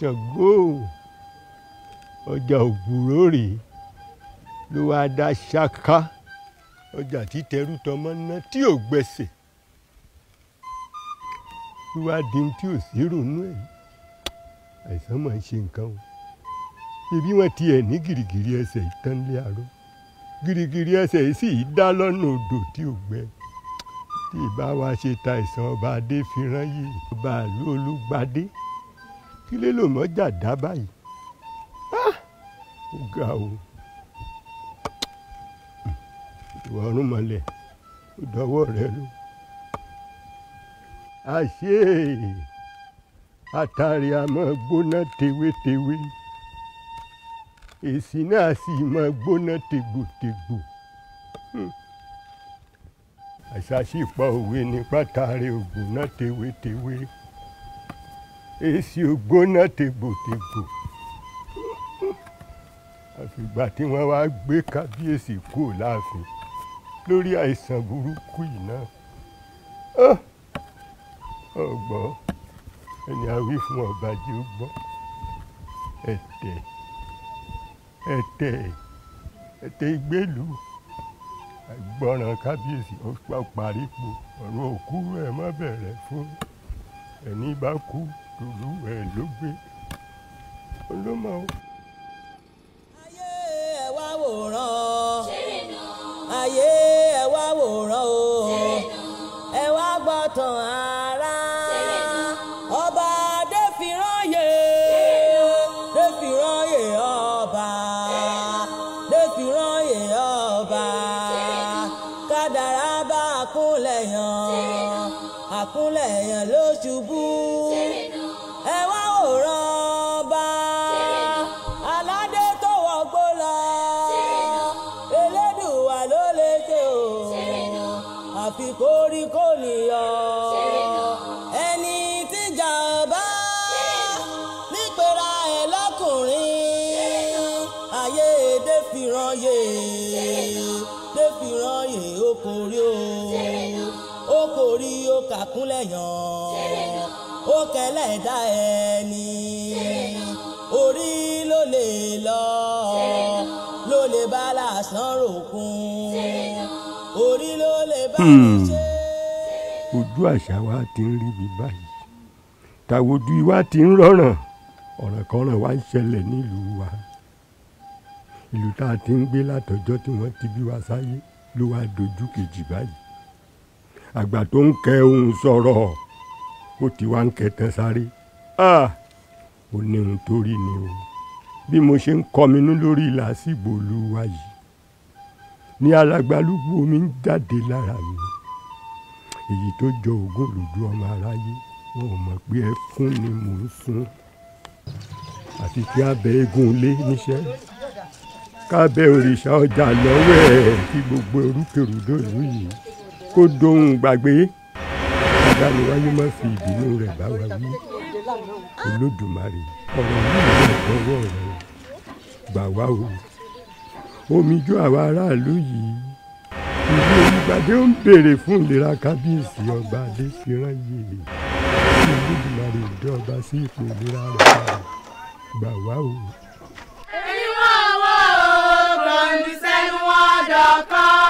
ṣàngó ọjà ògbúrò rè ló wáá dá ṣáká ọjà títẹrú tọmọ ná tí ò gbẹsẹ̀ ló wáá di tí ò sí ronú ẹ̀ àìsàn máa ń ṣe nǹkan o ibi wọn tiẹ̀ ní gìrìgìrì ẹsẹ̀ ìtànlé àárọ̀ gìrìgìrì ẹsẹ̀ yìí sì dá lọ́nà odò tí ò gbẹ tí ìbá wa ṣe ta ìsàn ọba adé fi rán yìí ọba àlú olúgbadé kí lè lò mọ́ jàdá báyìí ah, ó ga o ìwà ọ̀run mọ̀lẹ̀ ó dọwọ́ rẹ ló àṣé àtàrí àmọ́ gbóná tewétewé èsì náà sì máa gbóná tegbòtegbò hmm. àṣà sì pa òwe ní pátá rẹ ògbóná tewétewé èsì ògbóná tegbòtegbò àfìgbà tí wọ́n wá gbé kábíyèsí kú láàfin lórí àìsàn burúkú yìí náà ah! ọgbọ́n ẹni àwí fún ọ̀bàjẹ́ ọgbọ́n ẹ̀tẹ̀ ẹ̀tẹ̀ ẹ̀tẹ̀ ìgbélu àgbọràn kábíyèsí ọ̀pá parípo ọ̀rọ̀ òkú ẹ̀ má bẹ̀rẹ̀ fún ẹni bá kú olúwẹ̀ ló gbé olómọ. ayé ẹ wá wòran ayé ẹ wá wòran o ẹ wá gbọ́tàn á. lẹ́yàn ó kẹlẹ́dá ẹni orí ló lè lọ ló lè bá lásán ròkun orí ló lè bá hmm. ṣe. ojú àṣà wa ti ń ríbi báyìí tàwòdù wa ti ń rọ̀ràn ọ̀ràn kọ́ràn wa ń ṣẹlẹ̀ nílùú wa ìlú tá a ti ń gbé látọjọ́ tí wọ́n ti bí wa sáyé ló wá dojú kejì báyìí àgbà tó ń kẹ òun sọ̀rọ̀ ó ti wá ń kẹtàn sáré ah, ó ní ohun tó rí ni o bí mo ṣe ń kọminú lórí làásìgbò olúwa yìí ní alágbálúgbú omi ń jáde lára mi èyí tó jọ ògùn lójú ọmọ aráyé wọn ò mọ̀ pé ẹkún ni mò ń sun àfi kí abẹ eégún lé níṣẹ́ kábẹ́ òrìṣà ọjà lọ́wọ́ ẹ̀ kí gbogbo orúkèrúdò ìlú yìí kó dohun gbàgbé ìdániwáyé má fi ìbínú rẹ̀ bá wa wí olódùmarè ọ̀rọ̀ yìí lè gbọ́wọ́ rẹ̀ gbà wá o omijó àwa aráàlú yìí ìlú olùbàdé ń béèrè fún ìlera kábíyèsí ọba adéfirán yìí olódùmarè ìdí ọba sí ipò ìlera rẹ̀ gbà wá o. èyí wọ́n wọ́ o gbọ̀ǹdùsẹ́nu wọn dọ̀kan.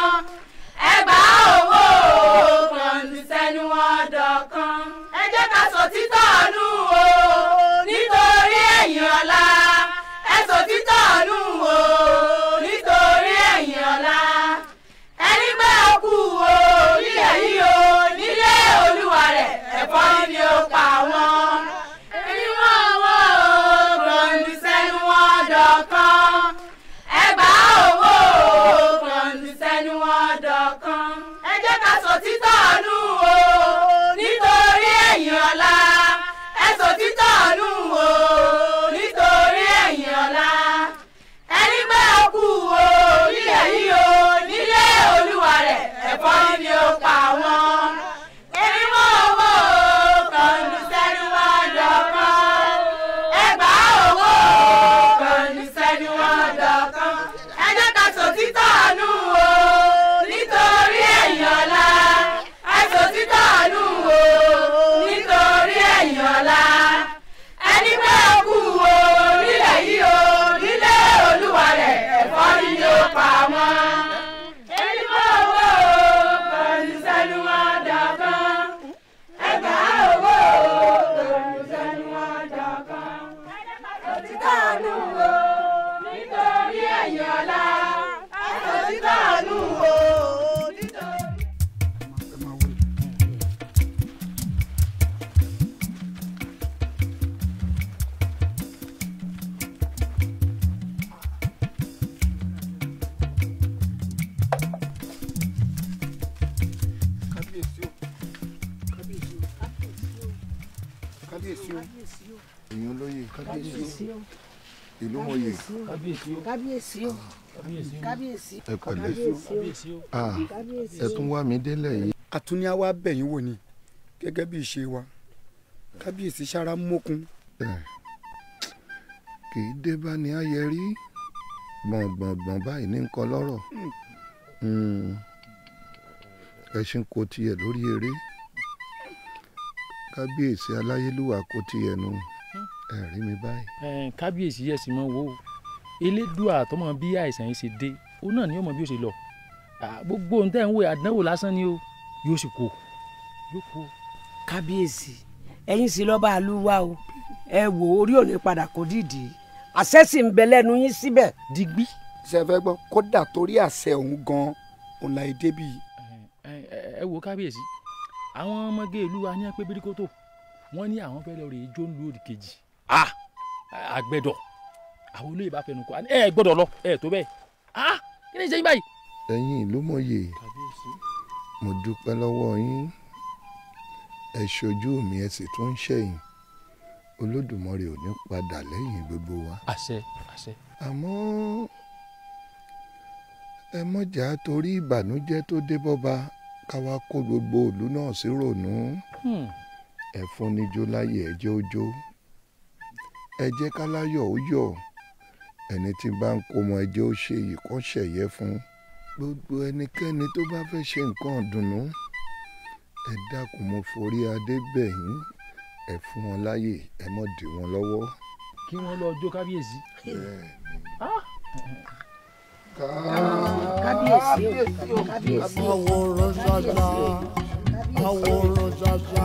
kábíyèsí o ìlú mọ̀ye kábíyèsí o kábíyèsí o ẹ pẹ̀lẹ́ ah, ẹ tún wá mi délẹ̀ yìí. àtúnyá wa bẹ̀yìn wò ni gẹ́gẹ́ bí ìṣe wa kábíyèsí sára mókun. kì í dé bá ní ayẹ rí gbọ̀ngbọ̀ngbọ̀n báyìí ní nǹkan lọ́rọ̀ hmm. ẹṣin kò tiẹ̀ lórí eré kábíyèsí aláyélúwà kò tiẹ̀ nù. No ẹ rí mi báyìí. kábíyèsí yẹ̀ sí mọ́ wo elédùà tó mọ bí àìsàn yìí ṣe dé òun náà ni yóò mọ bí ó ṣe lọ gbogbo ohun tẹ́ ń wé àdánwò lásán ni o yóò sì kú yóò kú. kábíyèsí ẹ̀yin sì lọ́ba àlùwà o ẹ wò orí òní padà kò dìdì àṣẹ sì ń bẹ lẹ́nu yín síbẹ̀. digbí. ṣe fẹ́ gbọ́ kódà torí àṣẹ òun gan-an òun la ẹ wo kábíyèsí àwọn ọmọge ìlú wa ní apẹ́ bíríkótó wọ́n ní àwọn fẹ́ rèé jó ń lu òdì kejì ah àgbẹ̀dọ̀ àwọn olóyè bá fẹnu kò ẹ gbọ́dọ̀ lọ ẹ tó bẹ́ẹ̀ ah kí ni ìṣẹ́yìn báyìí. ẹ̀yin ìlú mọ̀ye mo dúpẹ́ lọ́wọ́ yín ẹ ṣojú mi ẹ sì tún ń ṣẹ̀yìn olódùmarè ò ní padà lẹ́yìn gbogbo wa. àṣẹ àṣẹ. àmọ́ ẹ mọ̀jà torí ìbànújẹ́ tó dé bọ́ba káwa kó gbogbo ìlú náà sí rònú hmm. ẹ fún níjó láyé ẹjọ́ ọjọ́. Hmm. Ẹ jẹ́ káláyọ̀ ó yọ̀. Ẹni tí ń bá ń kómọ ẹ jẹ́ ó ṣe èyí kán ṣẹ̀yẹ fún. Gbogbo ẹnikẹ́ni tó bá fẹ́ ṣe nǹkan ìdùnnú, ẹ dákun mo forí adé bẹ̀ yín, ẹ fún wọn láyè, ẹ mọ̀ dì wọ́n lọ́wọ́. Kí wọ́n lọ jó kábíyèsí. Kábíyèsí o, kábíyèsí o. Àwòrán ṣàṣà, àwòrán ṣàṣà,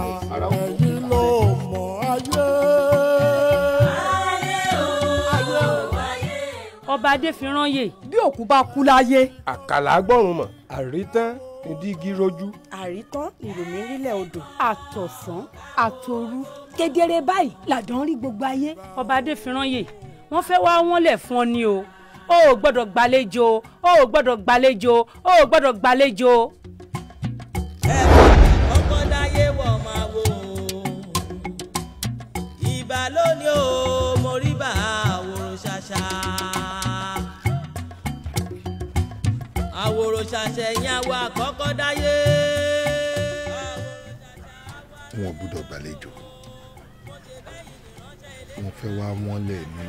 ẹ̀yin ló mọ̀ ayé. ọba adéfirànyè. bí òkú bá kú láyé. àkàlà gbọ́rùn mọ̀ àrítán ìdígi rojú. àrítán ìròmí rílẹ̀ odò. àtọ̀sán àtòru. kedere báyìí làdán rí gbogbo ayé. ọba adéfirànyè wọ́n fẹ́ wá wọ́n lẹ̀ fún ọ ni o o ò gbọ́dọ̀ gbàlejò o ò gbọ́dọ̀ gbàlejò o ò gbọ́dọ̀ gbàlejò. àwòrò ṣàṣẹyìn àwa àkọ́kọ́ dáyé. wọn gbúdọ̀ gbàlejò wọn fẹ́ wá wọ́n lẹ̀ ní.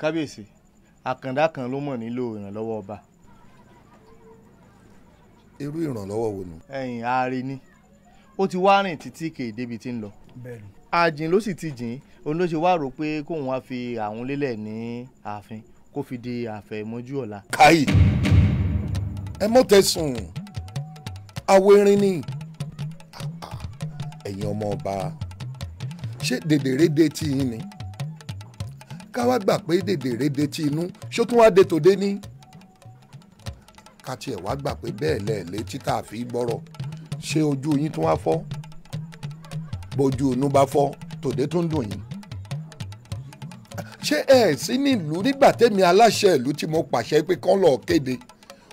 kábíyèsí àkàndá kan ló mọ̀ nílò ìrànlọ́wọ́ ọba. irú ìrànlọ́wọ́ wo nù. ẹ̀yin ààrẹ ni ó ti wá rìn títí kè débi tí ń lọ àjìn ló sì ti jìn òun ló ṣe wá rò pé kóun wá fi àwọn lélẹ̀ ní ààfin kó fi di àfẹ̀mọ́jú ọ̀la. káyì ẹ mọ̀ tẹ̀sùn awérin ni ẹ̀yin ọmọ ọba ṣé dèdèrèdè tí yín ni ká wá gbà pé dèdèrèdè tí inú ṣó tún wá dé tòde ní ká tiẹ̀ wá gbà pé bẹ́ẹ̀ lẹ́ẹ̀lé títà fi gbọ́rọ̀ ṣé ojú yín tún wá fọ́ bójú ònú bá fọ́ tòde tó ń dùn yín ṣé ẹ sí nílùú nígbà tẹ́mi aláṣẹ ìlú tí mo pàṣẹ pé kán lọ kéde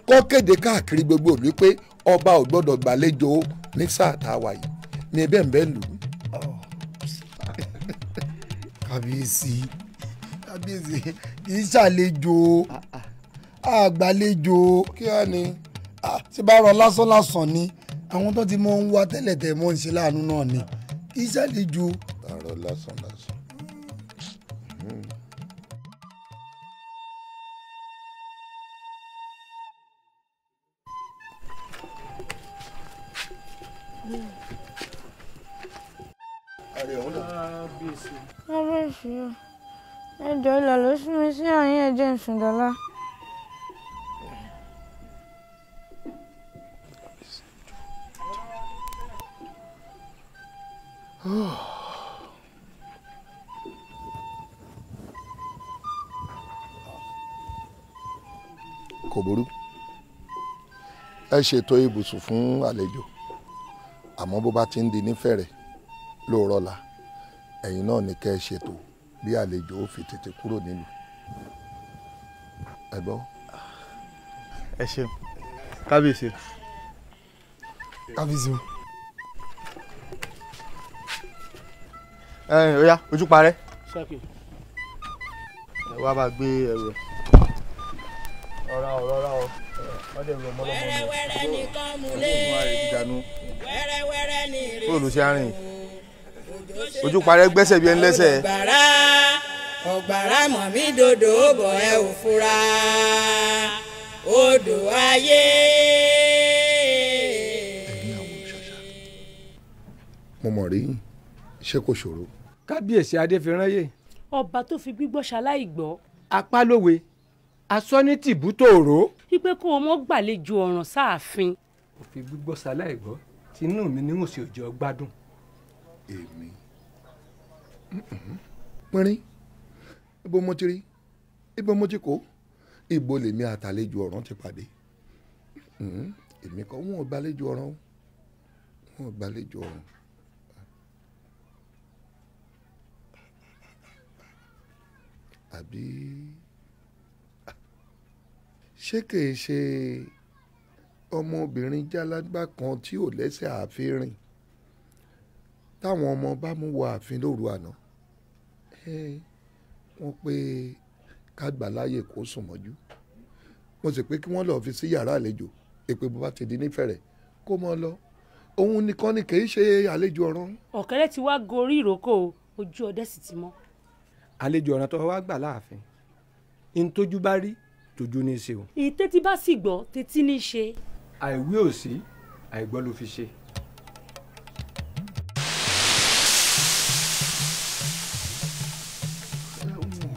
kó kéde káàkiri gbogbo ìlú pé ọba ò gbọ́dọ̀ gbàlejò ní sáà tá a wà yìí ni ẹ bẹ́ẹ̀ bẹ́ẹ̀ lù ú. kábíyèsí kábíyèsí kì í ṣàlejò àgbàlejò ah, ah. kí á ní ah, tí bá rọ lásán lásán ni. Ah, àwọn tó ti mọ ń wá tẹ́lẹ̀ tẹ́ mọ́ ń ṣe láàánú náà ni kì í ṣàlejò. àrò lásán lásán. Hmm. kábíyèsí. kábíyèsí o ẹ jọ ìlà ló sún mi sí àyín ẹ̀jẹ̀ ìsúndọ́lá. kò burú ẹ ṣètò ibùsùn fún àlejò àmọ́ bó bá ti ń di nífẹ̀rẹ̀ lóòrọ̀ la ẹ̀yin náà ní kẹ́ ẹ ṣètò bí àlejò ó fi tètè kúrò nílùú ẹ gbọ́. ẹ ṣeun kábíyèsí. kábíyèsí o. ẹ ọ̀ya ojú parẹ́ ẹ wá bá gbé ẹrù ẹ ọ̀rá ọ̀rá ọ̀ ọ̀dẹ̀ rẹ̀ ọmọlọ́mọ rẹ̀ wẹ́rẹ́wẹ́rẹ́ ní kọ́mùlé wẹ́rẹ́wẹ́rẹ́ ní rẹ̀ fóònù sí àárín ojú parẹ́ gbẹ́sẹ̀ bí ẹni lẹ́sẹ̀. ọ̀gbàrá mọ̀mí dòdò bọ̀ ẹ ò fura odò ayé. mo mọ̀ rí yín ṣé kò ṣòro. kábíyèsí adéfiránye. ọba tó fi gbígbọ́ ṣaláì gbọ́. apá lówe aṣọ ní tìbú tòòró. wípé kó o mọ gbàlejò ọ̀ràn sáàfin. kò fi gbígbọ́ ṣaláì gbọ́ tinú mi níwọ̀n sí òjò gbádùn. èmi pínrín ibo mo ti rí ibo mo ti kó ibo lèmi àtàlejò ọ̀ràn ti pàdé hmm. èmi kọ́ wọn ò gbàlejò ọ̀ràn wọn ò gbàlejò ọ̀ràn àbí ṣé kìí ṣe ọmọbìnrin jálágbá kan tí ò lẹ́sẹ̀ ààfin rìn táwọn ọmọ bá mú wọ ààfin lóru àná wọ́n pé kágbà láàyè kó sùn mọ́jú mo sì pé kí wọ́n lọ́ọ́ fi sí yàrá àlejò èpè bó bá ti di nífẹ̀rẹ̀ kó mọ́ ọ lọ òun nìkan ni kì í ṣe àlejò ọ̀ràn. ọ̀kẹ́rẹ́ ti wá gorí ìrókò ojú ọdẹ sì ti mọ́ àlejò ọ̀ràn tó wá gbà láàfin ní tójú bá rí tójú ní í ṣe o. ìtẹ́tí bá sì gbọ́ tẹ́tí ní í ṣe. àìwí ò sí àìgbọ́ ló fi ṣe.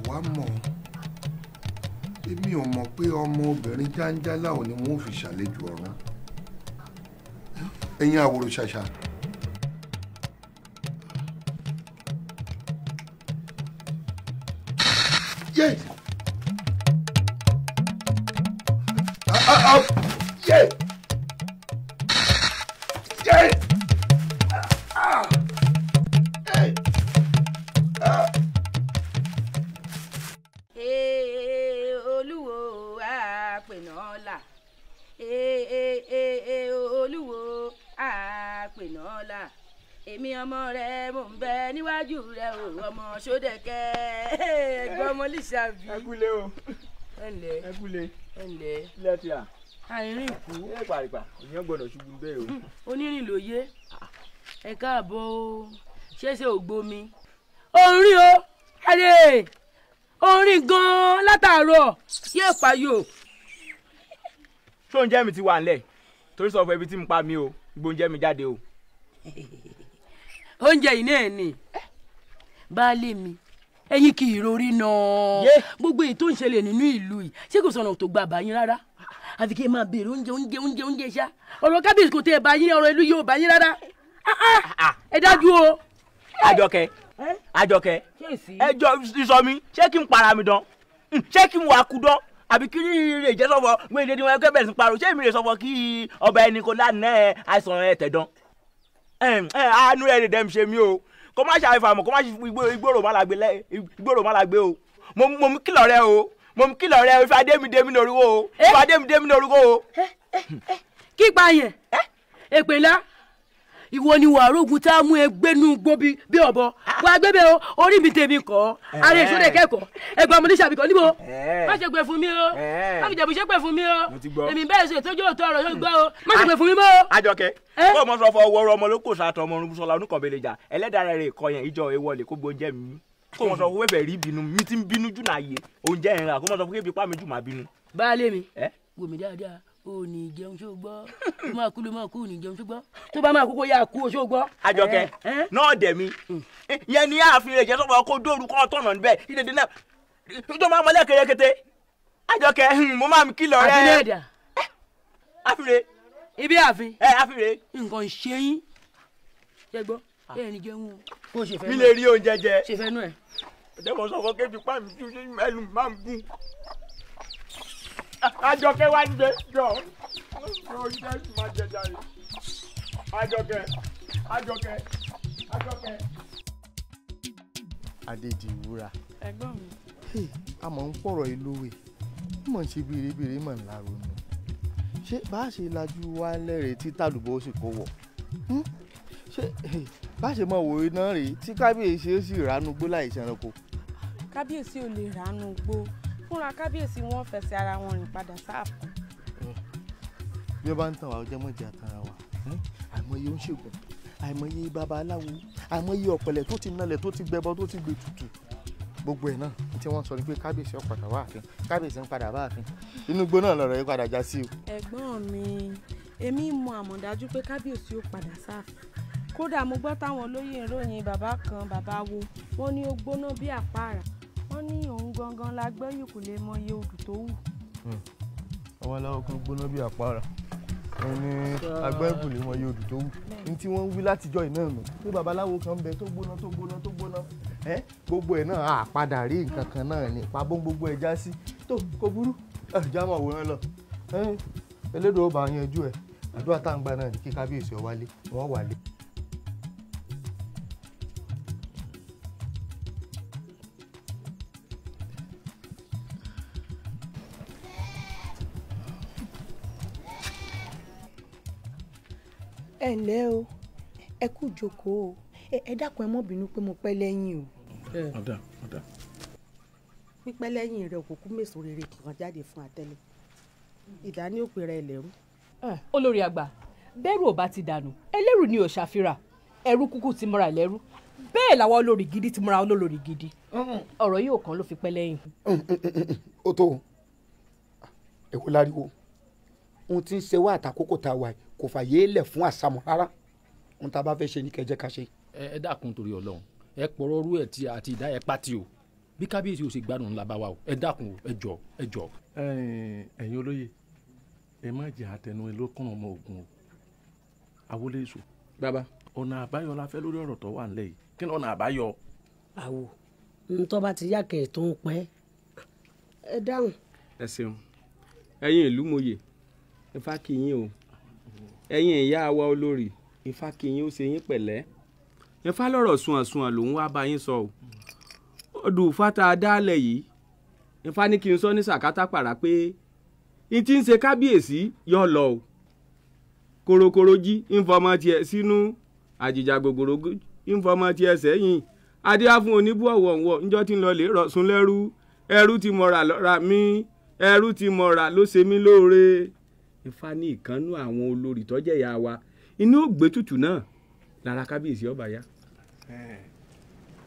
wá mọ̀ èmi ò mọ̀ pé ọmọ obìnrin jáńjálà ò ní wọ́n fi ṣàlejò ọ̀ràn ẹ̀yin àwòrò ṣàṣà. yes. Uh, uh, uh. èmi ọmọ rẹ mò ń bẹ níwájú rẹ o ọmọ sódẹkẹ ẹgbọn ọmọ lìṣà bí. ẹ kúlé o ẹ kúlé ẹ lẹ ti à. àìrìn kú. ẹ pàrìpà ìyẹn gbọ́dọ̀ ṣubú bẹ́ẹ̀ o. onírìn ló yé ẹ káàbọ̀ o ṣẹ̀ṣẹ̀ ò gbomi. orin o ẹ̀rẹ̀ orin gan-an látàárọ̀ yóò payò. ṣé oúnjẹ mi ti wà nílẹ̀ torí sọ fún ẹbí tí mo pa mi o gbóúnjẹ mi jáde o. oúnjẹ yìí náà ni eh. baálé mi ẹ̀yin kì í rori náà gbogbo èyí tó ń ṣẹlẹ̀ nínú ìlú yìí ṣé kò sọ̀nà tó gba àbáyín rárá àfi kí ẹ máa béèrè oúnjẹ oúnjẹ oúnjẹ oúnjẹ ṣá ọ̀rọ̀ kábíyèsí kò tẹ ẹ bá yín ọ̀rọ̀ ìlú yìí ò bá yín rárá ah, ah. Ah, ẹ dájú o. Eh. àjọkẹ́ eh? àjọkẹ́ ẹjọ́ sísọ mi ṣé kí n para mi dán hmm, ṣé kí n wà á kú dán àbí kí rírì ìjẹsọ̀fọ̀ gbé ìdẹ́ni wọn ẹgbẹ́ bẹ̀rẹ̀ sí pariwo ṣé èmi rè sọ̀fọ̀ kí ọba ẹni kò lánàá àìsàn ẹ̀ tẹ̀ dán àánú ẹ̀ ní dẹ́m ṣe mí o kó má ṣe àìfàmọ̀ kó má ṣe igbóró má làgbé igbóró má làgbé o mo mú kìlọ̀ rẹ o mo mú kìlọ̀ rẹ o ifá démi démi lórúkọ o eh? ifá démi démi lórúkọ o. Eh, eh, kí gba yẹn èpè ńlá ìwọ ni wàá rògùn tá a mú ẹ gbénú gbóbi bí ọ̀bọ ah. wàá gbébẹ o orí mi tèmi kọ eh. ara èso rẹ kẹkọọ ẹ̀gbọ́n mo níbo eh. má ṣe pè fún mi o eh. má fi jẹ̀bù ṣe pè fún mi o èmi bẹ́ẹ̀ ṣe ìtọ́jú òótọ́ ọ̀rọ̀ yóò gbọ́ o má ṣe pè ah. fún mi mọ́. Àjọkẹ́ bó o mọ sọ fọ owó ọmọ ló kò sàtọ ọmọ orun sọlá onúkànbẹlẹjà ẹlẹdàá rẹ kọ yẹn ìjọ ewọlẹ kó gbóúnjẹ o ò ní jẹun ṣó gbọ́ ló máa kú ló máa kú ò ní jẹun ṣó gbọ́ tó bá máa kú kó yá kú o ṣó gbọ́. àjọkẹ́ náà dẹ̀ mi yẹn ni ààfin rẹ̀ jẹ́ sọ́kọ̀ kó dóoru kọ́ tọ̀nà níbẹ̀ ìdèdè náà tó máa mọlẹ́ kéré kété mo máa mi kìlọ̀ rẹ̀. àfin ẹ̀dà. àfin rẹ̀. ibi àfin. ẹ àfin rẹ̀. nǹkan ṣe yín ṣe gbọ́ bẹ́ẹ̀ ni jẹun o. kó o ṣe fẹ́ nù ẹ. mi lè rí oúnjẹ jẹ. ṣe fẹ́ nù ẹ. ọ̀dẹ́mọ̀ sọ̀kọ̀ Àjọkẹ́ wá gbé jọ yóò jẹ́ máa jẹ jàre Àjọkẹ́ Àjọkẹ́ Àjọkẹ́. Adédìwúrà. ẹ̀gbọ́n mi. a mọ̀ ń pọ̀rọ̀ ìlúwe ó mọ̀ ń ṣe bèrèbèrè mọ̀ ń lárò nù ṣé bá a ṣe lajú wa lẹ́rẹ̀ẹ́ tí tàlùbọ̀ ó sì kó wọ̀ ṣé bá a ṣe mọ̀ wòye náà rèé tí kábíyèsí ó sì ránú gbó láì ṣẹranko. kábíyèsí ò lè ránú gbó fúnra kábíyèsí wọn fẹsẹ̀ ara wọn rìn padà sáàfin. bí ó bá ń tàn wá ọjọ́ mọ̀jẹ̀ àtàrà wa àìmọye oníṣègùn àìmọye babaláwo àìmọye ọ̀pẹ̀lẹ̀ tó ti nalẹ̀ tó ti gbẹbọ tó ti gbẹtùtù gbogbo ẹ̀ náà tí wọ́n sọ ni pé kábíyèsí ó padà wá ààfin kábíyèsí ń padà wá ààfin inú igbó náà lọ̀rọ̀ yìí padà já sí o. ẹ̀gbọ́n mi èmi mọ àmọ̀dájú pé kábíyèsí ó padà sáàfin kódà mo gbọ́ táwọn olóyè ìròyìn bàbá kan bàbá wo wọ́n ní ó gbóná bí àpáàrà wọ́n ní òun gangan la gbọ́ yìí kò lè mọ iye odù tó wù. Hmm. ọmọ aláwọ̀ kan gbóná bíi àpárá wọn ní agbẹ́kùn lè mọ iye odù tó wù ní tí wọ́n ń wí látijọ́ iná nù pé babaláwo kan bẹ tó gbóná tó gbóná tó gbóná gbogbo ẹ̀ náà àpadà rí nǹkan kan náà ní pabọ́n gbogbo ẹ̀ já sí tó kò burú ẹ̀já máa wòran lọ elédò ọba yanjú ẹ̀ àdúrà táǹgbà náà ní kí kábíyèsí ọ wálé wọ́n wálé. ẹ ǹlẹ́ o ẹ kú jókòó o ẹ dákun ẹ mọ́ bínú pé mo pẹ́ lẹ́yìn o. ọ̀dà ọ̀dà. pípẹ́ lẹ́yìn rẹ̀ òkùnkùn mèso rere kan jáde fún atẹ́lẹ̀ ìdání òpè rẹ̀ lẹ́rú. Ah, olórí àgbà bẹ́rù ò bá ti dànù ẹlẹ́rù ni ò ṣàfira ẹrú kúkú ti mọ́ra lẹ́rú bẹ́ẹ̀ làwọn olórí gidi ti mọ́ra olórí gidi ọ̀rọ̀ yìí ò kàn ló fi pẹ́ lẹ́yìn. Mm, mm, mm, ó tó èwo láriwo ohun tí ń ṣe wá àtàkókò tá a wà kò fàyè lẹ̀ fún àsámọ̀ rárá ohun tá a bá fẹ́ ṣe ní kẹjẹ ká ṣe. ẹ dákun torí Ọlọ́run ẹ pọrọ rú ẹ ti àti ìdá ẹ pati o bí kábíyèsí ò ṣe gbádùn ńlá bá wa o ẹ dákun o ẹ jọ ẹ jọ. ẹ̀yin olóye ẹ má jẹ àtẹnu ẹ ọmọ ogun o àwọlé èso. bàbá ọ̀nà àbáyọ la fẹ́ lórí ọ̀rọ̀ tó wà nílẹ̀ yìí kí ni ọ̀nà àbáyọ. àwò ntọ́ bá ti yá kẹ̀ tó ń pẹ́ ẹ dáhùn. ẹ ṣeun ẹ̀yin ìlú mòye ifá kì yín o ẹ̀yin ìyá wa olórí ifá kì yín ó ṣe yín pẹ̀lẹ́ ifá lọ̀rọ̀ sunwọ̀n-sunwọ̀n lòun wá bá yín sọ o ọdún ifá tá a dálẹ̀ yìí ifá ní kí n sọ ní sàkátà pàrà pé n ti ń ṣe kábíyèsí yọ lọ o korokoro jí ń fọmọ tiẹ̀ sínú àjìjà gògòrò ń fọmọ tiẹ̀ sẹ́yìn adéáfún oníbùọ̀wọ̀ ọ̀wọ̀ níjọ́ tí ń lọ lè rọ̀sùn lẹ́rú ẹrú ti mọ̀ra lọ́ra mi ẹrú ti mọ̀ra ló ṣe mí lóore ifá ní ìkànnú àwọn olórí tọ́jẹ́ ìyá wa inú ògbétutù náà lára kábíyèsí ọba yá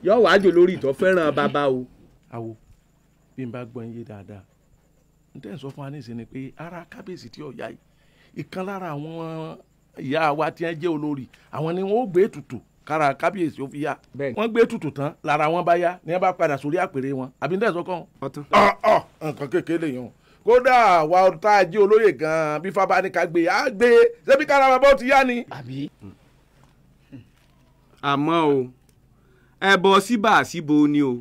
yọ wájú lórí ìtọ́ fẹ́ràn bàbá o. àwo bí n bá gbọ́ yín dáadáa n tẹ́ ẹ̀ sọ fún wa ni pé ara kábíyèsí tí ọ̀yá yìí ìkan lára àwọn ìyá wa tí wọ́n jẹ́ olórí àwọn ni wọ́n ó gbé ètùtù kára kábíyèsí ó fi yá wọ́n gbé ètùtù tán lára wọn bá yá ni wọ́n bá padà sórí àpèrè wọn àbí n tẹ́ ẹ̀ sọ kọ́ ọ̀ ọ̀ nǹkan kékeré yẹn o kódà àwa ọ̀tá ajé olóyè gan-an bí fábá ní ká gbé á gbé ṣebí kára bàbá ó ti yá ni. àmọ́ o ẹ̀bọ síbà síbo ni o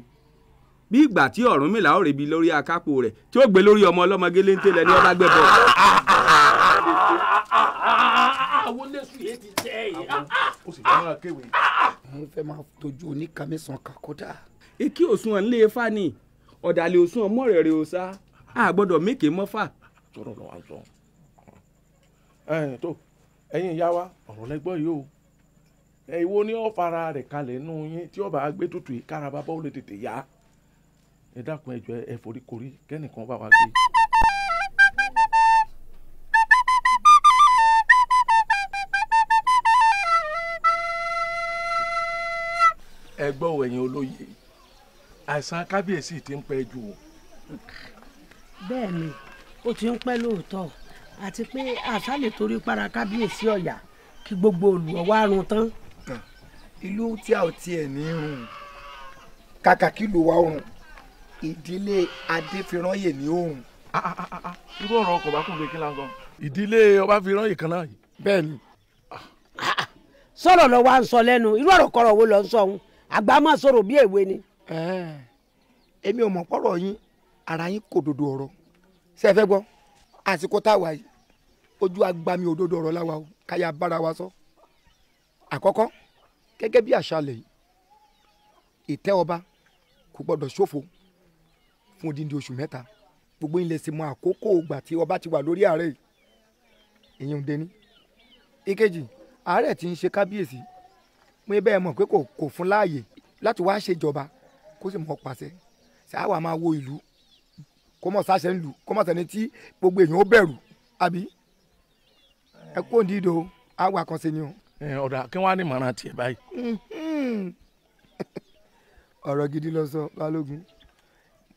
bí ìgbà tí Ọ̀rúnmìlà ó rèébi lórí akápò rẹ̀ tí ó gbé lórí ọmọ ọlọ́mọ géléńté lẹ́ni ọba gbẹ̀bọ. àwọn olóṣù yẹn ti tẹ ẹ yìí. ó sì fẹ́ máa kéwì. mo fẹ́ máa tọ́jú oníkàmẹ́sàn-án kakọ́dà. èkí òsùn ọ̀ ń lé e fani ọ̀dàlẹ̀ òsùn ọmọ rẹ̀ rẹ̀ ò sá a gbọ́dọ̀ mékè mọ́fà. sọ̀rọ̀ lọ́wọ́ à ń sọ. ẹ̀yin tó ẹ̀yin ìyá wa ọ̀rọ̀ lẹ́gbọ́ yìí o ìwo ni ó fara rẹ̀ kalẹ̀ nù yín tí ó bá gbé tutù yìí kára bàbá ó lè tètè yá ẹ dákun ẹ jọ̀ọ́ ẹ forí korí kẹ́nìkan bá wa gbé. ẹ gbọ́ ẹ̀yin olóye àìsàn kábíyèsí ti ń pẹ́ jù o bẹ́ẹ̀ o ó ti ń pẹ́ lóòótọ́ àti pé àṣà lè torí para kábíyèsí ọ̀yà kí gbogbo olùwọ́ wá run tán. ìlú tí a ò tiẹ̀ ní run kàkà kí ló wá run ìdílé adéfirányè ní òun. Ah, ah, ah, irú ọ̀rọ̀ ọkọ̀ bá kún gbé kí n lásán. ìdílé ọbáfirányè kan náà. bẹ́ẹ̀ ni. sọ̀rọ̀ lọ wá ń sọ lẹ́nu irú ọ̀rọ̀ kọ̀rọ̀ wo lọ ń sọ òun àgbà máa sọ̀rọ̀ bí èwe ni. èmi ò mọ̀ pọ̀rọ̀ yín ara yín kò dodo ọ̀rọ̀ ṣé ẹ fẹ́ gbọ́ àsìkò táwa yìí ojú agbami òdodo ọ̀rọ̀ láwa o káyà bára wa sọ àkọ́kọ́ gẹ́gẹ́ bí àṣàlẹ̀ yìí ìtẹ́ ọba kò gbọ́dọ̀ ṣòfò fún odindi oṣù mẹ́ta gbogbo ilẹ̀ sì mọ àkókò ògbà tí ọba ti wà lórí ààrẹ yìí ìyẹn ò dé ní. ìkejì ààrẹ tí ń ṣe kábíyèsí mo bẹ́ẹ̀ mọ̀ pé kò kò fún láàyè láti wá ṣèjọba kó sì mọ̀ pàṣẹ ṣáà wà máa wo ìlú kó mọ̀ sáṣẹ ń lù kó mọ̀ sẹ́ni tí gbogbo èèyàn ó bẹ̀rù àbí ẹ kó ndídò àwa kan sí ni o. ọ̀dà kí wọ́n á ní ìmọ̀ràn tiẹ̀ báyìí. ọ̀rọ̀ gidi lọ sọ balógun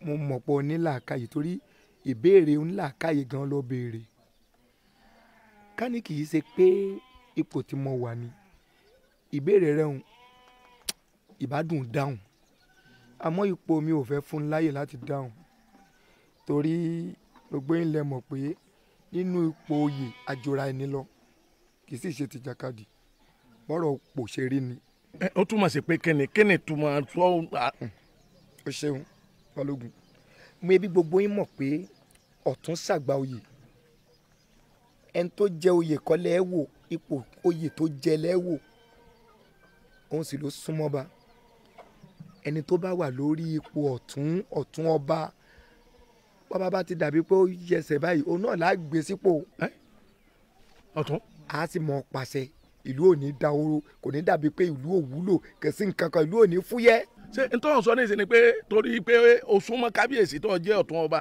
mo mọ̀ pọ̀ onílàákàyè torí ìbéèrè onílàákàyè gan ló béèrè ká ní kì í ṣe pé ipò tí mo wà ní ìbéèrè rẹ̀ ń ìbádùn dáhùn àmọ́ ipò mi ò fẹ́ fún láyè láti dáhùn torí gbogbo yín lẹ mọ̀ pé nínú ipò oyè àjòra ẹni lọ kì í sì ṣe tìjàkadì bọ́rọ̀ pò ṣe rí ni. ó túmọ̀ sí pé kíni kíni túmọ̀ tó. o ṣeun balógun mo ebi gbogbo yín mọ̀ pé ọ̀tún ṣàgbà oyè ẹni tó jẹ oyè kọ́lẹ́ ẹ̀ wò ipò oyè tó jẹ lẹ́wò òun sì ló súnmọ́ ba ẹni tó bá wà lórí ipò ọ̀tún ọ̀tún ọba bàbá bá ti dàbí pé ó yẹsẹ̀ báyìí òun náà láà gbé sípò. ọ̀tún. a sì mọ pàṣẹ ìlú ò ní dahoro kò ní dàbí pé ìlú ò wúlò kẹsí nǹkan kan ìlú ò ní fúyẹ́. ṣé n tó ń sọ ní ìsìn ni pé torí pé o súnmọ́ kábíyèsí tó jẹ́ ọ̀tún ọba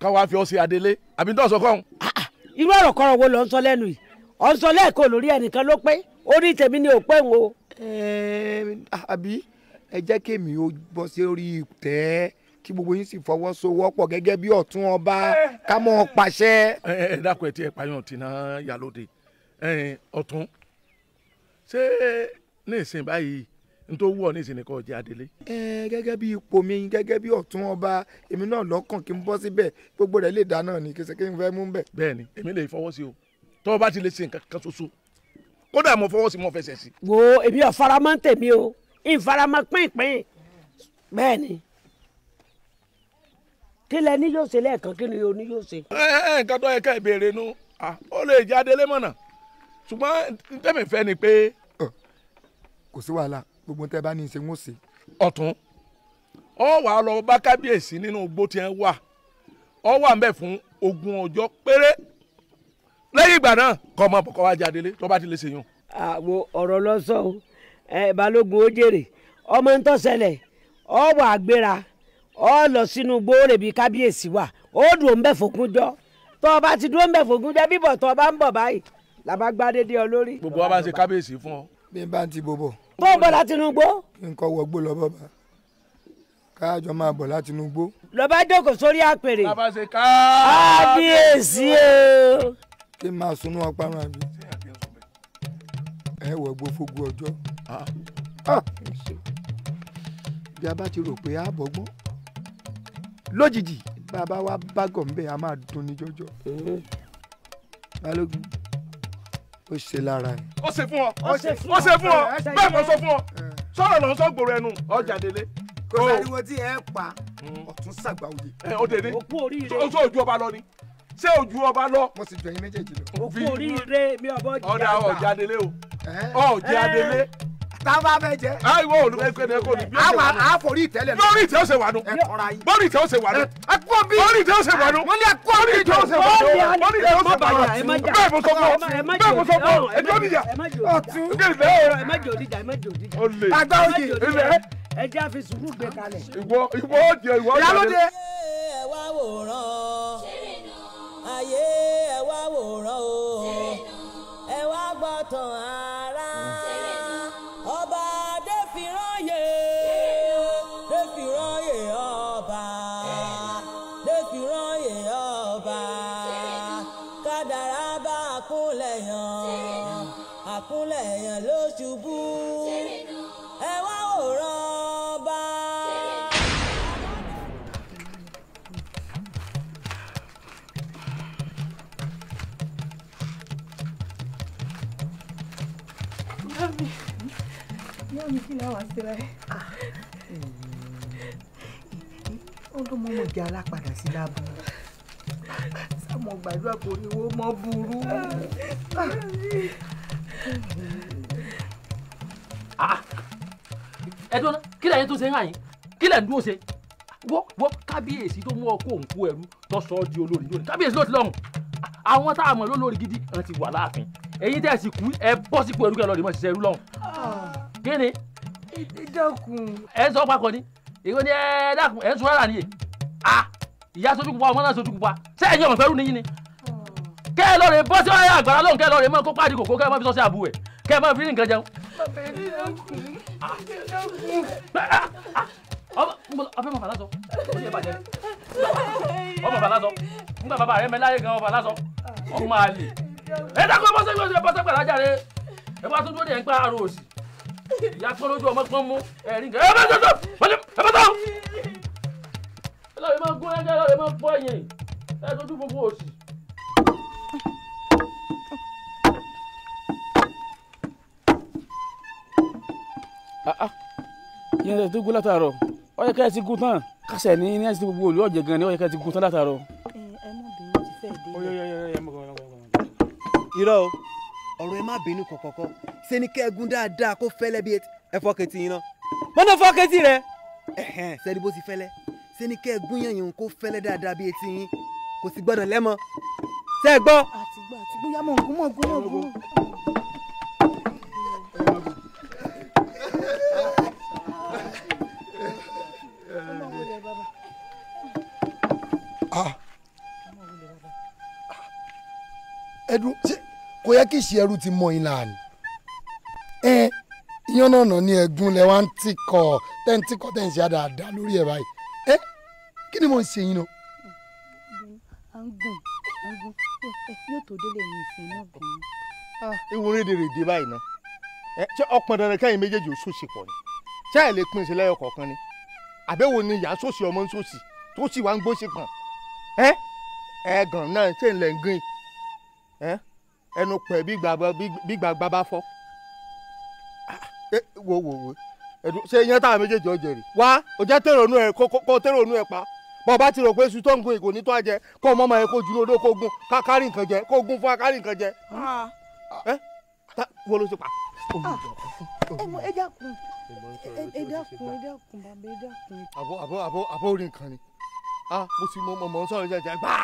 ká wàá fi ọ sí adelé àbí n tó ń sọ kọ́hún. Ah, ah, irú ọ̀rọ̀ kọ́rọ̀ wo ló ń sọ lẹ́nu yìí ọ̀ ń sọ lẹ́ẹ̀kan lórí ẹnìkan ló pé orí tèmi ni ò pé n o. àbí ẹ jẹ́ kémi ó bọ́ sí orí tẹ́ẹ́ kí gbogbo yín sì fọwọ́sowọ́pọ̀ gẹ́gẹ́ bí ọ̀tún ọba eh. ká mọ̀ pàṣẹ. ẹ ẹ dákun ẹ tí ẹ pààyàn tì náà yàlóde ọ̀tún ṣé ní ìsìn báyìí nítorí wọ ní ìsìn nìkan ọjà délé. ẹ gẹ́gẹ́ bí ipò mi gẹ́gẹ́ bí ọ̀tún ọba èmi náà lọ́kàn kí n bọ́ síbẹ̀ gbogbo rẹ̀ lè dáná ni kìsì kí n fẹ́ mú bẹ̀. bẹ́ẹ̀ni èmi lè fọwọ́ sí o tọ́wọ́ bá ti lè ṣe nǹkan kan kódà mo fọwọ́ sí mo fẹsẹ̀ sí. wo èmi ò faramọ́ tèmi o ìfaramọ́ pínpín bẹ́ẹ̀ni kílẹ̀ ní yóò ṣe lẹ́ẹ̀kan kí ni o ní yóò ṣe. ẹ ẹ nǹkan tó yẹ ká ìbéèrè nu ó lè jẹ́ adélé mọ̀nà ṣùgbọ́n tẹ́mi fẹ́ ni pé. kò sí wàhálà gbogbo tẹ́ bá ní í ṣe ń ó ṣe. ọ̀tún ọ wà á lọ bá kábíyèsí nínú igbó tí ẹ wà ọ wà ń bẹ̀ fún ogún ọjọ́ péré lẹ́yìn ìgbà náà kọ́ ọmọ bọ̀kọ́ wá jáde lé tó bá ti lè ṣe yun. àwo ọ̀rọ̀ lọ sọ o balógun ó jèrè ọmọ ń tó ọ wà á gbéra ọ lọ sínú gbóòrè bíi kábíyèsí wà ó dùn bẹ́ẹ̀ fògúnjọ́ tó o bá ti dúró bẹ́ẹ̀ fògúnjọ́ bíbọ̀ tó o bá ń bọ̀ báyìí làbá gbá dédé ọ lórí. gbogbo wa bá ń ṣe kábíyèsí fún ọ. bí n bá ń ti bòbò. tó o bọ̀ láti inú gbó. kí n kọ́ wọgbó lọ bàbá káàjọ máa bọ̀ láti inú gbó. lọ bá jókòó sórí àpèrè. kábíyèsí o. kí n máa sunú ọparun àbí ẹ wọgbó fógun ọjọ́ ah. Ah, bí a bá ti rò pé a bọ́gbọ́n lójijì bàbá wa bágọ̀ ńbẹ a máa dùn ní jọjọ. balógun ó ṣe lára ẹ. ó ṣe fún ọ ó ṣe fún ọ bẹ́ẹ̀ mo sọ fún ọ sọ̀rọ̀ lọ sọ gbòòrò ẹnu ọjà délé. kò oh. sáriwo tí ẹ pa hmm. ọ̀tún sàgbà òye. ẹ ọ dèdè òkú oríire ojú ọba lọ ni ṣé ojú ọba lọ. mo sì jọ yín méjèèjì lọ. òkú oríire mi ọbọ jẹ àgbà. ọ̀dà délé o ọ̀jà délé táwa bẹ jẹ. ayiwo olu bẹ gbẹdẹ ko ni. awa a fori ìtẹ́lẹ̀. lórí ìtẹ́ o ṣe wà nù. lórí ìtẹ́ o ṣe wà nù. ẹ kó bí. lórí ìtẹ́ o ṣe wà nù. wọ́n lé kó bí jọ. lórí ìtẹ́ o ṣe wà nù. bẹ́ẹ̀ mo sọ fún ọ. bẹ́ẹ̀ mo sọ fún ọ. ẹjọ́ níjà. ọtún. ẹ má jò díjà ẹ má jò díjà. olè. àgbà òye. ilẹ̀ ẹ jẹ́ àfi sùúrù gbé kalẹ̀. ìwọ ìwọ jẹ ìwọ jẹ. ìyálóde. ayé ẹ wá wòran ayé ẹ wá wòran o ẹ wá gbọ́tàn ara. mọ́ mi kí lẹ́ wá sí láyé. ó ló mọ́ mọ́ jẹ alápadà sí láàbù sámọ gbàdúrà kò ní wọ́n mọ́ burú. ẹ dúró kí lẹ́yìn tó ṣe ń hàn yín kí lẹ́yìn dúró ṣe wọ́n kábíyèsí tó mú ọkọ òǹkú ẹrú tó sọ ọ́ di olórí lónìí kábíyèsí ló lọ́hùn àwọn tá a mọ̀ lólórí gidi wọn ti wà láàfin èyí tẹ̀ sí kú ẹ bọ́ sípò ẹrú kẹ́ lọ́ọ́ mọ̀ ṣiṣẹ́ ẹrú lọ́hùn kéde. ẹ dákun. ẹ sọ papọ̀ ni èyí ni ẹ dákun ẹ sọ rárá ni yè a ìyá sojú pupa ọmọ náà sojú pupa ṣé ẹ̀yin ọmọ fẹ́rù nìyí ni. Hmm. kẹ́ ẹ lọ́ọ̀rẹ́ bọ́sí ọ̀yà àgbàrá lọ́hùn kẹ́ ẹ lọ́ọ̀rẹ́ mọ́ kó pàdé kòkó kẹ́ ẹ má fi sọ sí àbú ẹ̀ kẹ́ ẹ má fi rí nǹkan jẹun. ọbẹ̀ mọ̀ fàlásọ ọbẹ̀ bàjẹ́ ọbẹ̀ fàlásọ nígbà bàbá rẹ̀ mẹ́láyé gan ọbẹ̀ fàlásọ ọmọ àlè ẹ dákun bọ́sẹ̀ gbọ́sẹ̀ bọ́sẹ̀ pẹ̀lú ajá rẹ̀ ẹ bá tún dúró ní ẹ̀ ń pa àrò òsì ìyá tó lójú ọmọ pọ́n mú ẹ̀rín kẹ́ ẹ bá tó tó ẹ bá tó. ẹ lọ́ọ̀rẹ́ máa gún ẹgbẹ́ lọ́ọ̀rẹ́ máa pọ́ ẹ̀yìn ẹ tójú gbogbo òsì. yẹn tó gún látàárọ̀ ó yẹ ká ẹ ti gún tán kásẹ̀ ní ní ẹsẹ̀ gbogbo olú ọ̀jẹ̀ gan ni ó yẹ ká ẹ ti gún tán látàárọ̀. ẹ ọ̀rọ̀ ẹ má bínú kọ̀kọ̀kọ̀ ṣe ni kẹ́gun dáadáa kó fẹ́lẹ́ bí etí ẹ fọ́kẹ́tì yín náà mọ́nà fọ́kẹ́tì rẹ sẹ́ni bó ti fẹ́lẹ́ ṣe ni kẹ́gun yẹ̀yìn kó fẹ́lẹ́ dáadáa bí etí yín kò sì gbọ́dọ̀ lẹ́mọ́ ṣe é gbọ́. àtìgbà àtìgbà yá mọ̀ ngún mọ̀ ngún mọ̀ ngún. Ah. Ah. kò yẹ kí ìṣe ẹrú ti mọ yín ẹ yánnànà ní ẹ̀gún lẹ wá ń tìkọ̀ tẹ́ ń tìkọ̀ tẹ́ ń ṣe àdáadáa lórí ẹ̀ báyìí ẹ kí ni mò ń ṣe yín náà. à ń gùn à ń gùn yóò tó délé ní ìsìn náà gan-an. ewu rédèrèdè báyìí náà ṣé ọpọn dandan kẹ́yìn méjèèjì ó sòsì pọ̀ ni ṣé ẹ lè pín in sí lẹ́yọ̀ kọ̀ọ̀kan ni àbẹ̀wò ni ìyá sòsì ọmọ ń sòsì tó sì wá ń gbóṣe kan ẹ ẹ̀gàn náà ṣe ń lẹ̀ ń gbìn ẹnu pẹ̀ bí gbàgbà bá fọ́ wo wo wo ṣe ìyẹn táwọn méjèèjì ọjẹ rè wá ọjà tẹ̀rọ̀nù ẹ̀ kọ́ tẹ̀rọ̀nù ẹ̀ pa bọ́ọ̀bá ti rò pé su tó ń gun èkó ní tó àjẹ kọ́ ọmọ ọmọ yẹn kó junú odó kó gun kárí nǹkan jẹ kó gun fún wa kárí nǹkan jẹ. Ah. Ah. ẹ wo ló ti pa. Ah. ẹ dákun ẹ dákun ẹ dákun bàbá ẹ dákun. àbó àbó àbó àbó orí nǹkan ni ah mo sì mọ mọ mọ sọ̀rọ̀ jẹjẹ gbáà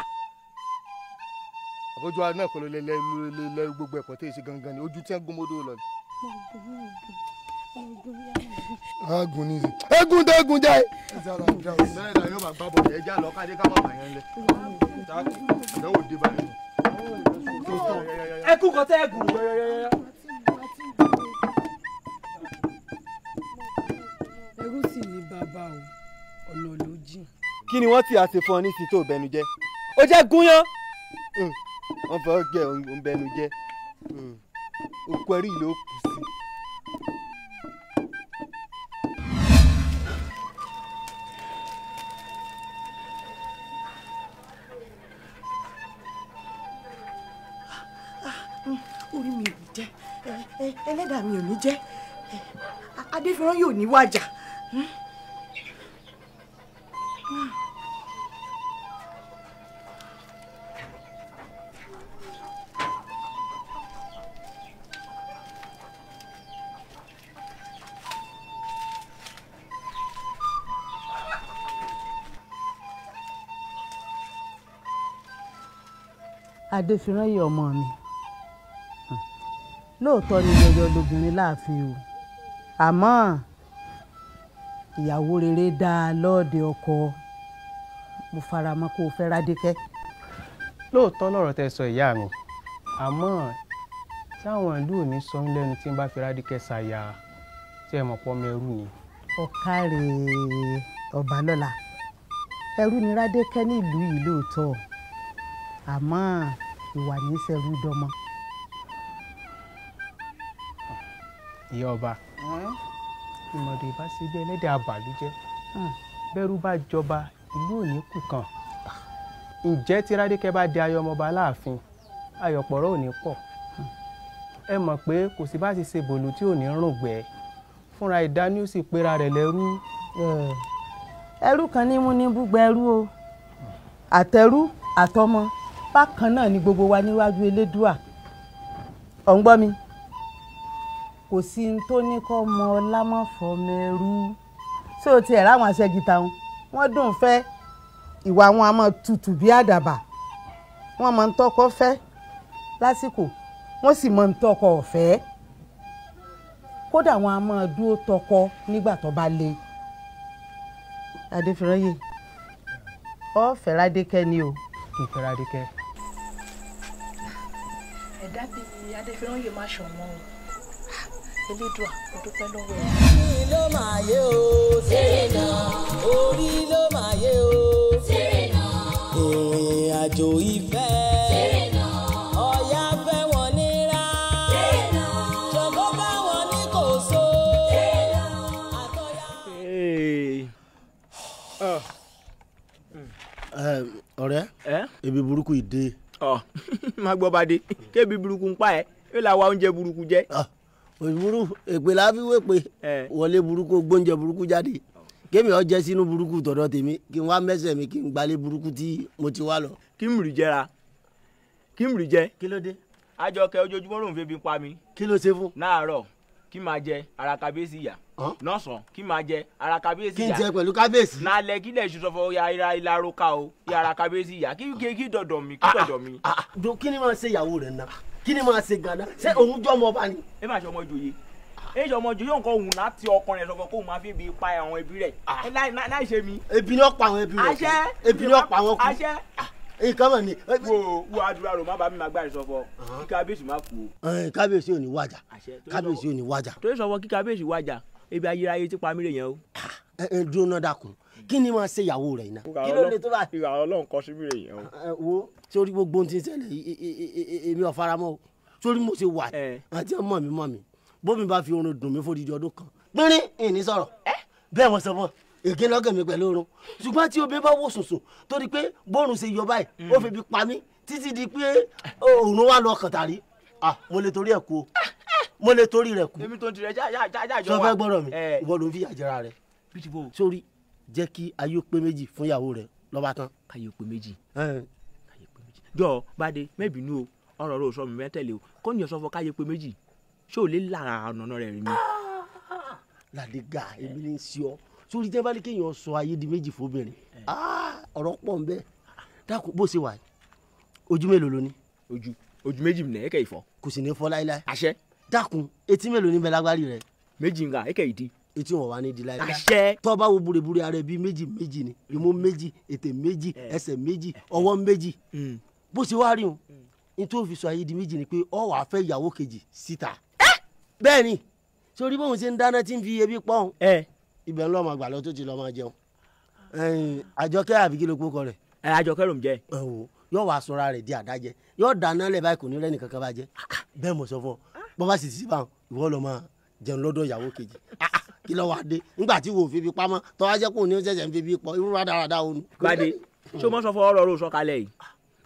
àbójú àná kò lè lè lè gbogbo ẹ̀kọ́ tẹ̀ sí gangan ni ojú tí wọ́n gbọ́mọdé lọ ni agun ni egun tẹ egun jẹ. bẹ́ẹ̀ ni yóò bá gbá bọ̀ ẹ já lọ káde ká bàbá yẹn lẹ. àdáwò dé báyìí. ẹ kú kọtẹ ẹgùn. ẹrú sì ni bàbá o ọ̀nà ló jìn. kí ni wọ́n ti àṣe fún ọ ní sító bẹnu jẹ́ ó jẹ́ gúnyán hmm. wọ́n fọ́ jẹ́ òun bẹnu jẹ́ òkú hmm. ẹrí ló kù sí. ẹlẹ́dàá mi ò ní jẹ́ adéfirán yóò ní wájà. Hm? adéfirán yìí ọmọ mi lóòótọ́ ni yọyọ lobìnrin láàfin o àmọ́ ìyàwó rere dá a lọ́ọ̀dẹ ọkọ mo fara mọ́ kó o fẹ́ rádékẹ́. lóòótọ́ lọ̀rọ̀ tẹ sọ ìyá mi àmọ́ tí àwọn ìlú ò ní sọ ń lẹ́nu tí n bá fi rádékẹ́ ṣàyà tí ẹ mọ̀ pọ́ mẹ́rù ni. ọ̀kàrẹ̀ ọ̀bálọ́la ẹrú ni rádékẹ́ ní ìlú yìí lóòótọ́ àmọ́ ìwà ní í ṣẹrú dọmọ ìyá ọba ìmọ̀dé ìbá ṣe jẹ́ ẹlẹ́dẹ̀ abàlújẹ́ bẹ́rù bá jọba ìlú òní kù kàn ǹjẹ́ tí rádékẹ́ bá di ayọmọba láàfin ayọ̀pọ̀rọ̀ òní pọ̀ ẹ mọ̀ pé kò sí bá ti ṣe bòlù tí ò ní rùn gbẹ́ fúnra ìdání ó sì pera rẹ̀ lẹ́rú. ẹrú kan ní mú ní búgbẹ́ ẹrú o àtẹrú àtọmọ bákan náà ni gbogbo wa níwájú elédùà ọ̀ ń gbọ́ mi kò sí ní tó ní kọ́ mọ lámọ́fọ́mẹ́rú ṣé o tiẹ̀ láwọn aṣẹ́gita wọn wọ́n dùn fẹ́ ìwà wọn a máa tutù bí àdàbà wọ́n máa ń tọkọ fẹ́ lásìkò wọ́n sì máa ń tọkọ ọ̀fẹ́ kódà wọn a máa dúró tọkọ nígbà tó bá le adéfìrẹ́yè ọ fẹ́ràdékẹ́ ni o. kì í fẹ́ràdékẹ́. ẹ̀dá bíi adéfìrẹ́yè má ṣọ̀wọ́n o elédùà mo dúpẹ́ lọ́wọ́ ẹ̀. orí ló máa yé o tèrè náà orí ló máa yé o tèrè ìrìn àjò ìfẹ́ tèrè náà. Ah. ebi burúkú yìí ọ máa gbọ́ bá dé kébi burúkú ń pa ẹ́ yóò la wa oúnjẹ burúkú jẹ. Ah, òṣùbùrù èpè láfi wépè wọlé burúkú gbóúnjẹ burúkú jáde kémi ọ sínú burúkú tọ̀dọ̀ tèmi kí n wá mẹsẹ mi kí n gbalé burúkú tí mo ti wá lọ. kí n jẹra kí n rí jẹ. kí ló dé. Àjọkẹ́ ojoojúmọ́ lòun pa mi. kí ló ṣe fún. láàárọ̀ kí n máa jẹ ara kábíyèsí yà. kí n máa jẹ ara kábíyèsí yà. kí n jẹ pẹ̀lú kábíyèsí. n'alẹ́ kí fọ ya o ya ara kábíyèsí yà kí kí mi kí dọ̀dọ̀ mi. kí ah, ah, ah, ni ṣe ìyàwó náà. kí ni màá ṣe gànà ṣé òun jọ ọmọ ọba ni. ẹ máa ṣe ọmọ ìjòyè èyí ọmọ ìjòyè nǹkan òun láti ọkùnrin rẹ sọfọ kóun máa fi bi pa àwọn ẹbí rẹ ah. láì ṣe mi. ebi ni ó pa àwọn ẹbí rẹ àṣẹ ebi ni ó pa àwọn kù àṣẹ ah, nǹkan mọ̀ ni. wo wo adura rò má bàa mi máa gbà ìsọfọ uh-huh. kí kábíyèsí má kú o. kábíyèsí ò ní wájà kábíyèsí ò ní wájà. torí sọfọ kí kábíyèsí wájà ebi ayérayé ti pa mí rè yẹn o. Ah, ẹ ẹ dúró náà dákun kí ni máa ṣe ìyàwó rẹ̀ iná. kí ló lè tó bá. ìwà ọlọ́run kọ́ sí mìíràn yẹn o. wo sórí gbogbo ohun tí ń èmi ò faramọ́ o sórí mo ṣe wà àti ọmọ mi mọ́ mi bómi bá fi oorun dùn mí fòdìdí ọdún kan pínrín ìní sọ̀rọ̀ eh? bẹ́ẹ̀ wọ́n sọ fún ọ èké lọ́gàn mi pẹ̀lú oorun ṣùgbọ́n tí obìnrin bá wò sùnsùn torí pé bóorùn ṣe yọ báyìí ó hmm. fi bi pa mí títí di pé oorun wà lọ kàn tàrí mo lè torí ẹ̀ kú o mo lè torí rẹ̀ kú. èmi sọ fẹ́ gbọ́dọ̀ mi eh. ìwọ ló ń fi àjẹrà rẹ̀ sórí jẹ́ kí ayé ó pé méjì fún ìyàwó rẹ̀ lọ́ba tán. káyé ó pé méjì. káyé ó pé méjì. jọ bàdé mẹ́bìínú o ọ̀rọ̀ rẹ̀ ò sọ mi mẹ́tẹ̀lẹ́ o kọ́ ni ọ̀sọ́fọ́ káyé ó pé méjì ṣé ò lè lára ọ̀nà rẹ̀ rí mi. làdé ga èmi ní í sí ọ sórí jẹ́ bá ní kéèyàn sọ ayé di méjì fóbìnrin ah, ọ̀rọ̀ pọ̀ ń bẹ́ẹ̀ dákun bó ṣe wà ojú mélòó ló ní. ojú ojú méjì mi nà ẹ̀kẹ́ ìfọ́. kò sì ní fọ́ láéláé. àṣẹ. dákun etí mélòó ní bẹ lágbárí rẹ. méjì ń ga ìdí etí wọn wà ní di láyé. àṣẹ. tó wo burebure ara bíi méjì méjì ni imú méjì ètè méjì ẹsẹ̀ méjì ọwọ́ méjì hmm. bó ṣe wá rí o hmm. n tó fi sọ ayé di méjì ni pé ọ wàá fẹ́ ìyàwó kejì síta. bẹ́ẹ̀ ni sori bóun ṣe ń dáná tí ń fi ebi pọ́n ibẹ̀ ń lọ́ ọmọ àgbàlọ́ tó ti lọ́ máa jẹun àjọkẹ́ àbí kí ló kó kọ rẹ̀. àjọkẹ́ ló ń jẹ. yóò wá sọra rẹ̀ di àdájẹ yóò dáná lẹ̀ báyìí kò ní rẹ́ni kankan bá jẹ ah. bẹ́ẹ̀ mo sọ fún ọ ah. bọ́ sì ti sí báwọn ìwọ lọ́ọ́ máa jẹun lọ́dọ̀ ìyàwó kejì ah kí ló wá dé nígbà tí wò ó fi fi pamọ́ tó wá jẹ́ kó ní ṣẹ̀ṣẹ̀ ń fi bí pọ̀ irú rádaràda o nu. gbàdé ṣé o mọ sọ fún ọ̀rọ̀ rò sọ̀kalẹ̀ yìí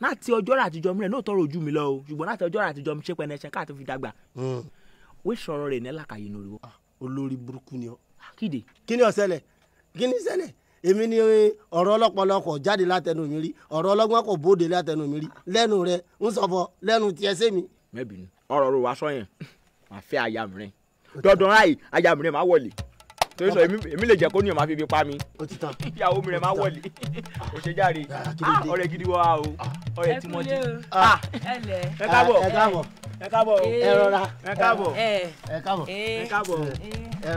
láti ọjọ́ àtijọ́ mi rẹ̀ lóòótọ́ rojú mi lọ o ṣùgbọ́n láti ọjọ́ àtijọ́ mi ṣe pẹnẹṣẹ káàtó fi dàgbà. Hmm. wíṣọ̀rọ̀ rẹ̀ ní làkàyè ní oríwọ́. Ah, olórí burúkú ni ọ. Ah, kíde. kí ni ó kí ni ṣẹlẹ̀ èmi ni ọ̀rọ̀ ọlọ́pọlọ kò jáde látẹnu mi rí ọ̀rọ̀ ọlọ́gbọ́n kò bóde látẹnu mi rí lẹ́nu rẹ ń sọ̀fọ̀ lẹ́nu tiẹ̀ sẹ́mi. mẹ́bìnú ọ̀rọ̀ rò wá sọ yẹn màá fẹ́ aya mìíràn dandan ráì aya mìíràn máa wọlé torí sọ èmi lè jẹ́ kó ní ọ̀ máa fi fi pa mi ìyàwó mi rẹ̀ máa wọlé O ṣe jáde ah, ọ̀rẹ́ gidi wá o ah. ọ̀rẹ́ tímọ́tì ah. ẹ káàbọ̀ ẹ káàbọ̀ ẹ káàbọ̀ ẹ rọra ẹ káàbọ̀ ẹ káàbọ̀ ẹ káàbọ̀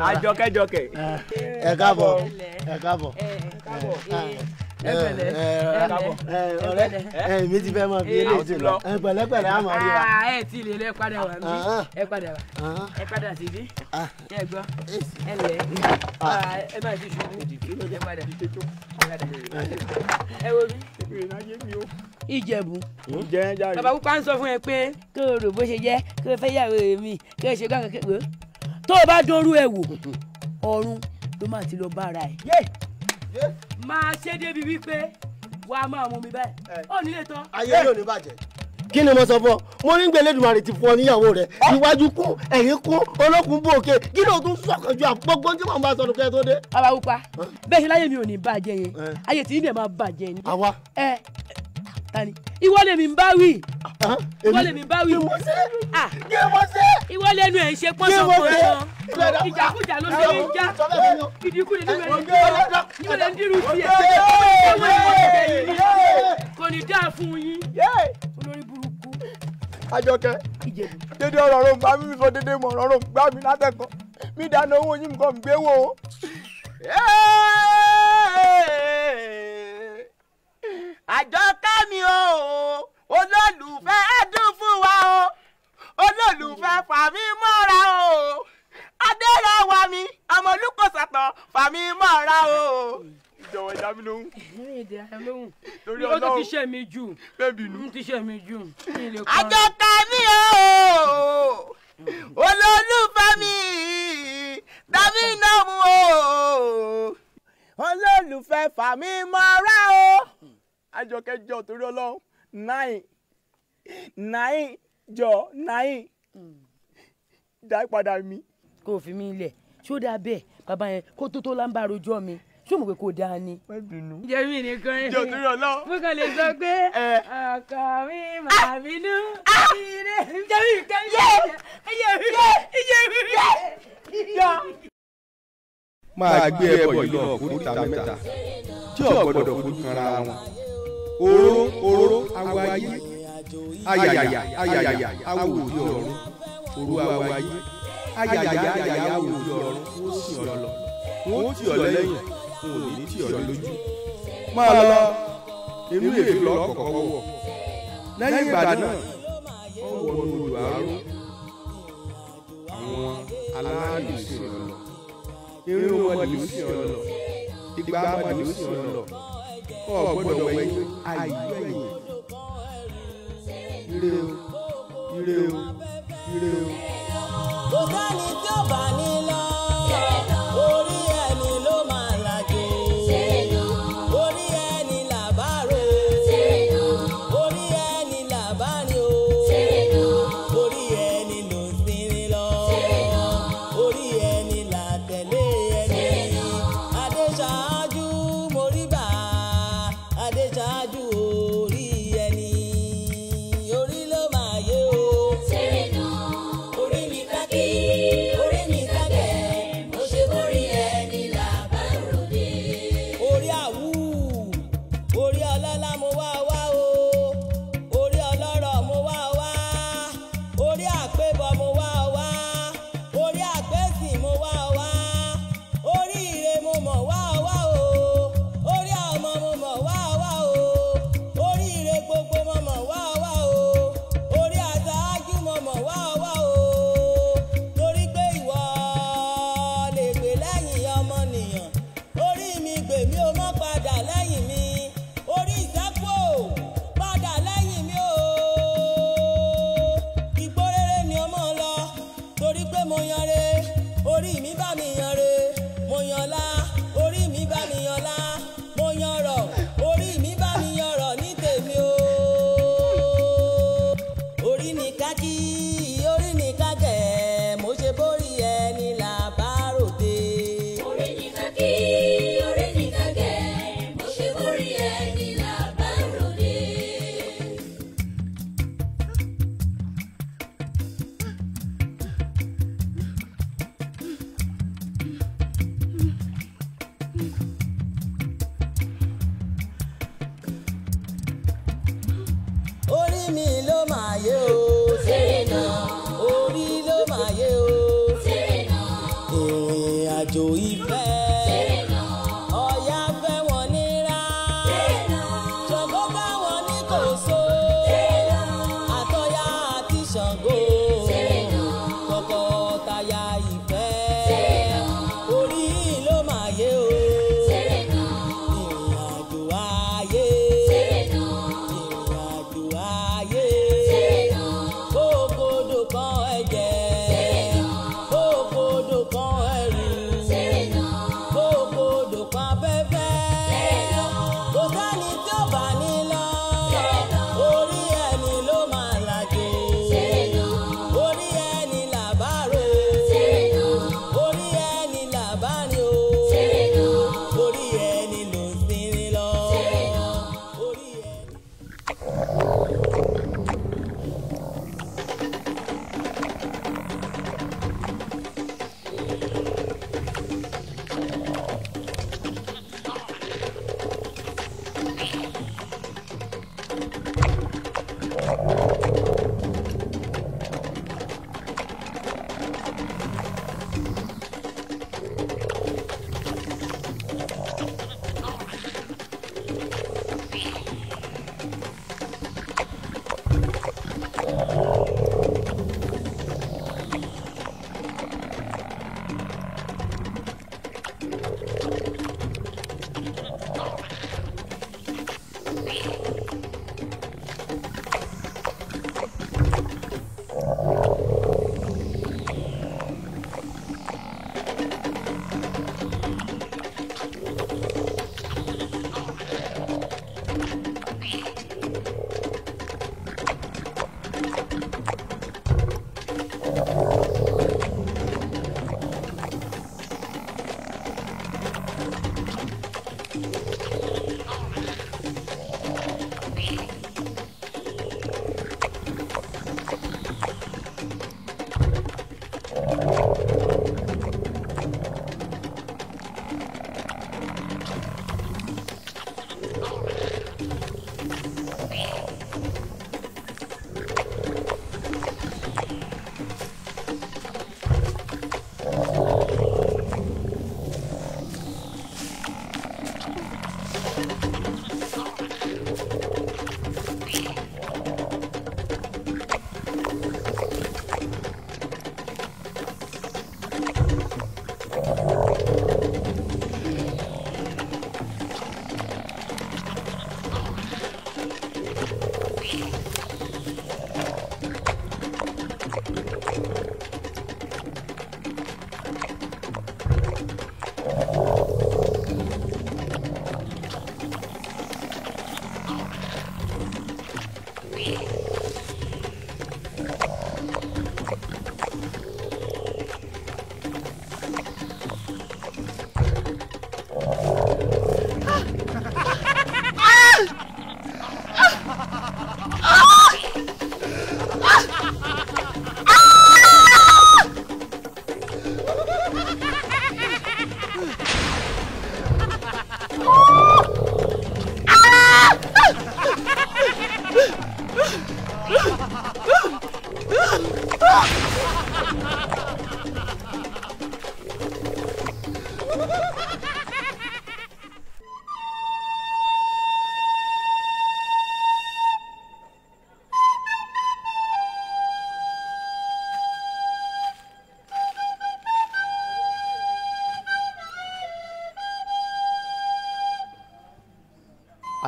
àjọkẹ́jọkẹ́ ẹ káàbọ̀ ẹ káàbọ̀ ẹ káàbọ̀ ẹ pẹ̀lẹ́ ẹ káàbọ̀ ọ̀rẹ́ ẹ mi ti fẹ́ mọ bí eléyìí ti lọ ẹ pẹ̀lẹ́ pẹ̀lẹ́ àmọ́ rí wa. Ah, ẹ ti lè lẹ padà wá mi ẹ padà wá ah, ah. ẹ padà sí bí ẹ gbọ́ ẹ lẹ ẹ má ti ṣubú ẹ padà ẹ wo mi. Ìjẹ̀bú bàbá pupa ń sọ fún ẹ pé kí o rò bó ṣe jẹ́ kí o fẹ́ yàwó mi kí o ṣe gbàgbọ́ tó o bá dọ́rú ẹ̀ wò ọ̀run ló má ti lọ bá ara ẹ̀ máa ṣe débi wípé wàá máa mú mi báyìí ó nílé tán. ayé ló ní bàjẹ́. kí ni mo sọ fún ọ mo ní gbẹlẹdùmarè ti fún ọ níyàwó rẹ iwájú kún ẹ̀yìn kún olókùn bò òkè kí ló tún sọkàn ju àpọgbọ tí màmú bá sọnù kẹ tó dé. bàbá wúpa bẹ́ẹ̀ ṣe láyé mi ò ní bàjẹ́ yẹn ayé tí ilé máa bàjẹ́ ni. àwa. ẹ tani ìwọ lèmi ń bá wí ìwọ lèmi ń bá wí ìwọ lẹnu ẹ̀ ń ṣe pọ́nṣọ́pọ́nṣọ́ ìjàkújà ló ṣe ń já ìdínkù nínú ẹ̀ ń dúró ní ọ̀lẹ́ ń dírú tiẹ̀ ẹ̀wọ̀n ìwọ̀n ìgbẹ̀yìn ni kò ní dáa fún yín olórí burúkú. Àjọkẹ́ dédé ọ̀rọ̀ rò ń bá mi sọ dédé mọ̀ ọ̀rọ̀ rò ń gbá mi mi dáná owó yín nǹkan gbé wò ó àjọkẹ́ mi o olólùfẹ́ dùn fún wa o olólùfẹ́ fà mí mọ́ra o adélọ́wà mi ọmọ olùkọ́sàtọ̀ fà mí mọ́ra o. ìjọba ìdá mi lóhùn. ìdá mi lóhùn. torí ọlọ́run nígbà tó ti ṣe mi jù. bẹ́ẹ̀bi nù. ti ṣe mi jù. àjọkẹ́ mi o olólùfẹ́ mi dàbí náà mu o olólùfẹ́ fà mí mọ́ra o àjọkẹ́ jọ torí ọlọ́run nine nine jọ nine dá padà mi. kò fi mí lẹ̀ ṣó dáa bẹ́ẹ̀ bàbá yẹn kó tó tó láǹbà rojọ́ mi ṣó mọ̀ pé kò dáa ni. má bínú. jẹ́mi nìkan rẹ̀ jọ torí ọlọ́run. mo kàn lè sọ pé eh. ọkọ mi màá ah! bínú. ìrè ah! jẹ́mi nìkan yẹ iye mi iye mi yẹ máa gbé ẹbọ yìí lọ kórìíta mẹ́ta tí ọ̀gbọ́dọ̀ fojú kanra wọn oró oró awa yi, ayàyà ayàyà awọ òdi ọ̀run oró awọ ayé ayàyà ayàyà awọ òdi ọ̀run wọ́n sì ọ lọ wọ́n tì ọ lẹ́yìn wọn ò ní tì ọ lójú máa lọ inú èmi lọ kọ̀kọ́ wọ̀ lẹ́yìn ìgbà náà ọwọ́ ní olùhàrú àwọn aláàlú sì ọ lọ irun wọn lè ó sì ọ lọ ìgbà wọn lè ó sì ọ lọ ọ̀ gbọ́dọ̀ wẹ̀yìn àìgbẹ̀yìn. ire o ire o ire o. kò sẹ́ni bá ní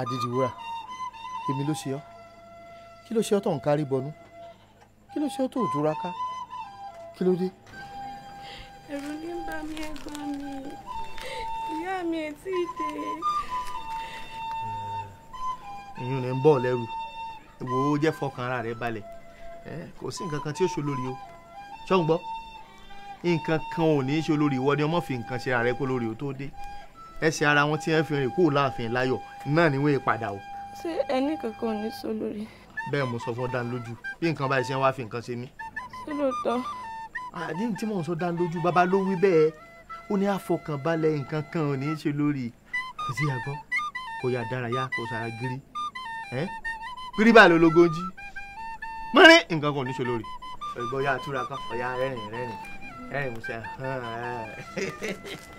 Adédiwúrà èmi ló ṣe ọ́ kí ló ṣe ọ́ tó ń kárí bọnú kí ló ṣe ọ́ tó dúra ká kí ló dé. ẹ̀rù ní bá mi ẹ̀gbọ́n mi ìyá mi ẹ̀ tí ì dé. ìyún rẹ̀ ń bọ̀ lẹ́rù wò ó jẹ́ fọkàn ara rẹ̀ balẹ̀ kò sí nǹkan kan tí ó ṣe olórí o ṣọ́ ń gbọ́ nǹkan kan ò ní í ṣe olórí ìwọ ni ọmọ fi nǹkan ṣe ara rẹ kó lórí o tó dé ẹsẹ̀ ara wọn tí wọ́n fi rìn kúrò láàfin láyọ̀ náà ni wọ́n yí padà o. ṣé ẹni kankan ò ní sọ lórí. bẹ́ẹ̀ mo sọ fún dánilójú bí nǹkan báyìí ṣe ń wá fi nǹkan ṣe mí. ṣé lóòótọ́. àdéhùn tí mò ń sọ dánilójú bàbá ló wí bẹ́ẹ̀ ó ní àfọkànbalẹ̀ nǹkan kan ò ní ṣe lórí kò sí àgọ́ kò yà dárayá kò sara gírí ẹ́ gírí báyìí lológójì mọ́rin nǹkan kan ò ní ṣe lórí. ọ̀gbọ́n yà á túra kan ọ̀yà rẹ́rìn rẹ́rìn rẹ́rìn mo ṣe hàn án.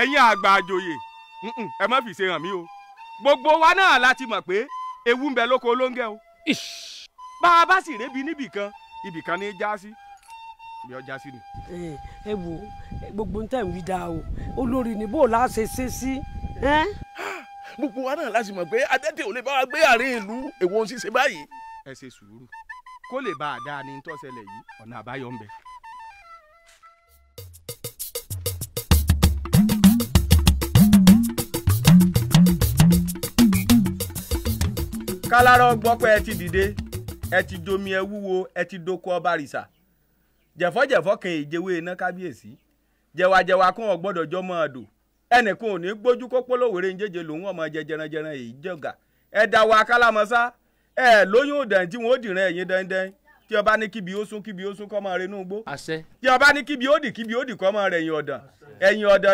eyin àgbà àjòyè ẹ má fi ṣe hàn o gbogbo wa náà láti mọ̀ ewu ń bẹ lóko olóńgẹ o bá a bá sì rébi níbìkan ní í ibi ọjà ni. ẹ wo gbogbo ń tẹ̀ ń wí o olórí ni bó o gbogbo wa náà láti mọ̀ pé adẹ́tẹ̀ ò lè bá wa gbé àárín ìlú èwo ń ṣiṣẹ́ báyìí. ẹ ṣe sùúrù kó lè bá a kálárọ̀ gbọ́ pé ẹ ti dìde ẹ ti domi ẹ wúwo ẹ ti doko ọba rìsà jẹ̀fọ́jẹ̀fọ́ kan ìjẹwé iná kábíyèsí jẹwàjẹwà kún ọ̀gbọ́dọ̀ jọmọ àdò ẹnìkan ò ní gbójú kó polówèrè ń jẹjẹ lòun ọmọ èyí ẹ dáwọ́ akálàmọ́sá ẹ lóyún òdàn tí wọn ó dìran dandan tí ọba ní kíbi ó sún kíbi ó sún rẹ àṣẹ. tí ọba ní kíbi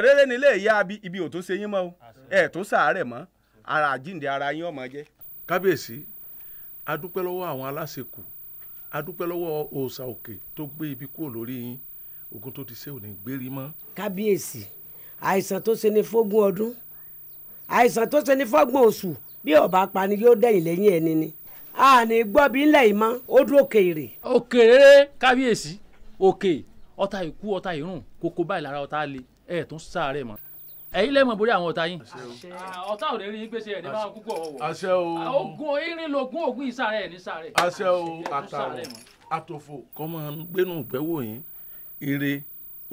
rere nílé ìyá ibi ò tó ṣe yín mọ́ tó sàárẹ̀ ara àjíǹde kábíyèsí a dúpẹ́ lọ́wọ́ àwọn aláṣekù a dúpẹ́ lọ́wọ́ òòṣà òkè tó gbé ibi kúrò lórí yín ogun tó ti ṣe ò ní gbérí mọ́. kábíyèsí àìsàn tó ṣe ní fógún ọdún àìsàn tó ṣe ní fọ́gbọ̀n oṣù bí ọba pani yóò dẹ̀yìn lẹ́yìn ẹni ni a ní gbọ́ bí ńlẹ̀ yìí mọ́ ó dún òkèèrè. òkèèrè kábíyèsí òkè ọ̀tá ikú ọ̀tá ìrùn kókó báyìí lára ọ̀tá le ẹ̀ tún sáré mọ́ ẹ̀yin lẹ́mọ̀ borí àwọn ọ̀tá yín. Ah, ọ̀tá ò lè rí gbèsè ẹ̀ ní bá kúkú ọ̀wọ̀. àṣẹ o. Ah, ogun irin logun ogun ìsàrẹ̀ ẹ̀ ní sàrẹ̀. àṣẹ o àtàwọn àtòfò kọ́ máa ń gbénu ìgbẹ́wò yín ire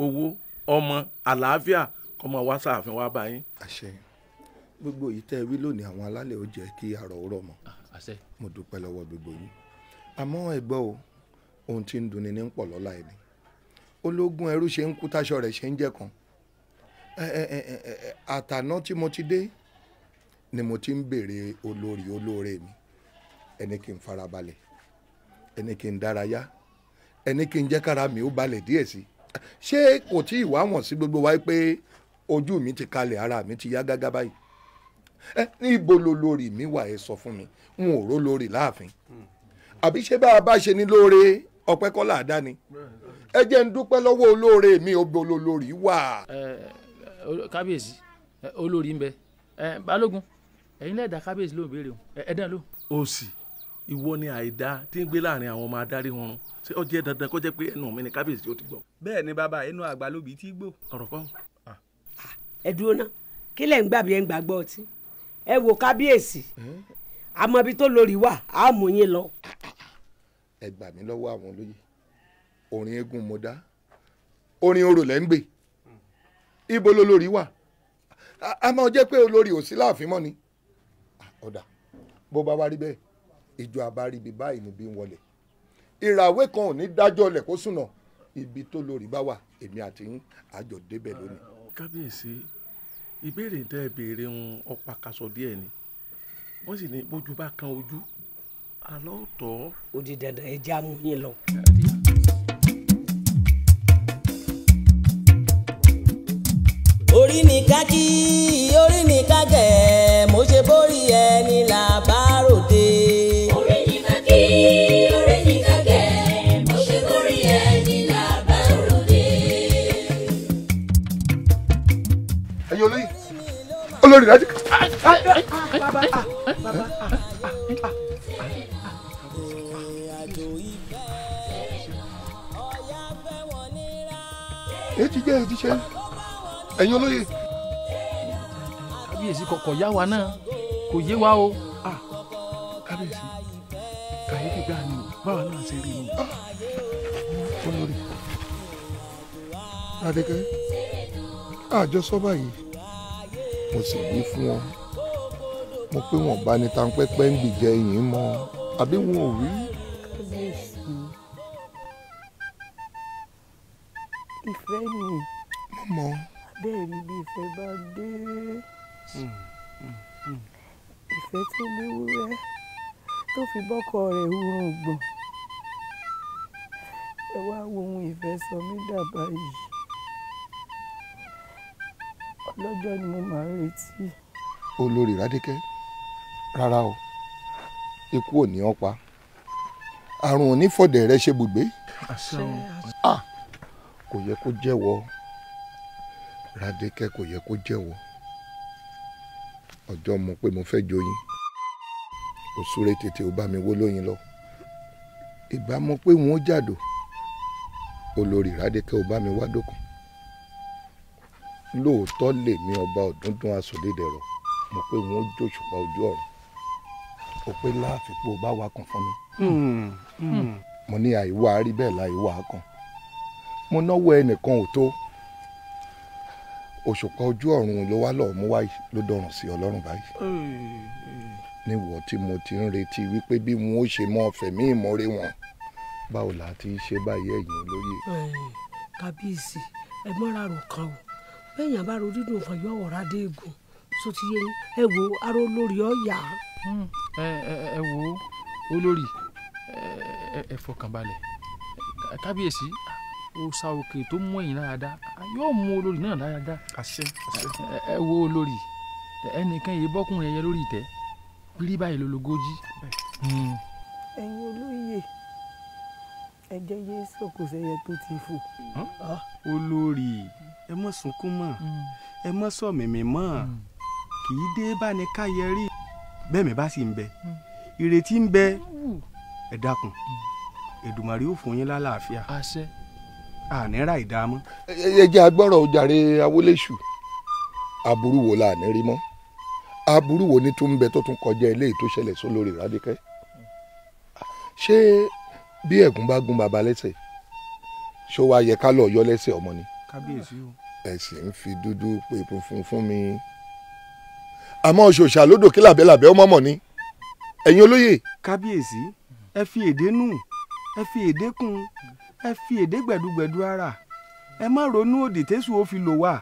owó ọmọ àlàáfíà kọ́ máa wá sàáfin wá bá yín. àṣẹ gbogbo yìí tẹ́ ẹ wí lónìí àwọn alálẹ̀ ó jẹ́ kí àrọ̀ òrọ̀ mọ́. Ah, àṣẹ. mo dúpẹ́ lọ́wọ́ gbogbo yín àmọ́ ẹ̀gbọ́n o ohun tí ń dunni ní ń pọ̀ lọ́la ẹni ológun ẹrú ṣe ń kú táṣọ rẹ̀ ṣe ń jẹ́ kan Eh, eh, eh, àtàná tí mo ti dé ni mo ti ń béèrè olórí olóore mi ẹni kí n farabalẹ̀ ẹni kí n dárayá ẹni kí n jẹ́ kára mi ó balẹ̀ díẹ̀ sí ṣé kò tí ì wá wọ̀n sí gbogbo wa pé ojú mi ti kale ara mi ti yá gágá báyìí ẹ ní ibo lórí mi wà ẹ sọ fún mi n ò ró lórí láàfin àbí ṣé bá a bá ṣe ní lóore ni ẹ jẹ́ ń dúpẹ́ lọ́wọ́ olóore mi ò bolo lórí wà. kábíyèsí olórí ń bẹ balógun ẹ̀yin lẹ́ẹ̀dá kábíyèsí ló ń béèrè òun ẹ̀ẹ́dán ló. òsì ìwọ ni àìdá tí ń gbé láàrin àwọn ọmọ adarí wọn ṣé ó jẹ́ dandan kó jẹ́ pé ẹnu mi ni kábíyèsí ó ti gbọ́. bẹ́ẹ̀ ni bàbá ẹnu àgbà lóbi tí gbò. ọ̀rọ̀ kọ́. ẹ dúró ná kí lẹ̀ ń gbà bí ẹ ń gbàgbọ́ ọtí ẹ wo kábíyèsí àmọ́ ibi tó lórí wà á mú yín lọ. ẹ gbà mí lọ́wọ́ àwọn olóyè orin eégún mo dá orin orò lẹ́ ń gbè ibo lolórí wà a máa jẹ́ pé olórí ò sí láàfin mọ́ ni ọ̀dà bó bá wá rí bẹ́ẹ̀ ìjọ àbáríbi báyìí níbi ń wọlé ìràwé kan ò ní dájọ́ lẹ̀ kó sùnà ibi tó lórí bá wà èmi àti yín àjọ débẹ̀ lónìí. kábíyèsí ìbéèrè tẹ́ ẹ béèrè ń ọ̀pá kaṣọ díẹ̀ ni wọ́n sì ní bójú bá kan ojú àlọ́ tọ́. ó dandan ẹ já mú lọ. orí ni ká jí orí ni ká gẹ̀ mo ṣe bórí ẹni là bá ròde. orí ni ká kí orí ni ká gẹ̀ mo ṣe bórí ẹni là bá olóyè olórí ìdájọ. bàbá bàbá èyí ti ẹ̀yin olóye. kábíyèsí kọkọ yá wa náà kò yé wa o. Ah, kábíyèsí kàyéfì gbáà ni báwa náà ṣe rí i. Ah, olórí adékẹ́ àjọsọ báyìí mo sì wí fún wọn mo pé wọn bá ní tanpẹ́pẹ́ ń gbìjẹ yìí mọ́ àbí wọn ò rí. kábíyèsí ìfẹ́ bẹ́ẹ̀ ni bí ìfẹ́ bá dé hmm, hmm, hmm. ìfẹ́ tó méwúrẹ́ tó fi bọ́kọ rẹ̀ wúrùn gbọ̀n ẹ wá wo ohun ìfẹ́ sọ mí dàbà yìí ọlọ́jọ́ ni mo máa ń retí. olórí rádìkẹ́ rárá o ikú ò ní ọ́ pa àrùn onífọ̀dẹ̀ rẹ ṣe bùgbé. àṣẹ o. Ah, kò yẹ kó jẹ́wọ́ Rádékẹ́ kò yẹ kó jẹ́wọ́ ọjọ́ mo pé mo fẹ́ joyin ò tètè ó bá mi wó lóyin lọ ìgbà pé wọn ó jàdò olórí Rádékẹ́ ó bá mi wá dókun lóòótọ́ lèmi ọba ọ̀dúndún asòlédèrò mo pé wọn ó jòṣùpá ojú ọ̀run ó pé láàfipò bá wa kàn fún mi hmm, hmm. mo ní àìwá rí bẹ́ẹ̀ láìwá kan mo náwó ẹnìkan ò tó òṣùpá ojú ọ̀run ló wá lọ́ọ́ mú wáyé ló dọ̀rùn sí ọlọ́run báyìí. níwọ̀ tí mo ti ń retí wípé bí wọn ó ṣe mọ fẹ̀mí ìmọ̀re wọn báwo la ti ṣe báyìí ẹ̀yìn lóye. kábíyèsí ẹ mọ́ra rò kan o bẹ́ẹ̀yàn bá ro dídùn fún yọ ọ̀rá dé egun tó ti yẹ ẹ wo aró lórí ọ̀yà. Hmm, ẹ wo olórí ẹ fọkànbalẹ̀ kábíyèsí òòṣà òkè tó mú ẹ̀yìn dáadáa yóò mú olórí náà dáadáa. àṣẹ àṣẹ. ẹ wo olórí ẹnìkan yìí bọ́kùnrin ẹyẹ lórí ìtẹ́ rí báyìí lológójì. ẹ̀yin olóyè ẹ̀jẹ̀ yéé sọ̀kòsẹ́yẹ tó ti fò. Ah. olórí ẹ má sunkún mọ́ hmm. ẹ má sọ̀mìmì mọ́ hmm. kì í dé báni ká yẹ rí bẹ́ẹ̀ mi bá sì ń bẹ hmm. ìrètí ń bẹ ẹ dákun Èdùmàrè ó fún yín lálàáfíà. àṣẹ ànírà ìdààmú. ẹ jẹ́ agbọ́rọ̀ ojàre awolésù aburú wo la ànírí mọ́ aburú wo ni tó ń bẹ tó tún kọjá eléyìí tó ṣẹlẹ̀ sólórí Rádìkẹ́ ṣé bí ẹ̀gún bá gún baba lẹ́sẹ̀ ṣó wàá yẹ ká lọ yọ lẹ́sẹ̀ ọmọ ni. kábíyèsí o. ẹ sì ń fi dúdú pé funfun fún mi àmọ́ ṣòṣà lódò kí làbẹ́làbẹ́ ọmọ mọ̀ ni ẹ̀yin olóyè. kábíyèsí ẹ fi èdè nù ẹ fi èdè kún ẹ fi èdè gbẹ̀dúgbẹ̀dú ara ẹ má ronú òdì tẹ́sù ó fi lò wá.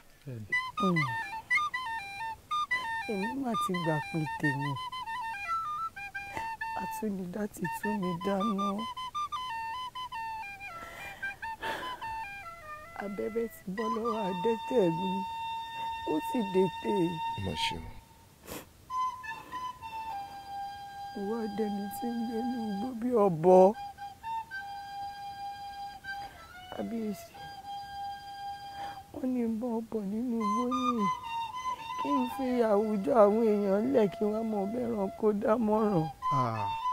èmi mà ti gbà pé tèmi àtúndá ti tú mi dáná abẹ́rẹ́ ti bọ́ lọ́wọ́ adẹ́tẹ̀ mi ó sì dètè. má ṣe o. ìwọ́dẹni tí ń gbé ní igbó bí ọ̀bọ kábíyèsí wọ́n ní bọ́ ọ̀pọ̀ nínú igbó nìyí kí n fi àwùjọ àwọn èèyàn lẹ̀ kí wọ́n mọ bẹ́ràn kó dámọ̀ràn.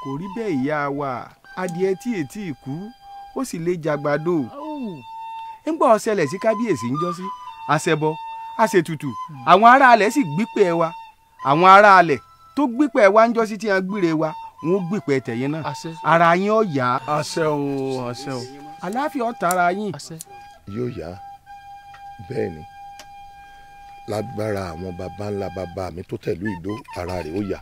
kò rí bẹ́ẹ̀ ìyá wa adìẹ tí ètí ìkú ó sì lè jàgbàdo. ńgbà ọ̀sẹ̀lẹ̀ sí kábíyèsí ń jọ́sí àṣẹbọ àṣètùtù hmm. àwọn ará alẹ̀ sì gbípẹ́ wa àwọn ará alẹ̀ tó gbípẹ́ wa ń jọ́sí tí wọ́n gbére wa wọ́n gbípẹ́ tẹ̀yìn náà ara yín ó àṣẹ o àṣẹ o àlàáfíà ọ̀tara yín. yóò yá bẹ́ẹ̀ ni lágbára àwọn baba ńlá baba mi tó tẹ̀lú ìdó ara rẹ̀ ó yá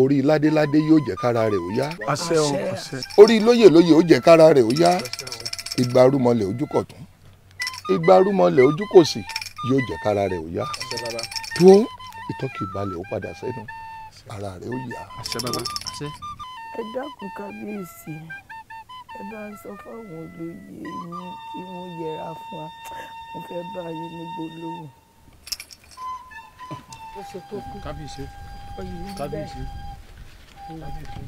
orí ládéládé yóò jẹ́ kára rẹ̀ ó yá orí lóyè lóyè ó jẹ́ kára rẹ̀ ó yá igba arúmọlẹ̀ ojú kọ̀tún igba arúmọlẹ̀ ojú kòsì yóò jẹ́ kára rẹ̀ ó yá tó ìtọ́kì balẹ̀ ó padà sẹ́nu ara rẹ̀ ó yá. ẹ dákun kábíyèsí ẹ bá ń sọ fáwọn olóyè yín kí wọ́n yẹra fún wa mo fẹ́ bá yín ní gbólóhùn. ó ṣe tó kú kábíyèsí kábíyèsí kábíyèsí.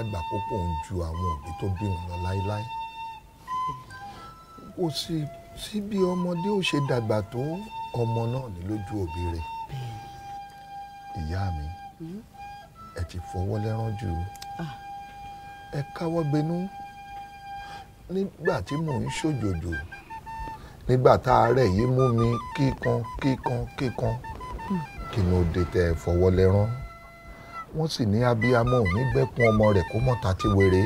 dàgbà púpọ̀ ń ju àwọn òbí tó bí wọn lọ láéláé kò sí sí bí ọmọdé ò ṣe dàgbà tó ọmọ náà ní lójú òbí rẹ̀ ìyá mi mm-hmm. ẹ ti fọwọ́ lẹ́rán jù ah. ẹ káwọ́ gbenú nígbà tí mò ń ṣòjòjò nígbà tá a rẹ̀ yìí mú mi kíkan kíkan kíkan hmm. kí ni ó dé tẹ́ ẹ fọwọ́ lẹ́rán. Mm wọ́n sì ní abiyamọ ò ní gbẹ́kún ọmọ rẹ̀ kó mọ̀ta ti wéré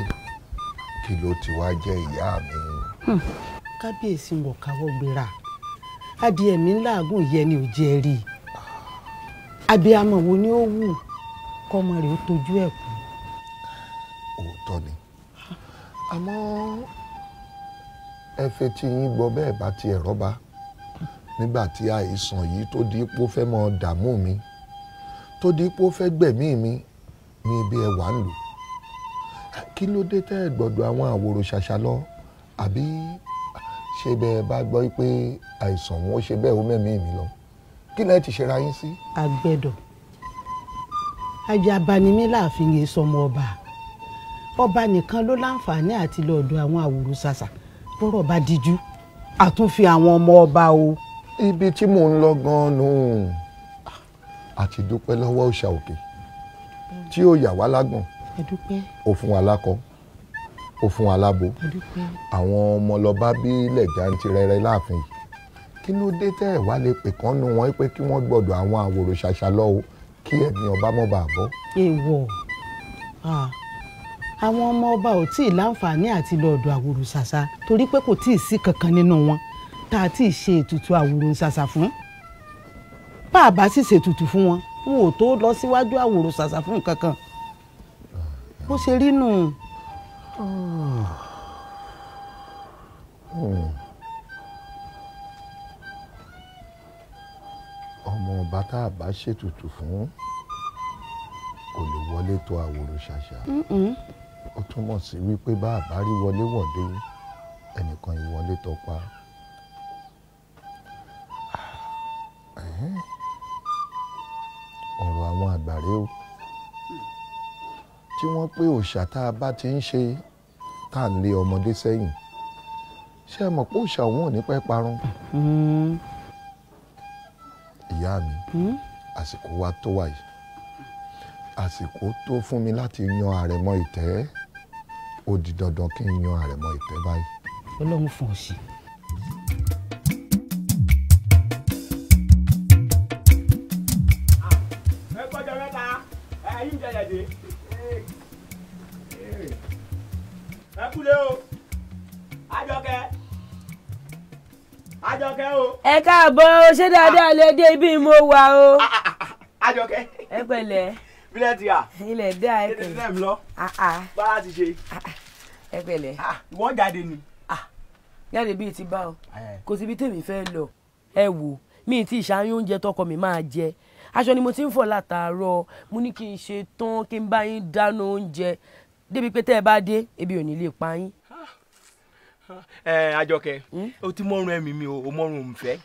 kí ló ti wá jẹ́ ìyá mi. Hmm. kábíyèsí wọ̀ káwọ́ gbéra adìẹ mi làágùn yẹni ò jẹ́ rí i abiyamọ wo ni ó wù kọ́mọ rẹ̀ ó tọ́jú ẹ̀ kú. òótọ́ ni àmọ́ ẹ fetí yín gbọ́ bẹ́ẹ̀ bá tiẹ̀ rọ́bà nígbà tí àìsàn yìí tó dípò fẹ́ mọ́ dààmú mi. Hmm tó di pé ó fẹ́ gbẹ̀mí mi ní ibi ẹ̀wà ń lò kí ló dé tẹ́ ẹ gbọ́dọ̀ àwọn àwòrò ṣàṣà lọ àbí ṣe bẹ́ẹ̀ bá gbọ́ pé àìsàn wọn ó ṣe bẹ́ẹ̀ ó mẹ́mí mi lọ kí lẹ́ẹ̀ ti ṣe ra yín sí. àgbẹ̀dọ̀ ajabanimi láàfin yìí sọmọ ọba ọba nìkan ló láǹfààní àti lọ́ọ̀dọ̀ àwọn àwòrò ṣàṣà bọ́rọ̀ bá díjú àtúnfi àwọn ọmọ ọba o. ibi tí mò ń lọ gan-an nù. No àti dúpẹ́ lọ́wọ́ òòṣà òkè tí ó yà wá lágbọ̀n ó fún wa lákọ ó fún wa lábo àwọn ọmọ lọ́ba bílẹ̀ jantirẹrẹ láàfin yìí kí ló dé tẹ́ ẹ̀ wá lè pè kán nu wọn pé kí wọ́n gbọ́dọ̀ àwọn àwòrò ṣàṣà lọ́wọ́ kí ẹ̀mí ọba mọ̀ bá bọ́. èèwọ̀ àwọn ọmọ ọba ò tí ì láǹfààní àti lọ ọ̀dọ̀ àwòrò ṣàṣà torí pé kò tí ì sí kankan nínú wọn tá a ti ṣe ètùtù àwòrò ṣàṣà fún bá a bá sì ṣètùtù fún wọn wọn ò tó lọ síwájú àwòrò ṣàṣà fún nǹkan kan bó ṣe rí nù. ọmọ ọba tá a bá ṣètùtù fún kò lè wọlé tó àwòrò ṣàṣà ó túmọ̀ sí wípé bá a bá rí wọlé wọ̀dé ẹnìkan ìwọlé tó pa. uh rèé o tí wọ́n pé òòṣà tá a bá ti ń ṣe tá à ń lé ọmọdé sẹ́yìn ṣé ẹ mọ̀ pé òòṣà òun ò ní pẹ́ parun. Hmm. ìyá mi hmm. àsìkò wa tó wà yìí àsìkò tó fún mi láti yan àrẹ̀mọ ìtẹ́ ó di dandan kí n yan àrẹ̀mọ ìtẹ́ báyìí. ọlọ́run fún ọ sí i. káàbọ̀ o ṣé dáadáa lè dé ibi mo wà o. Àjọkẹ́. ẹ pẹ̀lẹ́. bílẹ̀ ti à. ilẹ̀ dá ẹ pẹ̀lẹ́. ètò ìlẹ̀ lọ. Ah, ah. bára ti ṣe. Ah, ẹ pẹ̀lẹ́. ìwọ jáde ni. jáde bíi ti bá o kò síbi tèmi fẹ́ lọ ẹ wò mi ti ṣàyún oúnjẹ tọkọ mi máa jẹ aṣọ ni mo ti ń fọ̀ látàárọ̀ mo ní kí n ṣe tán kí n bá yín dáná oúnjẹ débi pé tẹ́ ẹ bá dé ebi ò ní lè pa yín. ẹ eh, Àjọkẹ́ hmm? o ti mọrun ẹmí mi o mọrun òǹfẹ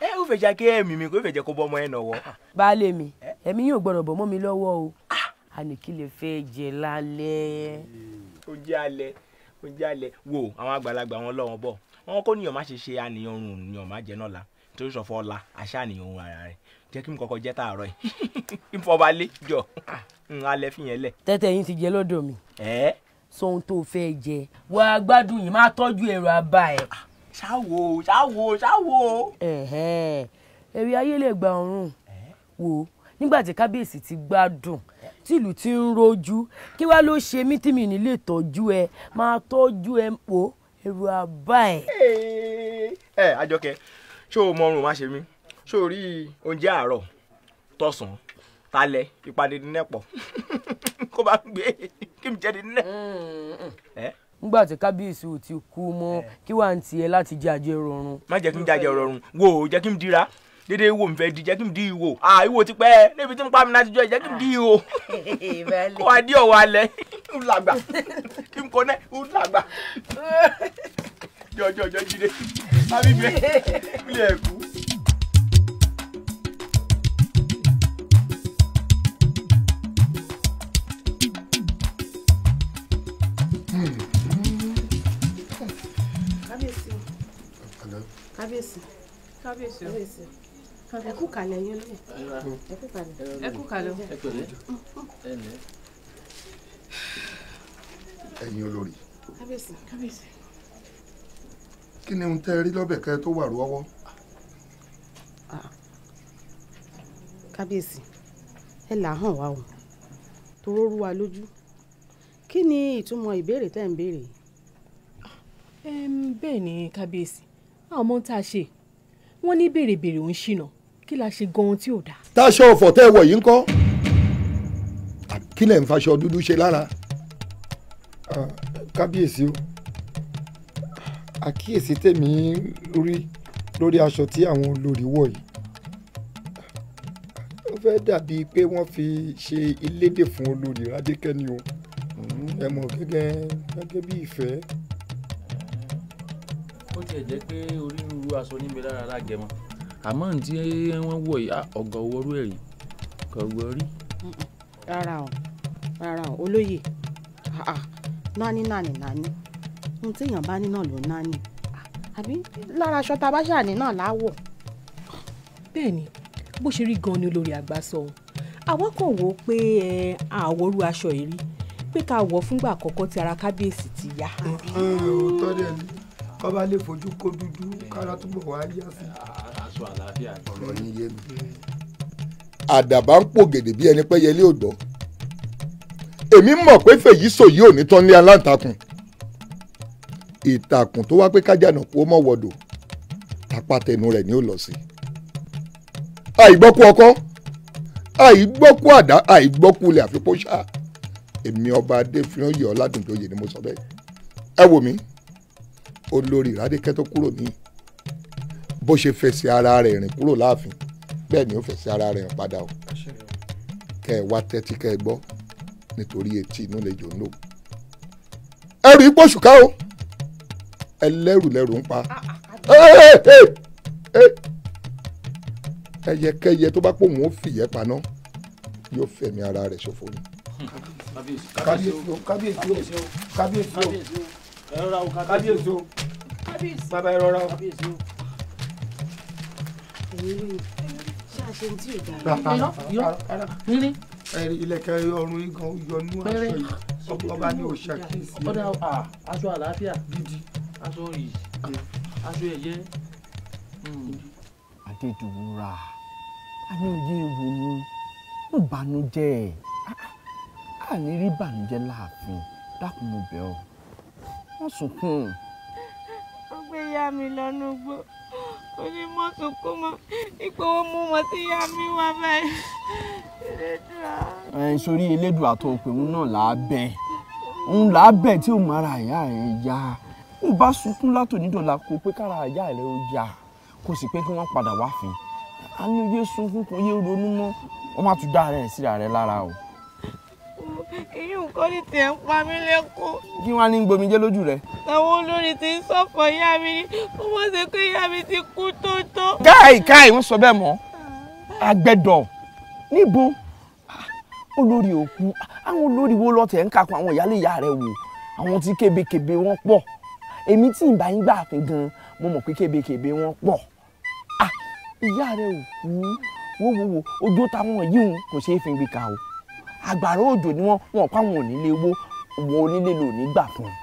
ẹ ó fẹ́ jẹ́ kí ẹ̀mí mi kó fẹ́ jẹ́ kó bọ́ ọmọ ẹ nọ̀wọ́. Ah, baálé mi ẹ̀mí yóò gbọ́dọ̀ bọ́ mọ́ mi lọ́wọ́ o ah! a ní kí lè fẹ́ jẹ lálẹ́. oúnjẹ alẹ́ oúnjẹ alẹ́ wo àwọn àgbàlagbà wọn lọ́wọ́ bọ̀ wọn kò níyàn má ṣe ṣe àníyàn rùn níyàn má jẹ náà la torí sọ̀fọ̀ ọ̀la àṣà àníyàn rùn ara rẹ̀ jẹ́ kí n kọ́kọ́ jẹ́ tààrọ̀ yìí ìfọba lé jọ alẹ́ fi yẹn lẹ̀. tẹ́tẹ́ yín ti jẹ lọ́dọ̀ mi. ẹ sọ ohun tó fẹ́ jẹ wàá gbádùn yìí má tọ́jú ẹ̀rọ abá ẹ̀. Ah! ṣáwo ṣáwo ṣáwo. èrè ayé lè gba ọ̀run wò ó nígbà tí kábíyèsí ti gbádùn tìlù ti ń rojú kí wàá ló ṣe mí tí mi ní lè tọ́jú ẹ máa tọ́jú ẹ pò ẹrù àbá ẹ. ẹ àjọkẹ́ ṣé o mọ ọrùn má ṣe mí ṣé o rí oúnjẹ àárọ̀ tọ̀sán talẹ̀ ìpàdé nínú ẹ̀pọ̀ kó bá ń gbé kí n jẹ́ nínú mm, mm, mm. ẹ̀ nígbà tí kábíyèsí ò ti kú mọ́ eh. kí wàá ti ẹ láti jẹ àjẹ rọrùn. má jẹ́ kí n jẹ àjẹ rọrùn wò ó jẹ́ kí n dira dédé wo nfẹ di jẹ́ kí n di ìwò à ìwò ti pẹ́ níbi tí n pa mi láti jọ ẹ jẹ́ kí n di ìwò kó wa dí ọwọ́ alẹ́ n làgbà kí n kọnẹ n làgbà jọjọjọ jíde tábí bẹ n lè kú. kábíyèsí kábíyèsí o kábíyèsí ẹ kú kalẹ̀ yín lóye ẹ kú kalẹ̀ ẹ kú kalẹ̀ o ẹ pẹ̀lẹ́ ẹ nẹ. ẹ̀yin olórí. kábíyèsí kábíyèsí. kí ni ohun tẹ́ ẹ rí lọ́bẹ̀ kẹ́ ẹ tó wà lọ́wọ́. Ah. kábíyèsí ẹ là hàn wá o toró rú wa lójú kí ni ìtumọ̀ ìbéèrè tẹ́ ń béèrè. bẹ́ẹ̀ ni kábíyèsí àwọn ọmọ tá a ṣe wọ́n ní béèrè béèrè òun ṣìnà kí la ṣe gan-an tí ò dáa. táṣọ ọ̀fọ̀ tẹ́ ẹ wọ̀ yìí ń kọ́ kí lẹ̀ ń faṣọ dúdú ṣe lára. kábíyèsí o àkíyèsí tèmi rí lórí aṣọ tí àwọn olórí wọ̀ yìí ó fẹ́ dàbí pé wọ́n fi ṣe ìlédè fún olórí Adékẹ́ ni o ẹ mọ̀ gẹ́gẹ́ gẹ́gẹ́ bí ìfẹ́ ó tiẹ̀ jẹ́ pé onírúurú aṣọ níbi lára alágẹmọ àmọ́ ní tí wọ́n wọ̀ yìí ah, ọ̀gá owóró ẹ̀ rí kò gbọ́ rí. rárá o rárá o olóyè ah, ah, nání nání nání ohun téèyàn bá ní náà ló nání àbí lára aṣọ tá a bá ṣàní náà láwọ̀. bẹ́ẹ̀ ni bó ṣe rí gan-an ni olórí àgbà sọ ọ́ àwa kàn wò ó pé àwòrú aṣọ yìí rí pé ká wọ̀ fúngbà àkọ́kọ́ tí ara kábíyèsí ti yá. òótọ́ dẹ̀ ni bàbá lè fojú kó dúdú kára túbọ̀ wá yá sí. aṣọ àlàáfíà ọ̀rọ̀ yín yé mi. àdàbà ń pò gèdè bí ẹni pẹ́ yẹlé òdò èmi mọ̀ pé fèyí sòyí ò ní tán ní aláǹtakùn ìtàkùn tó wá pé kájànà kó mọ̀ wọ̀dọ̀ tapatẹnu rẹ̀ ni ó lọ sí. àìgbọ́kú ọkọ́ àìgbọ́kú àdá àìgbọ́kú ilẹ̀ àfikún ṣáà èmi ọba adéfihàn yìí ọ̀làdùn tó yẹ ni mo sọ bẹ́ẹ̀ ẹ wò mí olórí ìrádékẹ́ tó kúrò ní bó ṣe fẹsẹ̀ ara rẹ̀ rìn kúrò láàfin bẹ́ẹ̀ ni ó fẹsẹ̀ ara rẹ̀ rìn padà o kẹ́ ẹ wá tẹ́tí kẹ́ ẹ gbọ́ nítorí etí inú lè jò ń lò ẹrù ipò ṣùkà o ẹlẹ́rù lẹ́rù ń pa ah, ah, ah, ẹyẹkẹyẹ tó bá pò wọ́n fìyẹ́ paná yóò fẹ̀mí ara rẹ̀ ṣòfò ni. kábíyèsí o kábíyèsí o kábíyèsí o kábíyèsí o ẹ̀rọra o kábíyèsí o bàbá ẹ̀rọra o. ẹ̀rí ilẹ̀kẹ̀ ọrùn igan yọ aṣọ yìí ọba ní òòṣà kì aṣọ àlàáfíà gidi aṣọ yìí aṣọ ẹ̀yẹ. Hmm. adédùwúrà àní òye èwo ni mo bànújẹ́ ẹ̀ àní rí bànújẹ́ láàfin dákun mo bẹ̀ má sunkún. ó gbé ìyá mi lọ́nu gbó ó ní má sunkún mọ́ ipò owó mú wọn tí ìyá mi wá báyìí elédùá. ẹ sórí elédùá tó o pè ń náà láàbẹ̀ ń láàbẹ̀ tí ò mara ìyá rẹ̀ ya ó bá sunkún látònídọ̀la kó pé kára ìyá rẹ̀ ó ya kó sì pé kí wọ́n padà wá fi á ní oyè sunkún kò yé ronú mọ́ wọ́n má tún dá ara ẹ̀ síra rẹ̀ lára o èyí nǹkan ní tiẹ̀ ń pa mí lẹ́kọ̀ọ́. kí wọ́n á ní gbomijé lójú rẹ̀. àwọn olórí ti ń sọ̀fọ̀ ìyá mi ni ó mọ̀ sí pé ìyá mi ti kú tótó. káì káì wọ́n sọ bẹ́ẹ̀ mọ́ àgbẹ̀dọ̀ níbo olórí òkú àwọn olórí wo lọ́tẹ̀ ń kakun àwọn ìyáálé ìyá rẹ̀ wò àwọn tí kébékébé wọn pọ̀ èmi tí ìbá yín gbà pé gan mo mọ̀ pé kébékébé wọn pọ̀ ah, ìyá rẹ̀ òkú wo wo wo ojú táwọn yìí kò ṣeé fi gbé o àgbàrá òjò ni wọ́n wọ́n pa àwọn onílé wó wọ onílé lò ní gbà fún un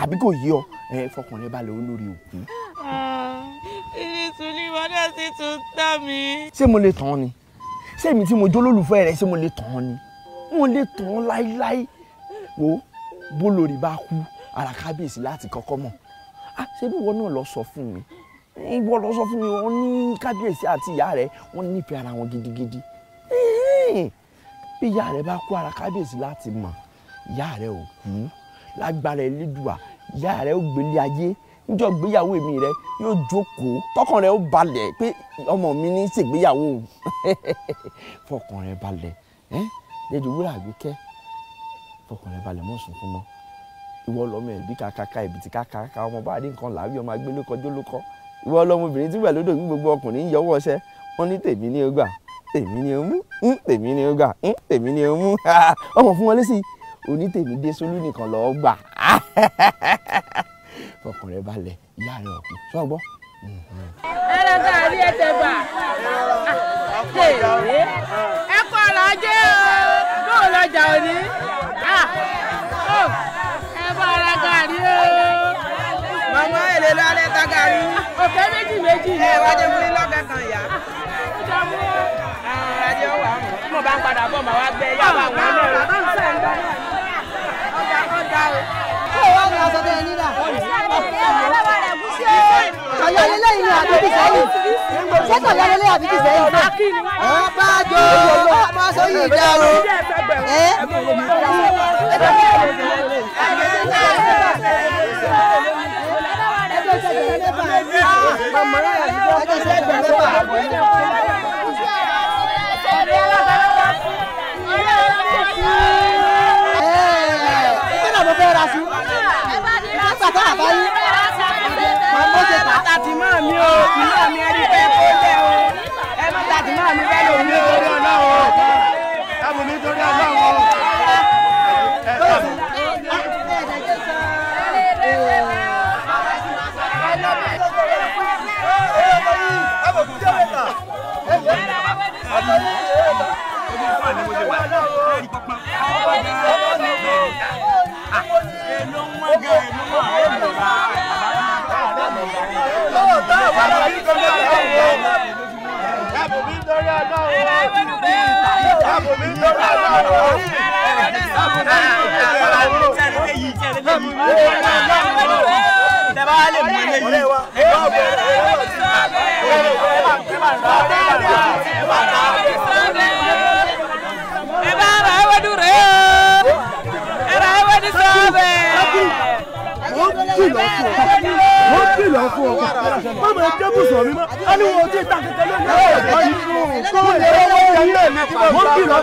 àbí kò yí ọ ẹ fọkànlẹ́ balẹ̀ olórí òkú. Ah, ìrètò ni wọn náà sì tún tà mí. ṣé mo lè tàn ni ṣé èmi tí mo jólólùfẹ́ rẹ ṣé mo lè tàn ni mo lè tàn láíláí wo bó lórí bá kú ara kábíyèsí láti kọ́kọ́ mọ̀ ah ṣé bí ìwọ náà lọ sọ fún mi ìwọ lọ sọ fún mi wọn ní kábíyèsí àti ìyá rẹ wọn nífẹ̀ẹ́ ara wọn gidigidi bí ìyá rẹ bá kú ara kábíyèsí láti mọ̀ ìyá rẹ ò kú lágbára Elédùà ìyá rẹ ò gbélé ayé níjọ́ ìgbéyàwó mi rẹ yóò jókòó tọkàn rẹ ó balẹ̀ pé ọmọ mi ní ṣègbéyàwó fọkàn rẹ balẹ̀ ẹ́ lẹ́jọ́ wúrà àgbékẹ́ fọkàn rẹ balẹ̀ mọ́ sùn fún mọ́ ìwọ lọmọ ẹbí kàkàkà ìbìtì kàkàkà ọmọ bá rí nǹkan làwí ọmọ agbélé kọjú ló kọ ìwọ tí wà lódò gbogbo ọkùnrin ń yọwọ́ wọn ní tèmi ní ọgbà tèmi ni ó mú ń tèmi ni ó gà ń tèmi ni ó mú ọmọ fún wọn lésì onítèmi dé solú nìkan lọ́ọ́ gbà fọkàn rẹ balẹ̀ ìyá rẹ ọ̀kú sọ́gbọ́. ẹ lọ sọ àrí ẹsẹ̀ bà ẹ kọ́ ọ̀rọ̀ ajé o bóun lọ́jà òní ẹ bá ara gàrí o màmá èlé lálẹ́ tá gàrí. òkè méjì méjì. ẹ wájú mi lọ́kẹ́ kan yá. ìjọba ajé ọwà tí mo bá ń padà bọ̀ màá wá gbẹ yàrá àwọn ọmọ rẹ. bàbá mi sẹ́ ń gbọ́ ọjà ọjà o. kó o wá ní aṣọ tẹ nílà. Tọ̀yọ̀ lélẹ̀ ni àbíkí sẹ́yìn. Ṣé tọ̀yọ̀ lélẹ̀ àbíkí sẹ́yìn? Ọba jọ ọmọ sọ yìí dáró. Ẹ Thank you. bàtà tó bàbá yín màmá ó ṣe bàtà tí máa mi o ìlú mi ẹni pé kó lẹ o ẹ má ta máa mi bẹ́ẹ̀ lòun ní torí ọlọ́run o mi torí ọlọ́run o lóòótọ́ ìwádà bí nítorí ọlọ́run ẹ̀bùn mi nítorí ọlọ́run ẹ̀bùn mi nítorí ọlọ́run ẹ̀bùn mi nítorí ọlọ́run tẹ̀bá lè mú ilé yìí. ẹ bá ara ẹ wọ́n dùn rẹ̀ ẹ bá ara ẹ wọ́n dùn sọ́ọ̀bẹ̀ kìlọ̀ fún ọ wọ́n kìlọ̀ fún ọ mọ̀mọ́ ẹ̀jẹ̀bùsọ̀ mi mọ́ aliwo ti ta kẹ̀kẹ́ lórí ọ̀rọ̀ yìí kó lè wọ́n yí ẹ̀ wọ́n kìlọ̀ fún ọ wọ́n kìlọ̀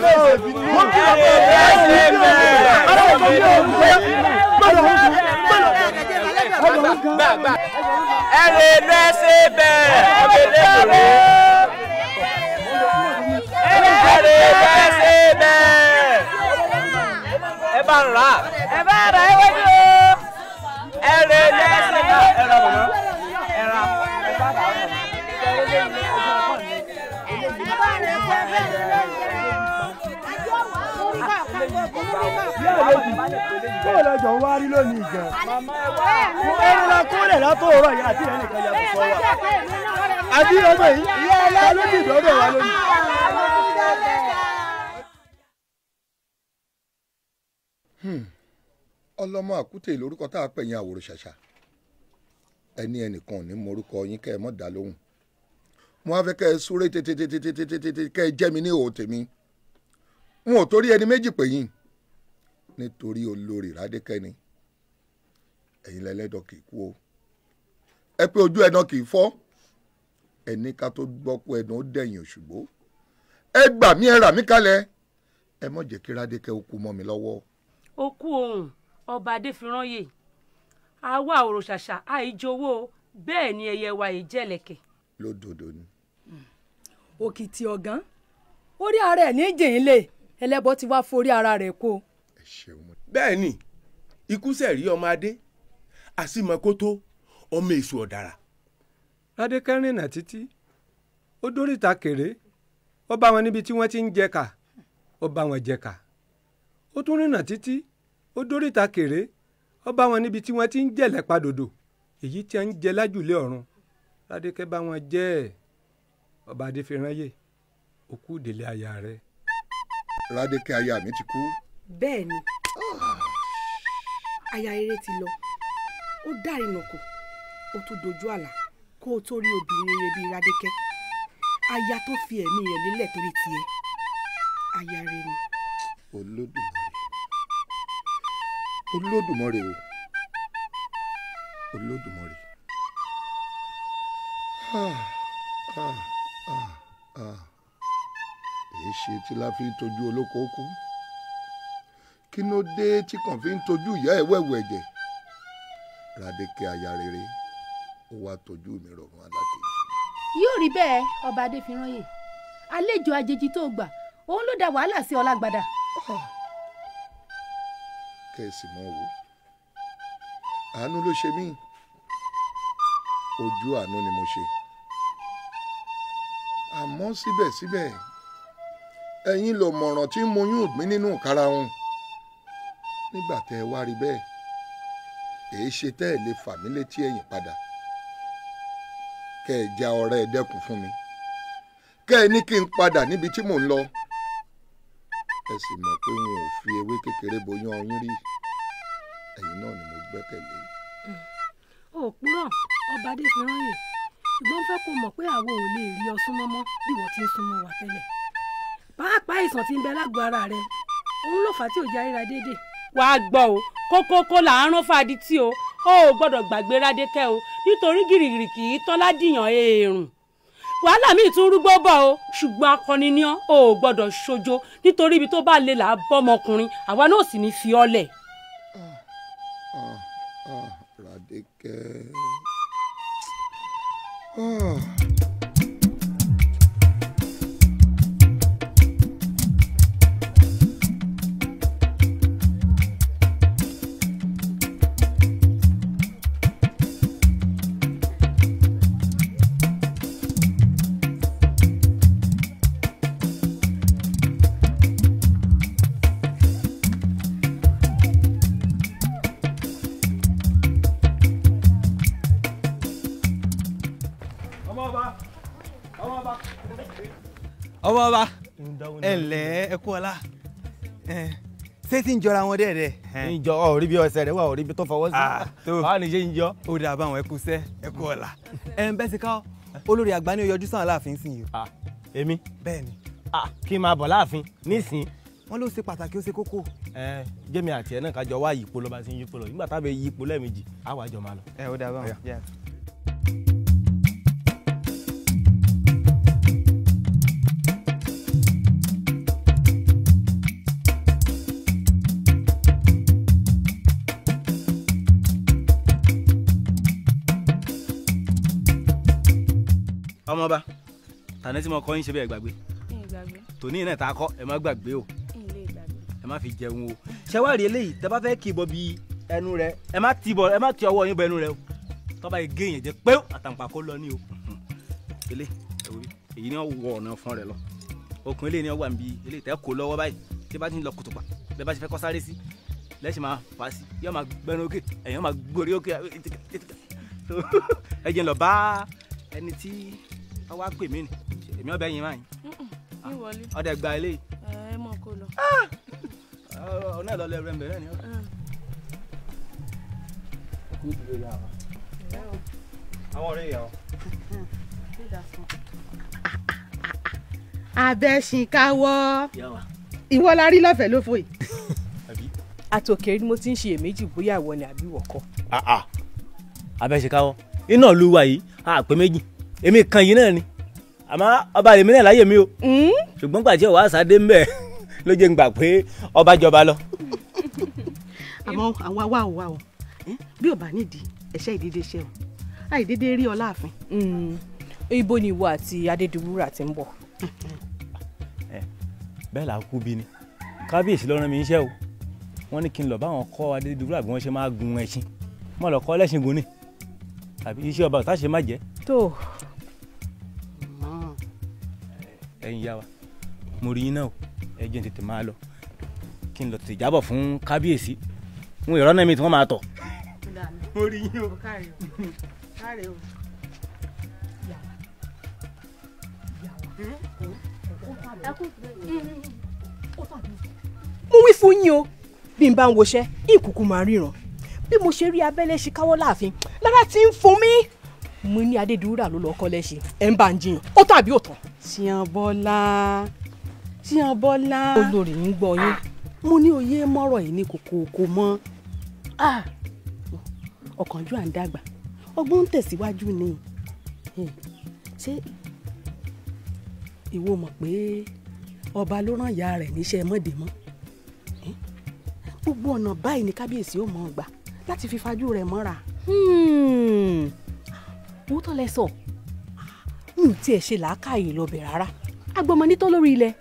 fún ọ ẹ̀sìn bẹ́ẹ̀ ọ̀rọ̀ yìí kò yẹ bẹ́ẹ̀ ọ̀gẹ̀dẹ̀ rẹ̀ bẹ́ẹ̀ ẹ bá ń rà ẹ bá rà ẹ wájú o lè lè ẹ ra lọ́jọ́ wá rí lónìí gan fún ẹnìlá kúnlẹ̀ látòrọ̀ yìí àti ẹnìkan yàtọ̀ sọ́wọ́ àbí ọmọ yìí ta ló dìbò ọdọ̀ wa lónìí. Hmm ọlọ́mọ àkútè lórúkọ tá a pè yín àwòrò ṣàṣà ẹni ẹnìkan ò ní mọ orúkọ yín kẹ́ ẹ mọ̀ dá lóhùn mo wá fẹ́ kẹ́ ẹ súré tètètètètètè kẹ́ ẹ jẹ́ mi ní òòtè mi n ò torí ẹni méjì pè yín nítorí olórí ìrádékẹ́ni ẹ̀yin lẹ́lẹ́dọ̀ kì í kú o ẹ pé ojú ẹ̀nà kì í fọ́ ẹni ká tó gbọ́ pé ẹ̀nà ó dẹ̀yìn òṣùgbó ẹ gbà mí ẹ rà mí kalẹ̀ ẹ mọ̀ jẹ́ kí rádékẹ́ ó kú mọ́ mi lọ́wọ́. ó kú ohun ọba adéfirányè àwa òròṣàṣà àìjowó bẹ́ẹ̀ ni ẹyẹ wa yìí jẹ̀lẹ̀kẹ̀. lódodo ni. Hmm. òkìtì ọ̀gán orí ara ẹ̀ ní jìnlẹ̀ ẹlẹ́bọ ti wá forí ara rẹ̀ kó. bẹ́ẹ̀ ni ikúṣẹ̀ rí ọmọ adé àsìmọ́kótó ọmọ èṣù ọ̀dàrà. adékẹ́rìn nà títí ó dóríta kéré ó bá wọn níbi tí wọ́n ti ń jẹ̀ka ó bá wọn jẹ̀ka ó tún rìnà títí ó dóríta kéré ó bá wọn níbi tí wọ́n ti ń jẹ̀lẹ̀ padòdò èyí tí wọ́n ń jẹ lájùlé ọ̀run ládékẹ́ bá wọn jẹ́ ẹ̀ ọba adéfiránye òkú ìdílé aya rẹ. ládékẹ́ aya mi ti kú. bẹ́ẹ̀ ni aya eré ti lọ ó dárìnà kò ó tún dojú àlà kó o tó rí obìnrin rere bíi ládékẹ́ aya tó fi ẹ̀mí rẹ̀ lélẹ̀ torí tiẹ̀ aya rẹ ni. olódùmarè olódùmarè o olódùmarè èé ṣe tí la fi ń tọ́jú olóko kí ló dé tí kàn fi ń tọ́jú ìyá ẹ̀ wẹ̀wù ẹ̀jẹ̀ ràdékẹ́ aya rere ó wá tọ́jú mi rọ̀rùn alákejì. yóò rí bẹ́ẹ̀ ọba adéfínrán yìí àlejò àjèjì tó gbà òun ló da wàhálà sí ọ lágbádá. Oh kẹ́sì mọ́ wò àánú ló ṣe mí ojú àánú ni mo ṣe àmọ́ síbẹ̀síbẹ̀ ẹ̀yin lò mọ̀ràn tí mo yún ògbín nínú ìkara wọn nígbà tẹ́ ẹ wá rí bẹ́ẹ̀ èyí ṣe tẹ́ ẹ lè fà mí létí ẹ̀yìn padà kẹ́ ẹ já ọ̀rẹ́ ẹ dẹ́kun fún mi kẹ́ ẹ ní kí n padà níbi tí mò ń lọ ẹ sì mọ̀ pé wọn ò fi ewé kékeré boyún ọyún rí ẹ̀yin náà ni mo gbẹ́kẹ̀lé. òpùrọ̀ ọba adéfẹ́ràn yìí ṣùgbọ́n fẹ́ kó mọ̀ pé àwọn ò lè rí ọ súnmọ́ mọ́ bí wọ́n ti ń súnmọ́ wà tẹ́lẹ̀ pàápàá àìsàn tí ń bẹ lágọ̀ọ́ ara rẹ òun ló fà á tí ò jẹ́ àríra déédéé. wàá gbọ́ o kókókó là ń rán fàdí tí o ó gbọ́dọ̀ gbàgbé rádé kẹ́ o nítorí gìrìgìrì kì í tán ládìyàn èèrùn wàhálà míì tún rúgbó bọ̀ o ṣùgbọ́n akọni ni ọ́ ò gbọ́dọ̀ ṣojo nítorí ibi tó bá lè là á bọ́mọkùnrin àwa náà sì ní fi ọ́ lẹ̀. Ràdékẹ́. Oh. ọba ẹ ǹlẹ́ ẹ kú ọlá ṣé tí ń jọra wọn dẹ́ẹ̀dẹ́. ń jọ ọ rí bí ọsẹ rẹ wà ọ rí bí tó fọwọ́ sí. Ah, báwa ni ṣe ń jọ. ó dà bá àwọn ẹkú sẹ ẹkú ọ̀la. ẹ ń bẹ́sí ká olórí àgbà ni ó yọjú sáwọn láàfin sìn yìí. Ah, èmi. bẹ́ẹ̀ni. Ah, kí n máa bọ̀ láàfin nísìn. wọ́n ló ṣe pàtàkì ó ṣe kókó. ẹ jẹ́mi àti ẹ̀ náà kájọ wá yípo lọ́ba sí yípo lọ nígbà táwọn yípo lẹ́ẹ̀mejì á wàá jọ máa lọ. ẹ ó dà bá wọn ọmọọba tàní tí mo kọ́ yín ṣe bẹ́ẹ̀ gbàgbé tòní náà tá a kọ́ ẹ má gbàgbé o ẹ má fi jẹun o ṣẹwárí eléyìí tẹ bá fẹ́ kí ibọ bí ẹnu rẹ ẹ má ti bọ ẹ má ti ọwọ́ yín bọ ẹnu rẹ o tọ́ba yìí gé yẹn jẹ pé àtàǹpà kó lọ ní o ilé èyí ni wọ́n wọ ọ̀nà fún rẹ lọ okùn ilé ni wọ́n wà níbi ilé tẹ́ kó lọ́wọ́ báyìí tí bá ti ń lọ kùtùpà bẹ́ẹ̀ bá ti fẹ́ kọ́ sáré sí lẹ́sìn máa fà á sí yóò máa gbẹ́nu òkè ẹ̀yìn máa gbórí òkè ẹ̀jẹ̀ lọ bá ẹni tí ọ wá pè mí ni èmi ọbẹ̀ yín máa yín. mi ah, wọlé. ọdẹ gba ilé yìí. Eh, ẹ mọ kó lọ. Ah! ọ náà lọ lẹ rẹ mẹrẹ ni ọ. Mm. àwọn ọ̀rẹ́ ìyàwó. Ah, abẹ́sìnkáwọ́ ìwọ la rí lọ́fẹ̀ẹ́ lófo yìí. àtòkè ni mo ti ń ṣe èméjì bóyá ìwọ ni àbí ìwọ kọ́. abẹ́sìnkáwọ́ iná ìlú wa yìí àpè méjì èmi kan yìí náà ni àmọ́ ọba lèmi náà láyè mi o hmm? ṣùgbọ́n gbàtí ọ̀wá àṣàdé ń bẹ̀ ló jẹ́ ń gbà pé ọba jọba lọ. àmọ́ àwa wà ó wà ó bí ò bá nídìí ẹ̀ṣẹ́ ìdíde ṣe o àìdédé rí ọ láàfin. Hmm. ibo ni ìwọ àti adédìwúrà ti ń bọ̀. bẹ́ẹ̀ là á kú bí ni kábíyèsí ló rán mi iṣẹ́ o wọ́n ní kí n lọ báwọn kọ́ adédìwúrà bí wọ́n ṣe máa gun ẹṣin mo lọ kọ́ lẹ́ṣin gun ni àbí iṣẹ́ ọba ò ṣe má jẹ́. tó o ẹ̀yin yá wa mo rí yín náà o ẹ jẹ́ tètè máa lọ kí n lọ tètè jábọ̀ fún kábíyèsí n ìrọ́ náà mi tí wọ́n máa tọ̀. mo rí yín o káre o káre o yàwá yàwá mo wí fún yín o bí n bá ń woṣẹ́ ìkùkù máa ríran bí mo ṣe rí abẹ́lé ṣe káwọ́ láàfin lára tí ń fún mi mo ní adédúrà ló lọ́ọ́ kọ́ lẹ́ṣin ẹ̀ ń bá ń jiyàn ó tàbí òtàn tiyan bọ́lá tiyan bọ́lá. olórí ń gbọ́ yín. Ah, mo ní oyè mọ́rọ̀ yìí ní kòkòkò mọ́ ah! ọ̀kánjú à ń dàgbà ọgbọ́n ń tẹ̀síwájú ni hmm. ṣé ìwọ mọ̀ pé ọba ló rán ìyá rẹ̀ níṣẹ́ mọ́dé mọ́ hmm. gbogbo ọ̀nà báyìí ni kábíyèsí ó mọ̀ ọ́n gbà láti fi fajú rẹ̀ mọ́ra. Hmm. òótọ́ lẹ sọ. So n tiẹ̀ ṣe làákàyè lọ́bẹ̀ rárá agbọmọ nítọ́ lórí ilẹ̀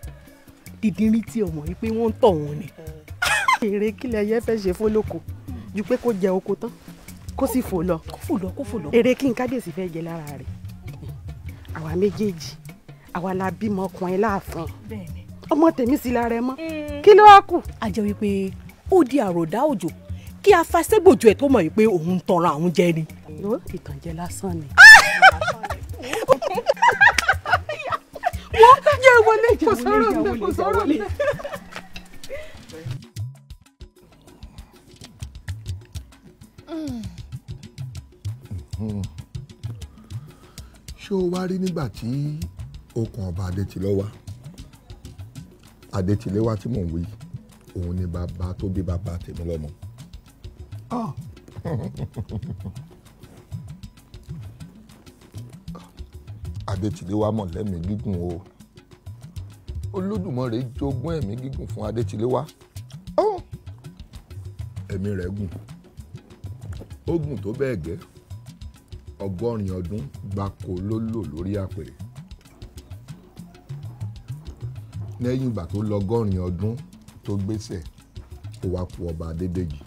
dìdínrín tí ọmọ yìí pé wọ́n ń tọ̀ wọ́n ni. èrè kílẹ̀ yẹn fẹ́ ṣe fólókò ju pé kó jẹ oko tán kó sì fò lọ kó fò lọ kó fò lọ. èrè kí n kábíyèsí fẹ́ jẹ lára rẹ̀ àwa méjèèjì àwa la bímọ ọkùnrin láàfin ọmọ tèmi sì la rẹ mọ eh. kí ló wá kù. a jẹ́ wípé ó di àròdá òjò kí afasẹ́gbòjò ẹ̀ tó mọ̀ wípé òun ń tanra àwọn jẹ ni. ìtànjẹ lásán ni. Ah! wọ́n yẹ wọlé kò sọ̀rọ̀ mi kò sọ̀rọ̀ mi. ṣé o wá rí nígbà tí okùn ọba adétilọ́wá adétilẹ́wá tí mò ń wí òun ni bàbá tó bí bàbá tèmi lọ́mọ. Ah. adétiléwá mọ̀ lẹ́mìí gígùn o olódùmarè jogún ẹ̀mí gígùn fún adétiléwá ẹ̀mí rẹ̀ gùn ó gùn tó bẹ́ẹ̀ gẹ́ ọgọ́rin ọdún gbáko ló lò lórí àpèrè lẹ́yìn ìgbà tó lọ́gọ́rin ọdún tó gbéṣẹ̀ ó wá kú ọba adédèjì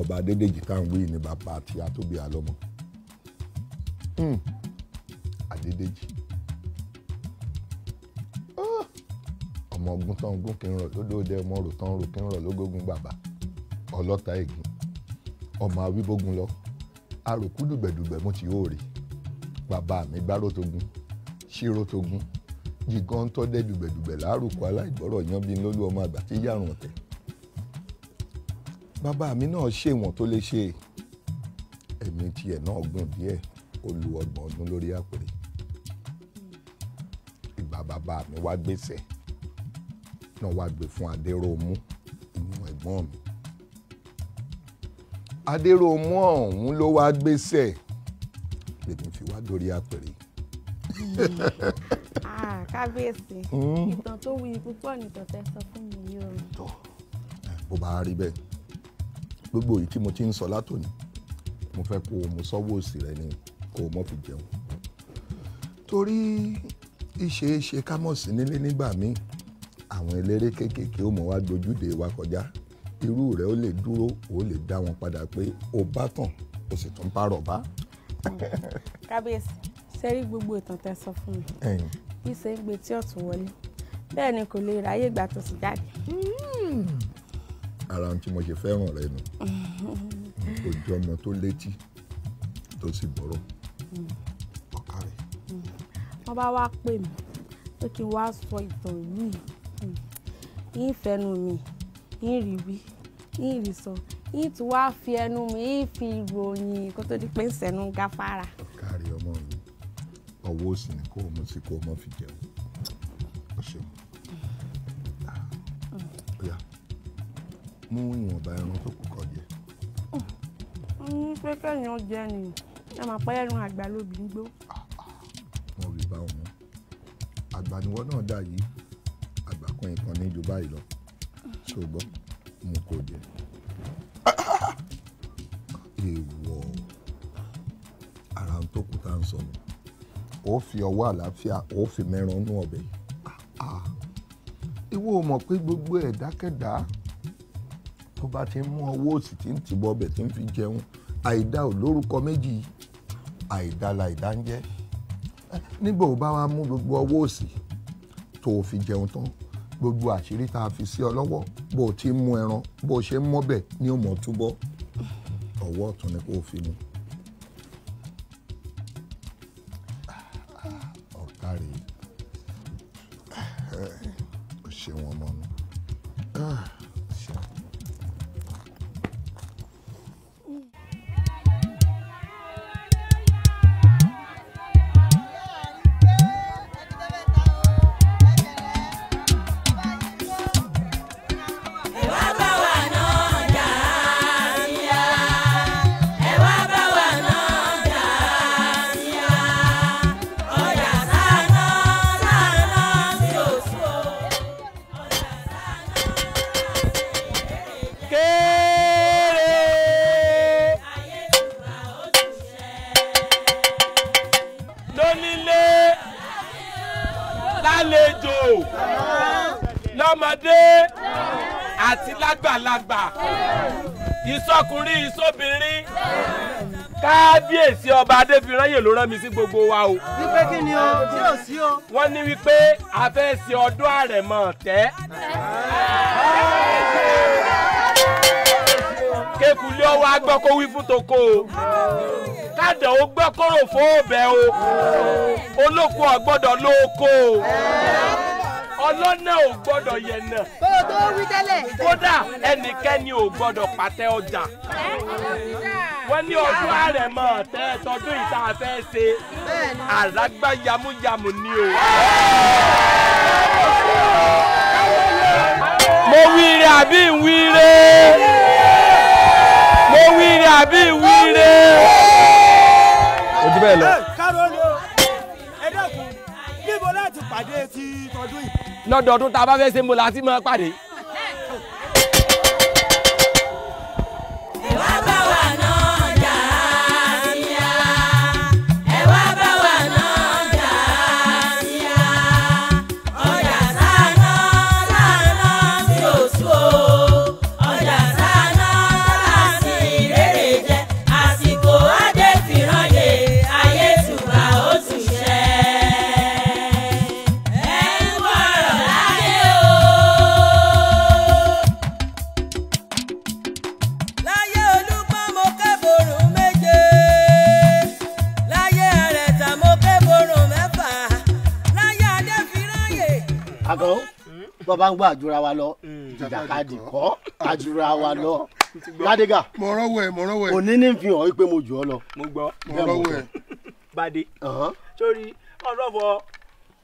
ọba adédèjì táwọn wí ni bàbá àti àtòbí àlọ́mọ. Mm. Adédèjì ah! ọmọ ogun tán gún kí n rọ lódò dé ọmọ rò tán rò kí n rọ lógógun bàbá ọlọ́ta ègún ọmọ awíbógun lọ aròkú dùgbẹ̀dùgbẹ̀ mú ti hóore bàbá mi gbárò tó gun ṣírò tó gun jìgàn tó dé dùgbẹ̀dùgbẹ̀ lárùkù aláìgbọ́rọ̀ yan bí lólu ọmọ àgbà tí yàrùn ọ̀tẹ̀ bàbá mi náà ṣèwọ̀n tó lè ṣe ẹ̀mí tiẹ̀ náà gùn díẹ̀ ó ọdún lórí àpèrè bàbá mi wá gbèsè náà wá gbé fún adéròmú inú ẹ̀gbọ́n mi adéròmú ọ̀hún ló wá gbèsè lèmi fi wá dórí àpèrè. Ah, kábíyèsí hmm? ìtàn tó wuyì púpọ̀ nìtàn tẹ́ sọ fún mi yìí o. bó bá rí bẹ́ẹ̀ gbogbo yìí tí mo ti ń sọ látòní mo fẹ́ kó o mo sọ́wọ́ òsì rẹ ni kó o mọ̀ fi jẹun torí ṣeé ṣe ká mọ̀ sí nílé nígbà míì àwọn eléré kéékèèké ó mọ̀ wá gbójúde wa kọjá irú rẹ̀ ó lè dúró ó lè dá wọn padà pé ó bá tàn ó sì tún bá rọ̀ bá. kábíyèsí sẹ́rí gbogbo ìtàn tẹ́ sọ fún mi bí ṣe ń gbé tí ọ̀tún wọlé bẹ́ẹ̀ ni kò lè ráyè ìgbà tó sì jáde. ara ohun tí mo ṣe fẹ́ràn rẹ nù ojú ọmọ tó létí tó sì bọ̀rọ̀ wọ́n bá wá pè mí pé kí n wá sọ ìtàn ìlú yìí ń fẹnu mi ń rí wí ń rí sọ ń tún wá fi ẹnu mi ń fi ròyìn kó tó di pé ń sẹ́nu gáfárà. kárí ọmọ mi ọwọ́ òsì ni kò mú sí kò mọ́ fi jẹun ó ṣeun ọ̀yà mú ìwọ̀nba ẹran tó kù kọ́ jẹ. ń pé kẹ́yìn ó jẹ ẹ máa pẹ́ ẹran àgbà lóbi ń gbó àgbà níwọ náà dà yìí àgbà kan ìkan ní ju báyìí lọ ṣùgbọ́n mo kò jẹ èèwọ̀ ara ń tó kù tá à ń sọnù ó fi ọwọ́ àlàáfíà ó fi mẹ́ran nú ọbẹ̀ ah, ah. ìwọ mọ̀ pé gbogbo ẹ̀dákẹ́dá tó bá ti ń mú ọwọ́ òsì tí ń tìbọ̀ ọbẹ̀ tí ń fi jẹun àìdá ò lórúkọ méjì àìdá làìdá ń jẹ́ nígbà ò bá wa mú gbogbo ọwọ́ òsì tó o fi jẹun tán gbogbo àṣírí tá a fi sí ọ lọ́wọ́ bó o ti mú ẹran bó o ṣe ń mọ́bẹ̀ ni ó mọ̀ túbọ̀ ọwọ́ ọ̀tún ni kó fi mú. Sunday ló rán mi sí gbogbo wa o. wípé kí ni o tí ò sí o. wọ́n ní wípé a fẹ́ ṣe ọdún àrẹ̀mọ tẹ́. kékulé ọwọ́ agbọ́ kó wí fún toko o. kádàn ó gbọ́ kóró fún òbẹ̀ o. olóko ọ̀gbọ́dọ̀ lóko o ọlọ́nà ò gbọ́dọ̀ yẹ̀nà. kó o tó wí tẹ́lẹ̀. kódà ẹnikẹ́ni ò gbọ́dọ̀ pàtẹ ọjà wọ́n ní ọdún àrẹ̀mọ tẹ́ tọdún yìí tá a fẹ́ ṣe àlágbá yamuyamu ni o. mo wíire àbí wíire mo wíire àbí wíire. ojú bẹ́ẹ̀ lọ. kárólì o ẹ dẹ́kun níbo láti pàdé ti tọdún yìí. lọ́dọọdún tá a bá fẹ́ ṣe mo la ti máa pàdé. bá ń gbọ́ àjùra wa lọ hmm. ìjàkadì kọ́ àjùra wa lọ ládégà mo rọ́wọ́ ẹ mo rọ́wọ́ ẹ òní ní fi hàn wípé mo jù ọ lọ. mo gbọ́ mo rọ́wọ́ ẹ. bàdé uh-huh. sórí ọ̀sọ́fọ̀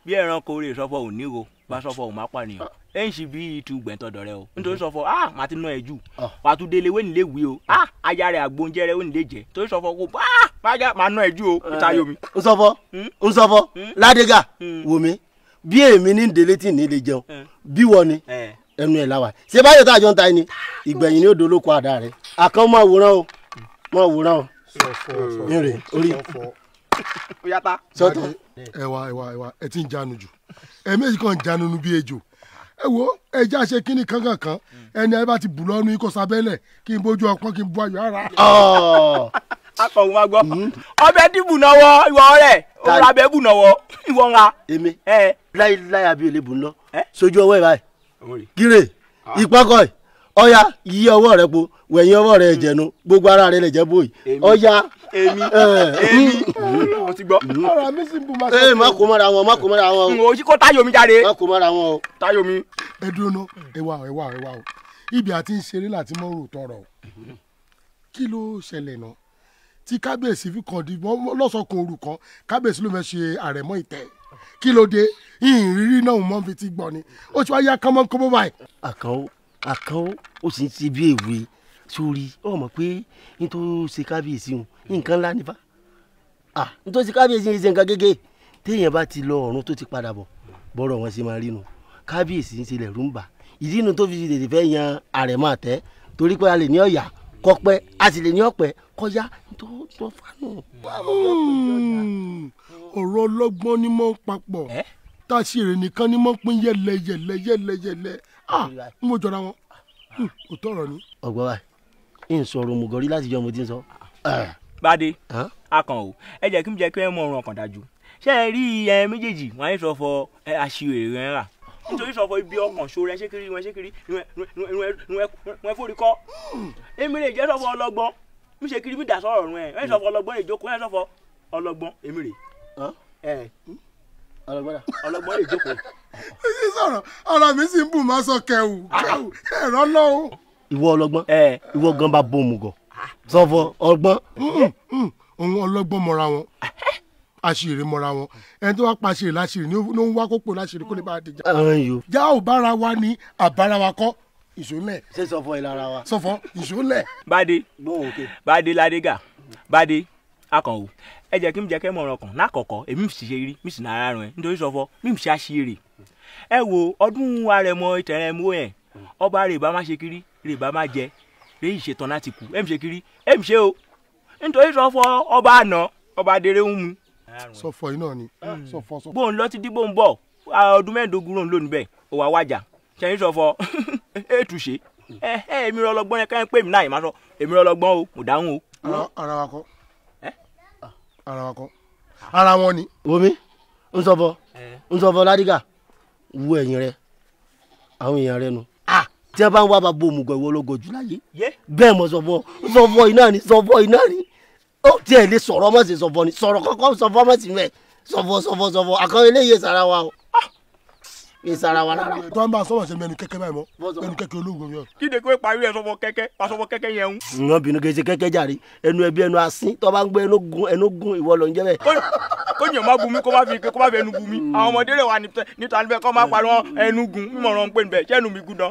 bí ẹranko rè sọ́fọ̀ ò ní o bá sọ́fọ̀ ò má pànìyàn uh. ẹ̀ ń ṣì bí ìtú gbẹ̀ntọ́dọ̀ rẹ o mm-hmm. nítorí sọ́fọ̀ ah màá ti ná ẹ jù uh. wàtúndélé wẹ́n lè wí o uh. ah aya rẹ̀ àgbóúnjẹ rẹ wẹ́n lè jẹ torí sọ́fọ̀ kò ah màá ná ẹ jù o ìtayọ mi. nsọfọ hmm? nsọfọ hmm? ládégà wò mí bí èmi ní délé tí ní lè jẹun eh. bí wọ ni eh. ẹnu ẹ̀ láwa ṣé báyọ̀ tá a jọ ń ta ẹni ìgbẹ̀yìn ni ó dolóko àdá rẹ̀ àkàn máa wòran o máa wòran o nírè orí sọtọ. ẹwà ẹwà ẹwà ẹ ti ń jánu jù ẹ méjì kan jánu nu bí ejò ẹ wo ẹja ṣe kínní kankankan ẹni ẹ bá ti bù lọ́nu ikọ̀ sábẹ́lẹ̀ kí n bójú ọpọ́n kí n bú ayọ̀ ara. akọ̀wé wa gbọ́ hmm. ọbẹ̀ dìbò náwó ìwọ rẹ̀ ó ra bẹ́ẹ̀ bù náwó ìwọ ńlá. èmi ẹ eh láíláí àbí olè bù ń lọ sójú ọwọ́ ẹ̀ báyìí gírè ìpákọ̀ ah. ẹ̀ ọ̀ya yí ọwọ́ rẹ po wẹ̀yìn ọwọ́ rẹ hmm. jẹ̀nu gbogbo ara rẹ lè jẹ́ bóyì ọ̀ya. èmi èmi mo ti gbọ́. Hmm. ọ̀rọ̀ mi sì ń bu ma sọ. ee má kó mọ́ra wọn má kó mọ́ra wọn. n ò sí kó táyọ̀ mi jáde. má kó mọ́ra wọn o. táyọ̀ mi. ẹ dúró ná ẹ wá ẹ wá ẹ wá o ibi àti ń ṣeré láti mọ rò tọrọ o kí ló ṣẹlẹ̀ náà tí kábíyèsí fi kàn dì lọ́sọ̀kan òru kábíyèsí ló fẹ́ ṣe àrẹ̀mọ ìtẹ́ kí ló dé ìrírí náà mọ́ fi ti gbọ́ ni ó ti wá yá kánmọ́ kó bó báyìí. àkànó àkànó ó sì ń ṣe bí èwe sórí ọ mọ̀ pé nítorí ó ṣe kábíyèsí òun nǹkan ńlá nípa nítorí ó ṣe kábíyèsí ń ṣe nǹkan gẹ́gẹ́ téèyàn bá ti lọ ọ̀run tó ti padà bọ̀ bọ́rọ̀ wọn ṣe máa rí nu kábíyèsí ń ṣe lẹ̀rú ń bà ìdí inú tó fi tètè fẹ́ yan àrẹ̀mọ àtẹ́ torí pé a lè ní ọ̀yà kọpẹ́ a sì lè ní ọ̀pẹ́ kọjá tó tó fanù. Hmm ọ̀rọ̀ ọlọ́gbọ́n ni mọ́ papọ̀ tá a sì rè nìkan ni mọ́ pín yẹlẹ yẹlẹ yẹlẹ yẹlẹ ah n mo jọra wọn kò hmm, tọrọ ni. ọgbọ́n wa n sọ̀rọ̀ mùgọ́rí láti jọ mo ti ń sọ. Ah. bàdé akàn o ẹ jẹ́ kí n jẹ́ kí ẹ mọ ọ̀run ọkàn dájú ṣé ẹ rí ẹ méjèèjì wọn á sọ fọ ẹ àṣìwèrè rẹ rà nítorí sọ fọ ibi ọkàn ṣòro ẹ ṣé kiri ìwọ̀n ṣé kiri ìwọ̀n ẹ̀fọ́ orí kọ́ èmi rè jẹ́ sọ fọ ọlọ́gbọ́n mi ṣe kiri mi dà sọ̀rọ̀ rẹ ẹ sọ fọ ọlọ́gbọ́n rè jókòó ẹ sọ fọ ọlọ́gbọ́n èmi rè ọlọgbọ́n ọlọgbọ́n lè jókòó. ṣé sọ̀rọ̀ ọ̀rọ̀ mi sì ń bù máa sọ kẹ̀wù kẹ̀wù ẹ̀rọ lọ́wọ́. ìwọ ọlọgbọ́n eh. ìwọ gan bá bọ́ òmùgọ̀ sọfọ ọgbọ́n. Hmm, hmm, hmm. òun ọlọgbọ́n mọra wọn àṣírí mọra wọn ẹni tó wá pa àṣírí láṣírí ni ó ń wá kópo láṣírí kó lè bá a dìjà. já ò bára wa ní àbára wa kọ́ ìṣólẹ̀. ṣé sọfọ ìlara wa. sọfọ ìṣólẹ̀. bade bade ladega bade akànwò ẹ jẹ́ kí n jẹ́ kẹ́ mọ̀ràn kan lákọ̀ọ́kọ́ èmi sì ṣe rí mi sì náà ara rẹ̀ nítorí mi sì ẹ wo ọdún àrẹ̀mọ ìtẹ̀rẹ̀ mú yẹn ọba rẹ̀ má ṣe kiri rẹ̀ má jẹ láti kú mi ṣe kiri mi o nítorí sọ̀fọ̀ ọba àná ọba dere ń sọfọ ni. Hmm. lọ sọfọ pé náà èmi o mo dáhùn o. ara wọn kọ ara wọn ni. omi ń sọfọ ń sọfọ ládìgà wú ẹ̀yìn rẹ àwọn èèyàn rẹ nu tí a bá ń wá bá bo òmùgọ̀ ìwọ ológo jù láyé bẹ́ẹ̀ mọ̀ sọfọ sọfọ iná ni sọfọ iná ni ó tiẹ̀ lè sọ̀rọ̀ ọmọ sí sọfọ ni sọ̀rọ̀ kọ́kọ́ sọfọ ọmọ sí mẹ́ sọfọ sọfọ sọfọ àkànlélẹ́yẹ sara wa o ìsara wa rárá. tó ń bá a sọ̀rọ̀ sẹ́ni mẹ́nu kẹ́kẹ́ báyìí mọ́ mẹ́nu kẹ́kẹ́ olóògùn yọ. kíde kó parí ẹ sọfọ kẹ́kẹ́ pa sọfọ kẹ́kẹ́ yẹn ń. ǹgàn bínú kejì kẹ́kẹ́ jàre ẹnu ẹbí ẹnu asín tó bá ń gbé ẹnu gun ẹnu gun ìwọ lọ ń jẹ bẹ́ẹ̀. kó yẹn má bu mi kó má fi kó má fi ẹnu bu mi àwọn ọmọdé rẹ wà níta níbẹ̀ kó má parọ́ ẹnu gun mímọ̀ràn ń níbẹ̀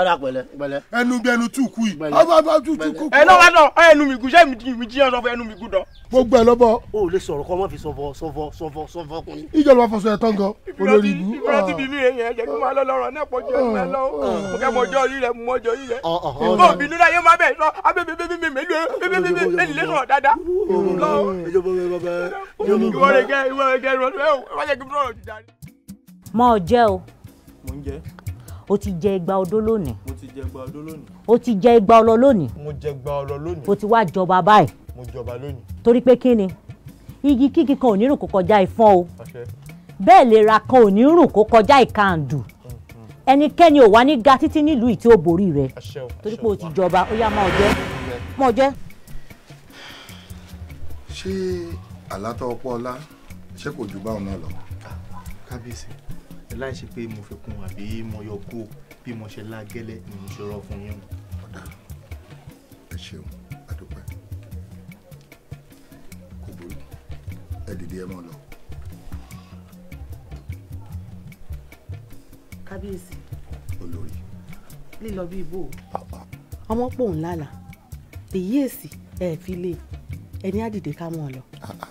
ọ̀rọ̀ àpẹẹlẹ ìpẹlẹ. ẹnu bí ẹnu tún kú yìí. ọba bá tún tún kú. ẹ náà wá dán ẹnu mi gùn ṣé mi jiyàn sọ fún ẹnu mi gùn dán. mo gbẹ lọ́bọ̀. o ò lè sọ̀rọ̀ kọ́ mọ́ fi sọ̀fọ̀ sọ̀fọ̀ sọ̀fọ̀ sọ̀fọ̀ kun. ìjọba fọṣọ ẹ̀ tán gan olórí ìlú. ìfúrọ́tì mi yẹn jẹ́ kí máa lọ lọ́rọ̀ náà pọ̀ jù ẹ̀ máa lọ. mo kẹ́ mọ ọjọ́ yìí rẹ̀ mọ ọjọ́ yìí rẹ̀. ìbọn òbí nínú ayé máa bẹ̀ sọ abẹ́bẹ́bẹ́bẹ́ mélòó o ti jẹ igba ọdún lónìí. mo ti jẹ igba ọdún lónìí. o ti jẹ igba ọlọ lónìí. mo jẹ igba ọlọ lónìí. o ti wá jọba báyìí. mo jọba lónìí. torí pé kí ni igi kíkì kan ò ní rùn kó kọjá ìfọ́n o bẹ́ẹ̀ lè ra kan ò ní rùn kó kọjá ìkàǹdù mm-hmm. ẹnikẹ́ni ò wá ní ga títí nílùú ìtí ó borí rẹ̀ torí pé o ti jọba ó yá máa jẹ́ máa jẹ́. ṣé àlátọ́ ọpọ́ ọlá ṣé kò jù báwọn náà lọ. Ah, kábíyèsí láì ṣe pé mo fi kún àbí mo yọ kó bí mo ṣe lágẹ́lẹ́ ni mo ṣe rọ fún yín. ọ̀dà ẹ ṣeun àdúpẹ́ kò burú ẹ dìde ẹ mọ́ lọ. kábíyèsí. olórí. lílọ bí ibo. Ah, ah. ọmọ pòun lálàá èyí ẹ fi lé ẹni á dìde ká mọ́ ọ lọ. Ah,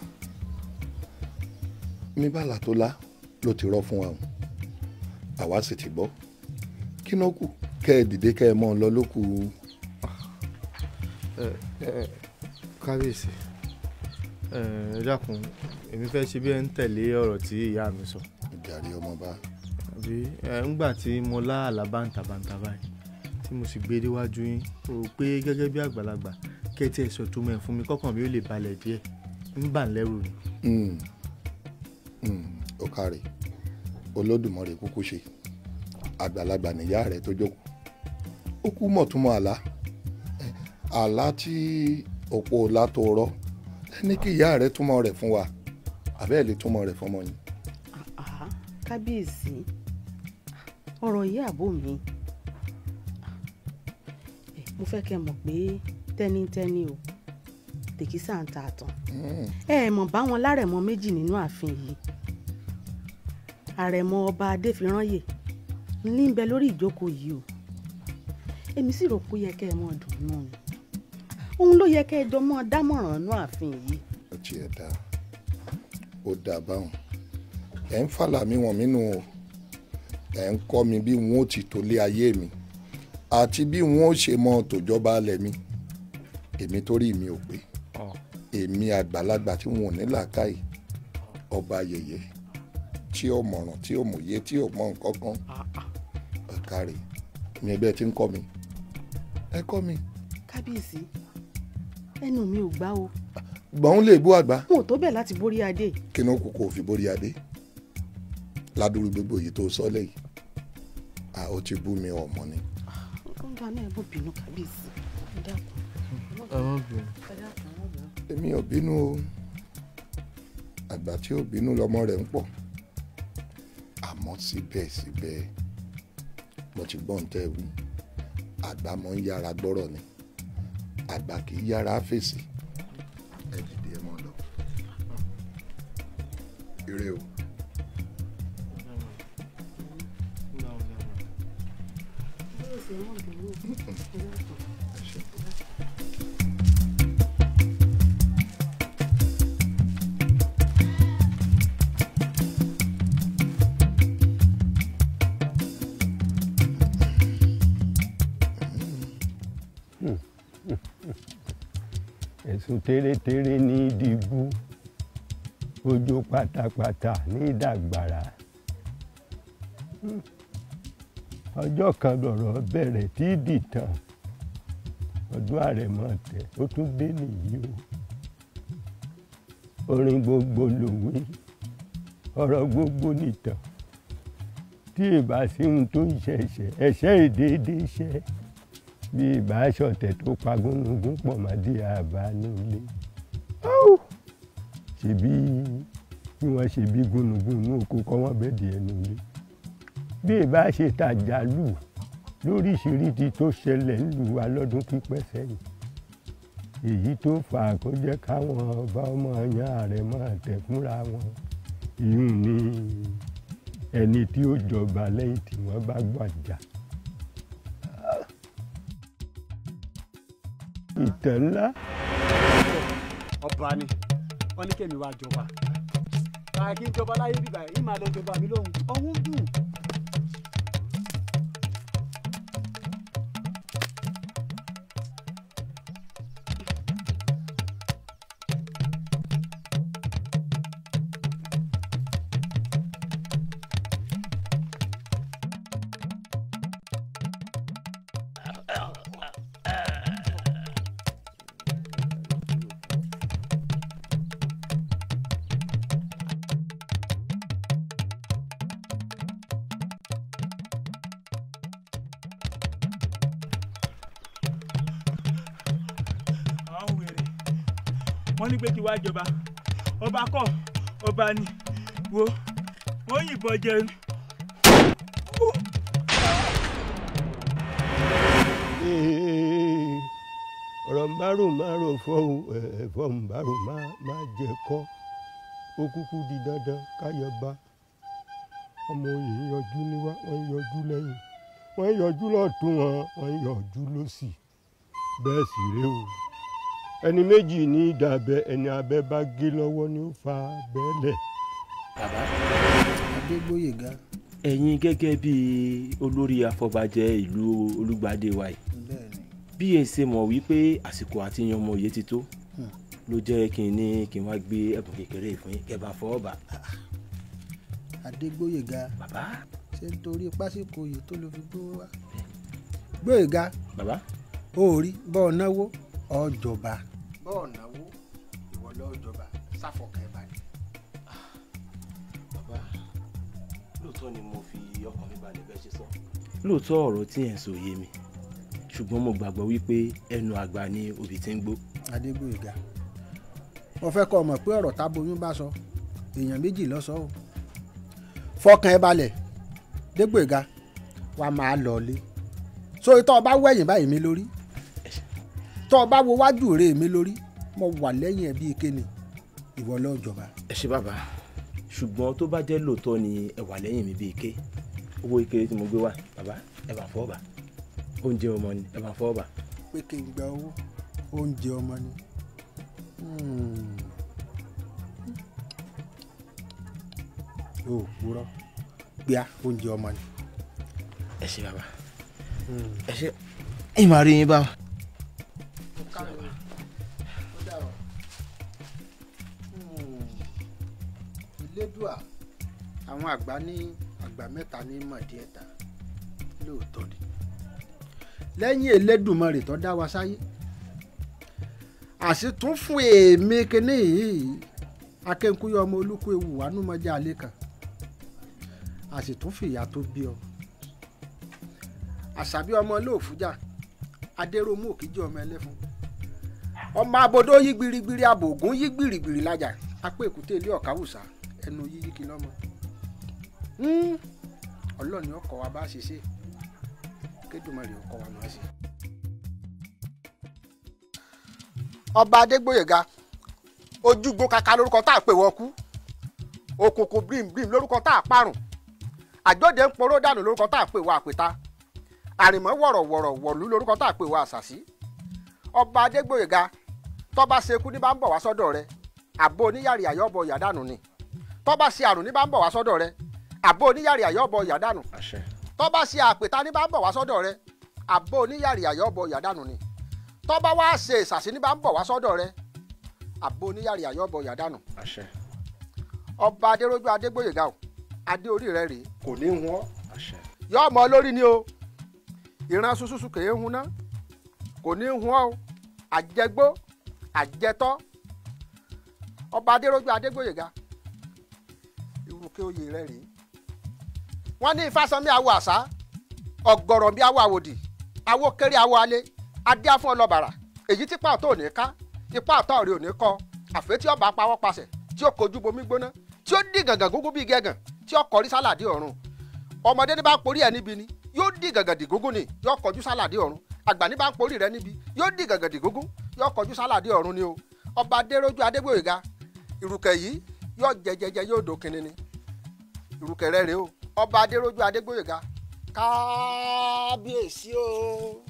ní tó lá ló ti rọ fún wa o àwa sì ti gbọ́ kí ló kù kẹ́ ẹ dìde kẹ́ ẹ mọ́ ọ lọ ló kù. kábíyèsí ẹ dákun èmi fẹ́ ṣe bí ẹ ń tẹ̀lé ọ̀rọ̀ tí ìyá mi sọ. gàrí ọmọba. àbí ẹ ńgbà tí mo lá bàǹtàbàǹtà báyìí tí mo sì gbé déwájú yín o pé gẹ́gẹ́ bí àgbàlagbà kẹ́tí ẹ̀ sọ tó mọ̀ ẹ̀ fún mi kọ́kàn mi ó lè balẹ̀ díẹ̀ ń bà lẹ́rù ni. Hmm. Hmm. ó olódùmarè kúkú ṣe àgbàlagbà nìyá rẹ̀ tó jókòó ó kú mọ̀túnmọ̀ àlá àlá tí òpó ọ̀la tó rọ ẹni kí ìyá rẹ̀ túmọ̀ rẹ̀ fún wa àbẹ́ẹ̀ lè túmọ̀ rẹ̀ fọmọ yín. kábíyèsí ọ̀rọ̀ yìí àbò mi mo fẹ́ kẹ́ mọ̀ pé tẹ́nítẹ́ní o tèkísà ń ta àtàn hmm. ẹ mọ̀ báwọn lárẹ̀mọ méjì nínú ààfin yìí àrẹ̀mọ ọba adéfirànyè ní bẹ lórí ìjókòó yìí o èmi sì rò pé yẹ kẹ́ ẹ mọ dùnú ni òun ló yẹ kẹ́ ẹ jọ mọ dámọ̀ràn inú ààfin yìí. ó tiẹ̀ dá ó dá báwọn ẹ̀ ń fàlà mi wọ̀n mí o ẹ̀ ń kọ́ mi bí wọn ó ti tó lé ayé mi àti bí wọn ó ṣe mọ tòjọba alẹ̀ mi èmi torí mi ò pé èmi àgbàlagbà tí wọn ò ní làákàyè ọba yẹyẹ tí ò mọ̀ràn tí ò mòye tí ò mọ nǹkan kan ọ̀kàrẹ̀ ni ẹgbẹ́ ti ń kọ́ mi ẹ kọ́ mi. kábíyèsí ẹnu mi ò gbá o. gbọ̀n lè bú àgbà. mo tó bẹ̀ láti borí adé. kí ni ó kú kó o fi borí adé ládùúrú gbogbo èyí tó sọ lẹ́yìn à ó ti bú mi ọmọ ni. ó ń bá náà bó bínú kábíyèsí dákun. èmi ò bínú o àgbà tí ò bínú lọmọ rẹ̀ ń pọ̀ àmọ́ síbẹ̀síbẹ̀ mo ti gbọ́n tẹ́ wí àgbà mọ́ ń yára gbọ́rọ̀ ni àgbà kì í yára fèsì ẹ dìde ẹ mọ́ lọ. ire o. Thank you. èso térétéré ní dìbú ojó pátápátá ní dàgbàrá ọjọ́ kan lọ̀rọ̀ bẹ̀rẹ̀ tí dìtàn ọdún àrẹ̀mọ tẹ̀ ó tún dé nìyí o orin gbogbo lòwe ọ̀rọ̀ gbogbo nìtàn tí ìbá sí ohun tó ń ṣẹ̀ṣẹ̀ ẹ̀ṣẹ̀ èdèédé ṣẹ́ bí ìbá ṣọ̀tẹ̀ tó pa gúnugún pọ̀ má di àbánulé ṣèbí bí wọ́n ṣe bí gúnugún inú oko kọ́ wọ́n bẹ́ẹ̀ di ẹnu ilé bí ìbá ṣe tàjálù lóríṣiríṣi tó ṣẹlẹ̀ ń lù wá lọ́dún pípẹ́ sẹ́yìn èyí tó fà kó jẹ́ káwọn ọba ọmọ ọyàn ààrẹ máa tẹ̀ fúnra wọn ìyún ni ẹni tí ó jọba lẹ́yìn tí wọ́n bá gbàjà. ìtẹ́ ńlá. ọba ni wọn ní kẹ́mi wá jọba kàkí ń jọba láyé bíbá yìí màá lọ jọba mi lóhùn ọ̀hún dùn. wá jọba ọba kọ ọba ni wo wọ́n yìnbọn jẹun. ọ̀rọ̀ ń bá rò má rò fọ́hùn ẹ̀fọ́ ń bá rò má jẹ kọ́ ó kúkú di dandan káyọba ọmọ òye ń yọjú níwá wọ́n ń yọjú lẹ́yìn wọ́n ń yọjú lọ́tún wọn wọ́n ń yọjú lọ́sì bẹ́ẹ̀ sì rèé o ẹni méjì ní ìdàbẹ ẹni abẹ bá gé lọ́wọ́ ní ó fa bẹ́lẹ̀. bàbá adégbòyèga. ẹ̀yin gẹ́gẹ́ bí olórí afọbajẹ ìlú olùgbàdé wa yìí bí ẹ ṣe mọ̀ wípé àsìkò àti yan ọmọ òye ti tó hmm. ló jẹ́ kí n ní kí n wá gbé ẹ̀bùn kékeré fún yín kẹ́ bá fọwọ́ bá. adégbòyèga bàbá ṣe ń torí yìí tó ló fi gbówó wá. gbòyèga bàbá ó rí bọ́ọ̀ náwó ọjọba bọ́ọ̀ náwó ìwọ lọ́jọba sáfọ̀kẹ́ balẹ̀. bàbá lóòótọ́ ni mo fi ọkàn mi balẹ̀ bẹ́ẹ̀ ṣe sọ. lóòótọ́ ọ̀rọ̀ tí ẹ̀ ń sọ yé mi ṣùgbọ́n mo gbàgbọ́ wípé ẹnu àgbà ni òbí ti ń gbó. adégbòyega mo fẹ́ kọ́ ọ mọ̀ pé ọ̀rọ̀ táboyún bá sọ èèyàn méjì ló sọ o fọkàn ẹ balẹ̀ dégbòyega wàá máa lọ ilé so ìtọ́ ọba wẹ̀yìn báyìí mi lórí tọ́ ọ bá wo wájú rè mi lórí mo wà lẹ́yìn ẹ̀ bíi kéne ìwọ ló jọba. ẹ ṣe bàbá ṣùgbọ́n tó bá jẹ́ lóòótọ́ ni ẹ wà lẹ́yìn mi bíi ké owó ìkéré tí mo gbé wá bàbá ẹ bá fọ́ ọ̀bà oúnjẹ ọmọ ni ẹ bá fọ́ ọ̀bà. pé kí n gba owó oúnjẹ ọmọ ni yóò hmm. wúrọ́ gbíà oúnjẹ ọmọ ni. ẹ ṣe bàbá hmm. ẹ ṣe ẹ máa rí yín kárí ó dàrọ ìlédùà àwọn àgbà ní àgbà mẹ́ta ní mọ̀dí ẹ̀ta lóòótọ́ ni lẹ́yìn Elédùmarè tó dá wa sáyé àṣetún fún èmi kínní yìí akẹ́kọ̀ọ́ ọmọ olúkọ ewu anúmọ̀já alẹ́ kan àṣetún fìyà tó bí ọ àṣàbí ọmọ olóòfújà adéròmù òkìjọ ọmọ ẹlẹ́fun ọmọ abodo yí gbirigbiri abògún yí gbirigbiri lájà apá èkúté ilé ọ̀káwùsà ẹnu yíyí kí lọ́mọ. Hmm, ọlọ́ọ̀ni ọkọ̀ wa bá ṣe ṣe ọkọ̀ ọba adégbòyèga ojúgbó kaka lórúkọ tá a pè wọ́n kú òkùnkùn bírímbírím lórúkọ tá a parun àjọdẹ ń poró dànù lórúkọ tá a pè wọ́n àpèta àrìmọ́ wọ̀rọ̀wọ̀rọ̀ wọ̀lú ọba adégbòyèga tọ́ba ṣekú ní bá ń bọ̀ wá sọ́dọ̀ rẹ àbó oníyàrí àyọ̀bọ yàdánù ni tọ́ba ṣe àrùn ní bá ń bọ̀ wá sọ́dọ̀ rẹ àbó oníyàrí àyọ̀bọ yàdánù tọ́ba ṣe àpèta ní bá ń bọ̀ wá sọ́dọ̀ rẹ àbó oníyàrí àyọ̀bọ yàdánù ni tọ́ba wá ṣe ìṣàṣì ní bá ń bọ̀ wá sọ́dọ̀ rẹ àbó oníyàrí àyọ̀bọ yàdánù. ọba adéròjú adégbòyèga o adé orí rẹ rèé kò ní í hún ọ yọ ọmọ lórí ni o ìran hun ọ àjẹgbó àjẹtọ́ ọba adérógbé adégbòyèga irúkẹ oyè rẹ rèé wọ́n ní ìfásánmi awo àṣá ọ̀gọ̀rọ̀ bíi awo àwòdì awo kéré awo alé adé afún ọlọ́bàrà èyí tí pàtó ò ní ká ipá ọ̀tọ̀ rẹ̀ ò ní kọ àfẹ́tí ọba pawọ́ pasẹ̀ tí ó kojú bomi gbóná tí ó dì gàngàn gógó bíi gẹ̀gàn tí ó kọrí sálàdí ọ̀run ọmọdé ní bá ń porí ẹ níbi ni yóò dì gàngàn dì gógó ni yóò kọjú sálàdí ọ̀run àgbà ní bá ń porí rẹ níbi yóò dì gàngàn dì gógó yóò kọjú sálàdé ọ̀run ni o ọba adérójú adégbòyèga ìrùkẹ̀ yìí yóò jẹjẹjẹ yóò dòkìnrin ni ìrùkẹ̀ rẹ̀ rèé o ọba adérójú adégbòyèga kábíyèsí o.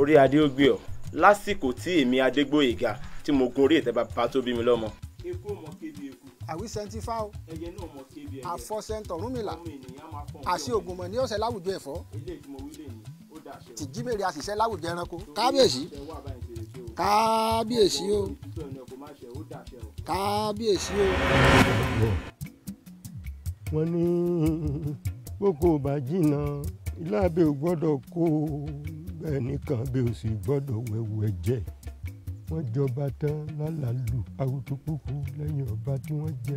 orí adé ó gbé ọ lásìkò tí èmi adégbòyèga tí mo gun orí ìtẹ́ bàbá tó bí mi lọ́mọ. epo mọ kébi eku. àwí sẹ́ńtì fá o. ẹyẹ náà mọ kébi ẹyẹ. àfọ̀sẹ̀ntọ̀rúnmìlà àti ògùnmọ̀ ní ọ̀sẹ̀ láwùjọ ẹ̀fọ́. eléyìí mo wí lè tìjímèrè àṣìṣe láwùjọ ẹranko kábíyèsí kábíyèsí o kábíyèsí o. wọ́n ní gbogbo bá jìnnà ilé abẹ́ ò gbọ́dọ̀ kó bẹ́ẹ̀ nìkan bí o sì gbọ́dọ̀ wẹ̀wù ẹ̀jẹ̀ wọ́n jọba tán lálàlù àwùjọ púpù lẹ́yìn ọba tí wọ́n jẹ.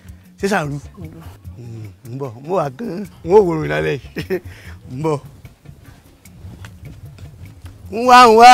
ṣé sàrú ń bọ̀ mo wà gan n ó wòrò lálẹ́ ń bọ̀ ń wá ń wá.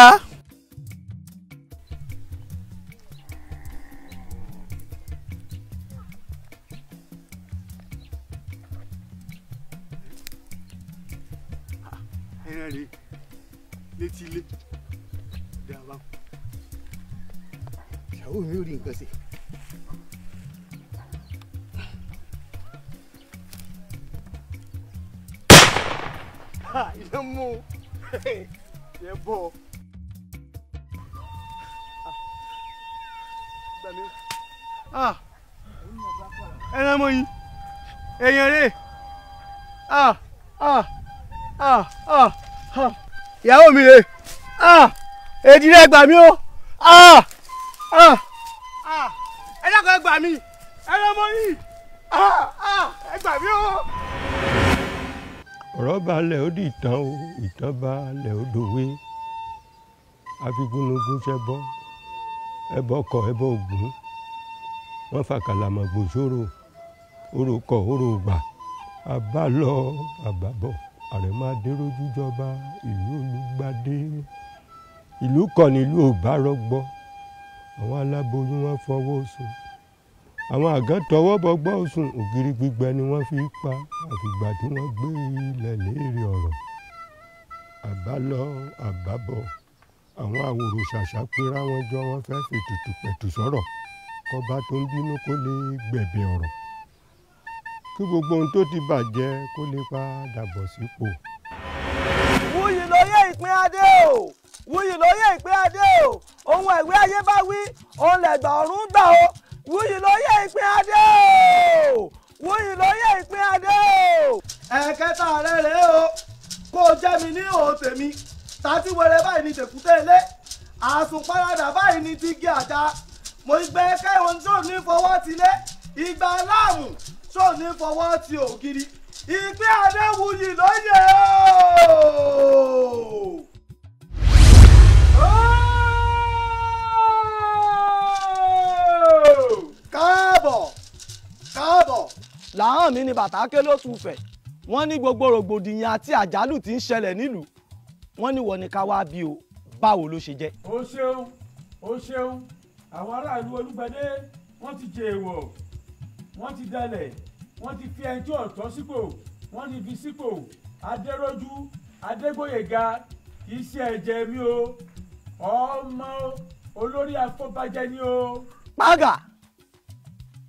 ìyàwó mi rè ah, èdè rẹ gbà mí o ah, ah, ẹ dákun ẹ gbà mí ẹ lọ́mọ yìí ẹ gbà mí o. ọ̀rọ̀ balẹ̀ ó di ìtàn o ìtàn balẹ̀ ó dòwe afigunlogun ṣẹ bọ́ ẹbọ kọ ẹbọ ògún wọ́n fàkàlà mọ̀gbòsóró orúkọ orúgbà àbálọ àbábọ̀ àrẹ̀mọ adéròjú jọba ìlú olùgbàdé ìlú kan nílùú òbárọgbọ àwọn aláboyún wọn fọwọ́ sùn àwọn àgán tọwọ́ bọgbọ́ sùn ògiri gbígbẹ ni wọ́n fi pa àfìgbà tí wọ́n gbé ilẹ̀ léèrè ọ̀rọ̀ àbálọ àbábọ̀ àwọn àwòrò ṣàṣà pera wọn jọ wọn fẹ́ fètùtù pẹ̀tù sọ̀rọ̀ kọba tó ń bínú kó lè gbẹ̀bẹ̀ ọ̀rọ̀ kí gbogbo ohun tó ti bàjẹ́ kó lè padà bọ̀ sípò. wúyì lóye ìpín adé o wúyì lóye ìpín adé o ohun ẹ̀wé ayé bá wí òun lẹ̀gbà ọ̀run gbà o wúyì lóye ìpín adé o wúyì lóye ìpín adé o. ẹ̀kẹta rẹ rèé o kó o jẹ́ mi ní òun tèmi tàbí wẹrẹ báyìí ní tèkúté ilé àsùnparadà báyìí ní ti gé àjà mo gbẹ kẹ́hìn tí ò ní fọwọ́ tilé ìgbà láàmù sọ ní fọwọ́ ti ògiri ìpín adéwuyì lóye ooo. káàbọ̀ káàbọ̀. làwọn mi ni bàtà ké ló tún fẹ̀ wọ́n ní gbogbo rògbòdìyàn àti àjálù tí ń ṣẹlẹ̀ nílùú wọ́n ní wọ́n ní ká wá bí o báwo ló ṣe jẹ́. o ṣeun o ṣeun àwọn aráàlú olúgbẹdẹ wọ́n ti jẹ èèwọ̀ wọ́n ti dalẹ̀ wọ́n ti fi ẹni tí ọ̀tọ́ sípò wọ́n ti fi sípò adéròjú adégbòyèga kì í ṣe ẹ̀jẹ̀ mi o ọmọ olórí afọbajẹ ni o. pàgà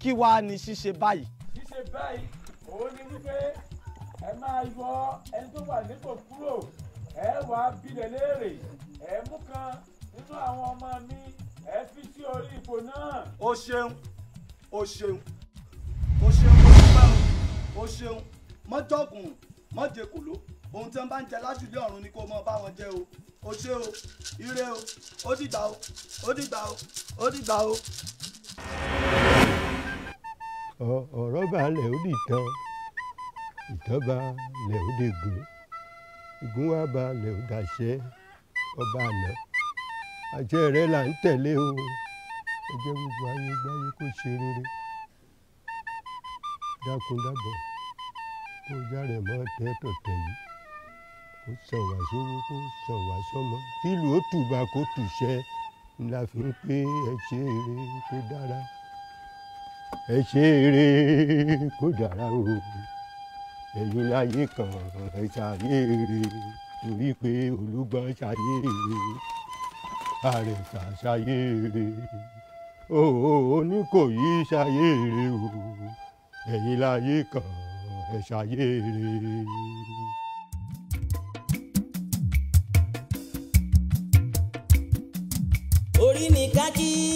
kí wàá ní ṣíṣe báyìí. ṣíṣe báyìí òun ni wípé ẹ máa yọ ẹni tó wà nípò kúrò ẹ wàá bilẹ̀ léèrè ẹ mú kan nínú àwọn ọmọ mi ẹ fi sí orí ipò náà. o ṣeun o ṣeun o ṣeun o ṣeun o ṣeun mọ́jọ́gùn mọ́jẹ̀kùló ohun tí wọ́n bá ń jẹ láṣùlẹ̀ ọ̀run ni kó mọ bá wọn jẹ o o ṣe o ire o ó dìgbà o ó dìgbà o ó dìgbà o. ọ̀rọ̀ balẹ̀ ó dì tán ìtọ́ba lẹ̀ ó dègùn ìgún wa balẹ̀ ó dàṣẹ ọba àná àjẹ rẹ là ń tẹ̀lé o ẹ gbogbo ayé gbáyé kó ṣe rere dákun dábọ̀ kó járe mọ́ tẹ́ tọ̀tẹ̀ yìí kó sàn wá sówó kó sàn wá sọ́mọ kílù ó tùbà kó tùṣẹ́ ńlá fi ń pé ẹ ṣe eré kó dára ẹ ṣe eré kó dára o ẹ̀yin láyé kan ẹ ṣàyé eré torí pé olúgbọ́n ṣàyé eré àrẹ̀sà ṣàyé eré òòní kò ṣàyé eré o ẹ̀yin láyé kan ẹ̀ ṣàyé orí ni ká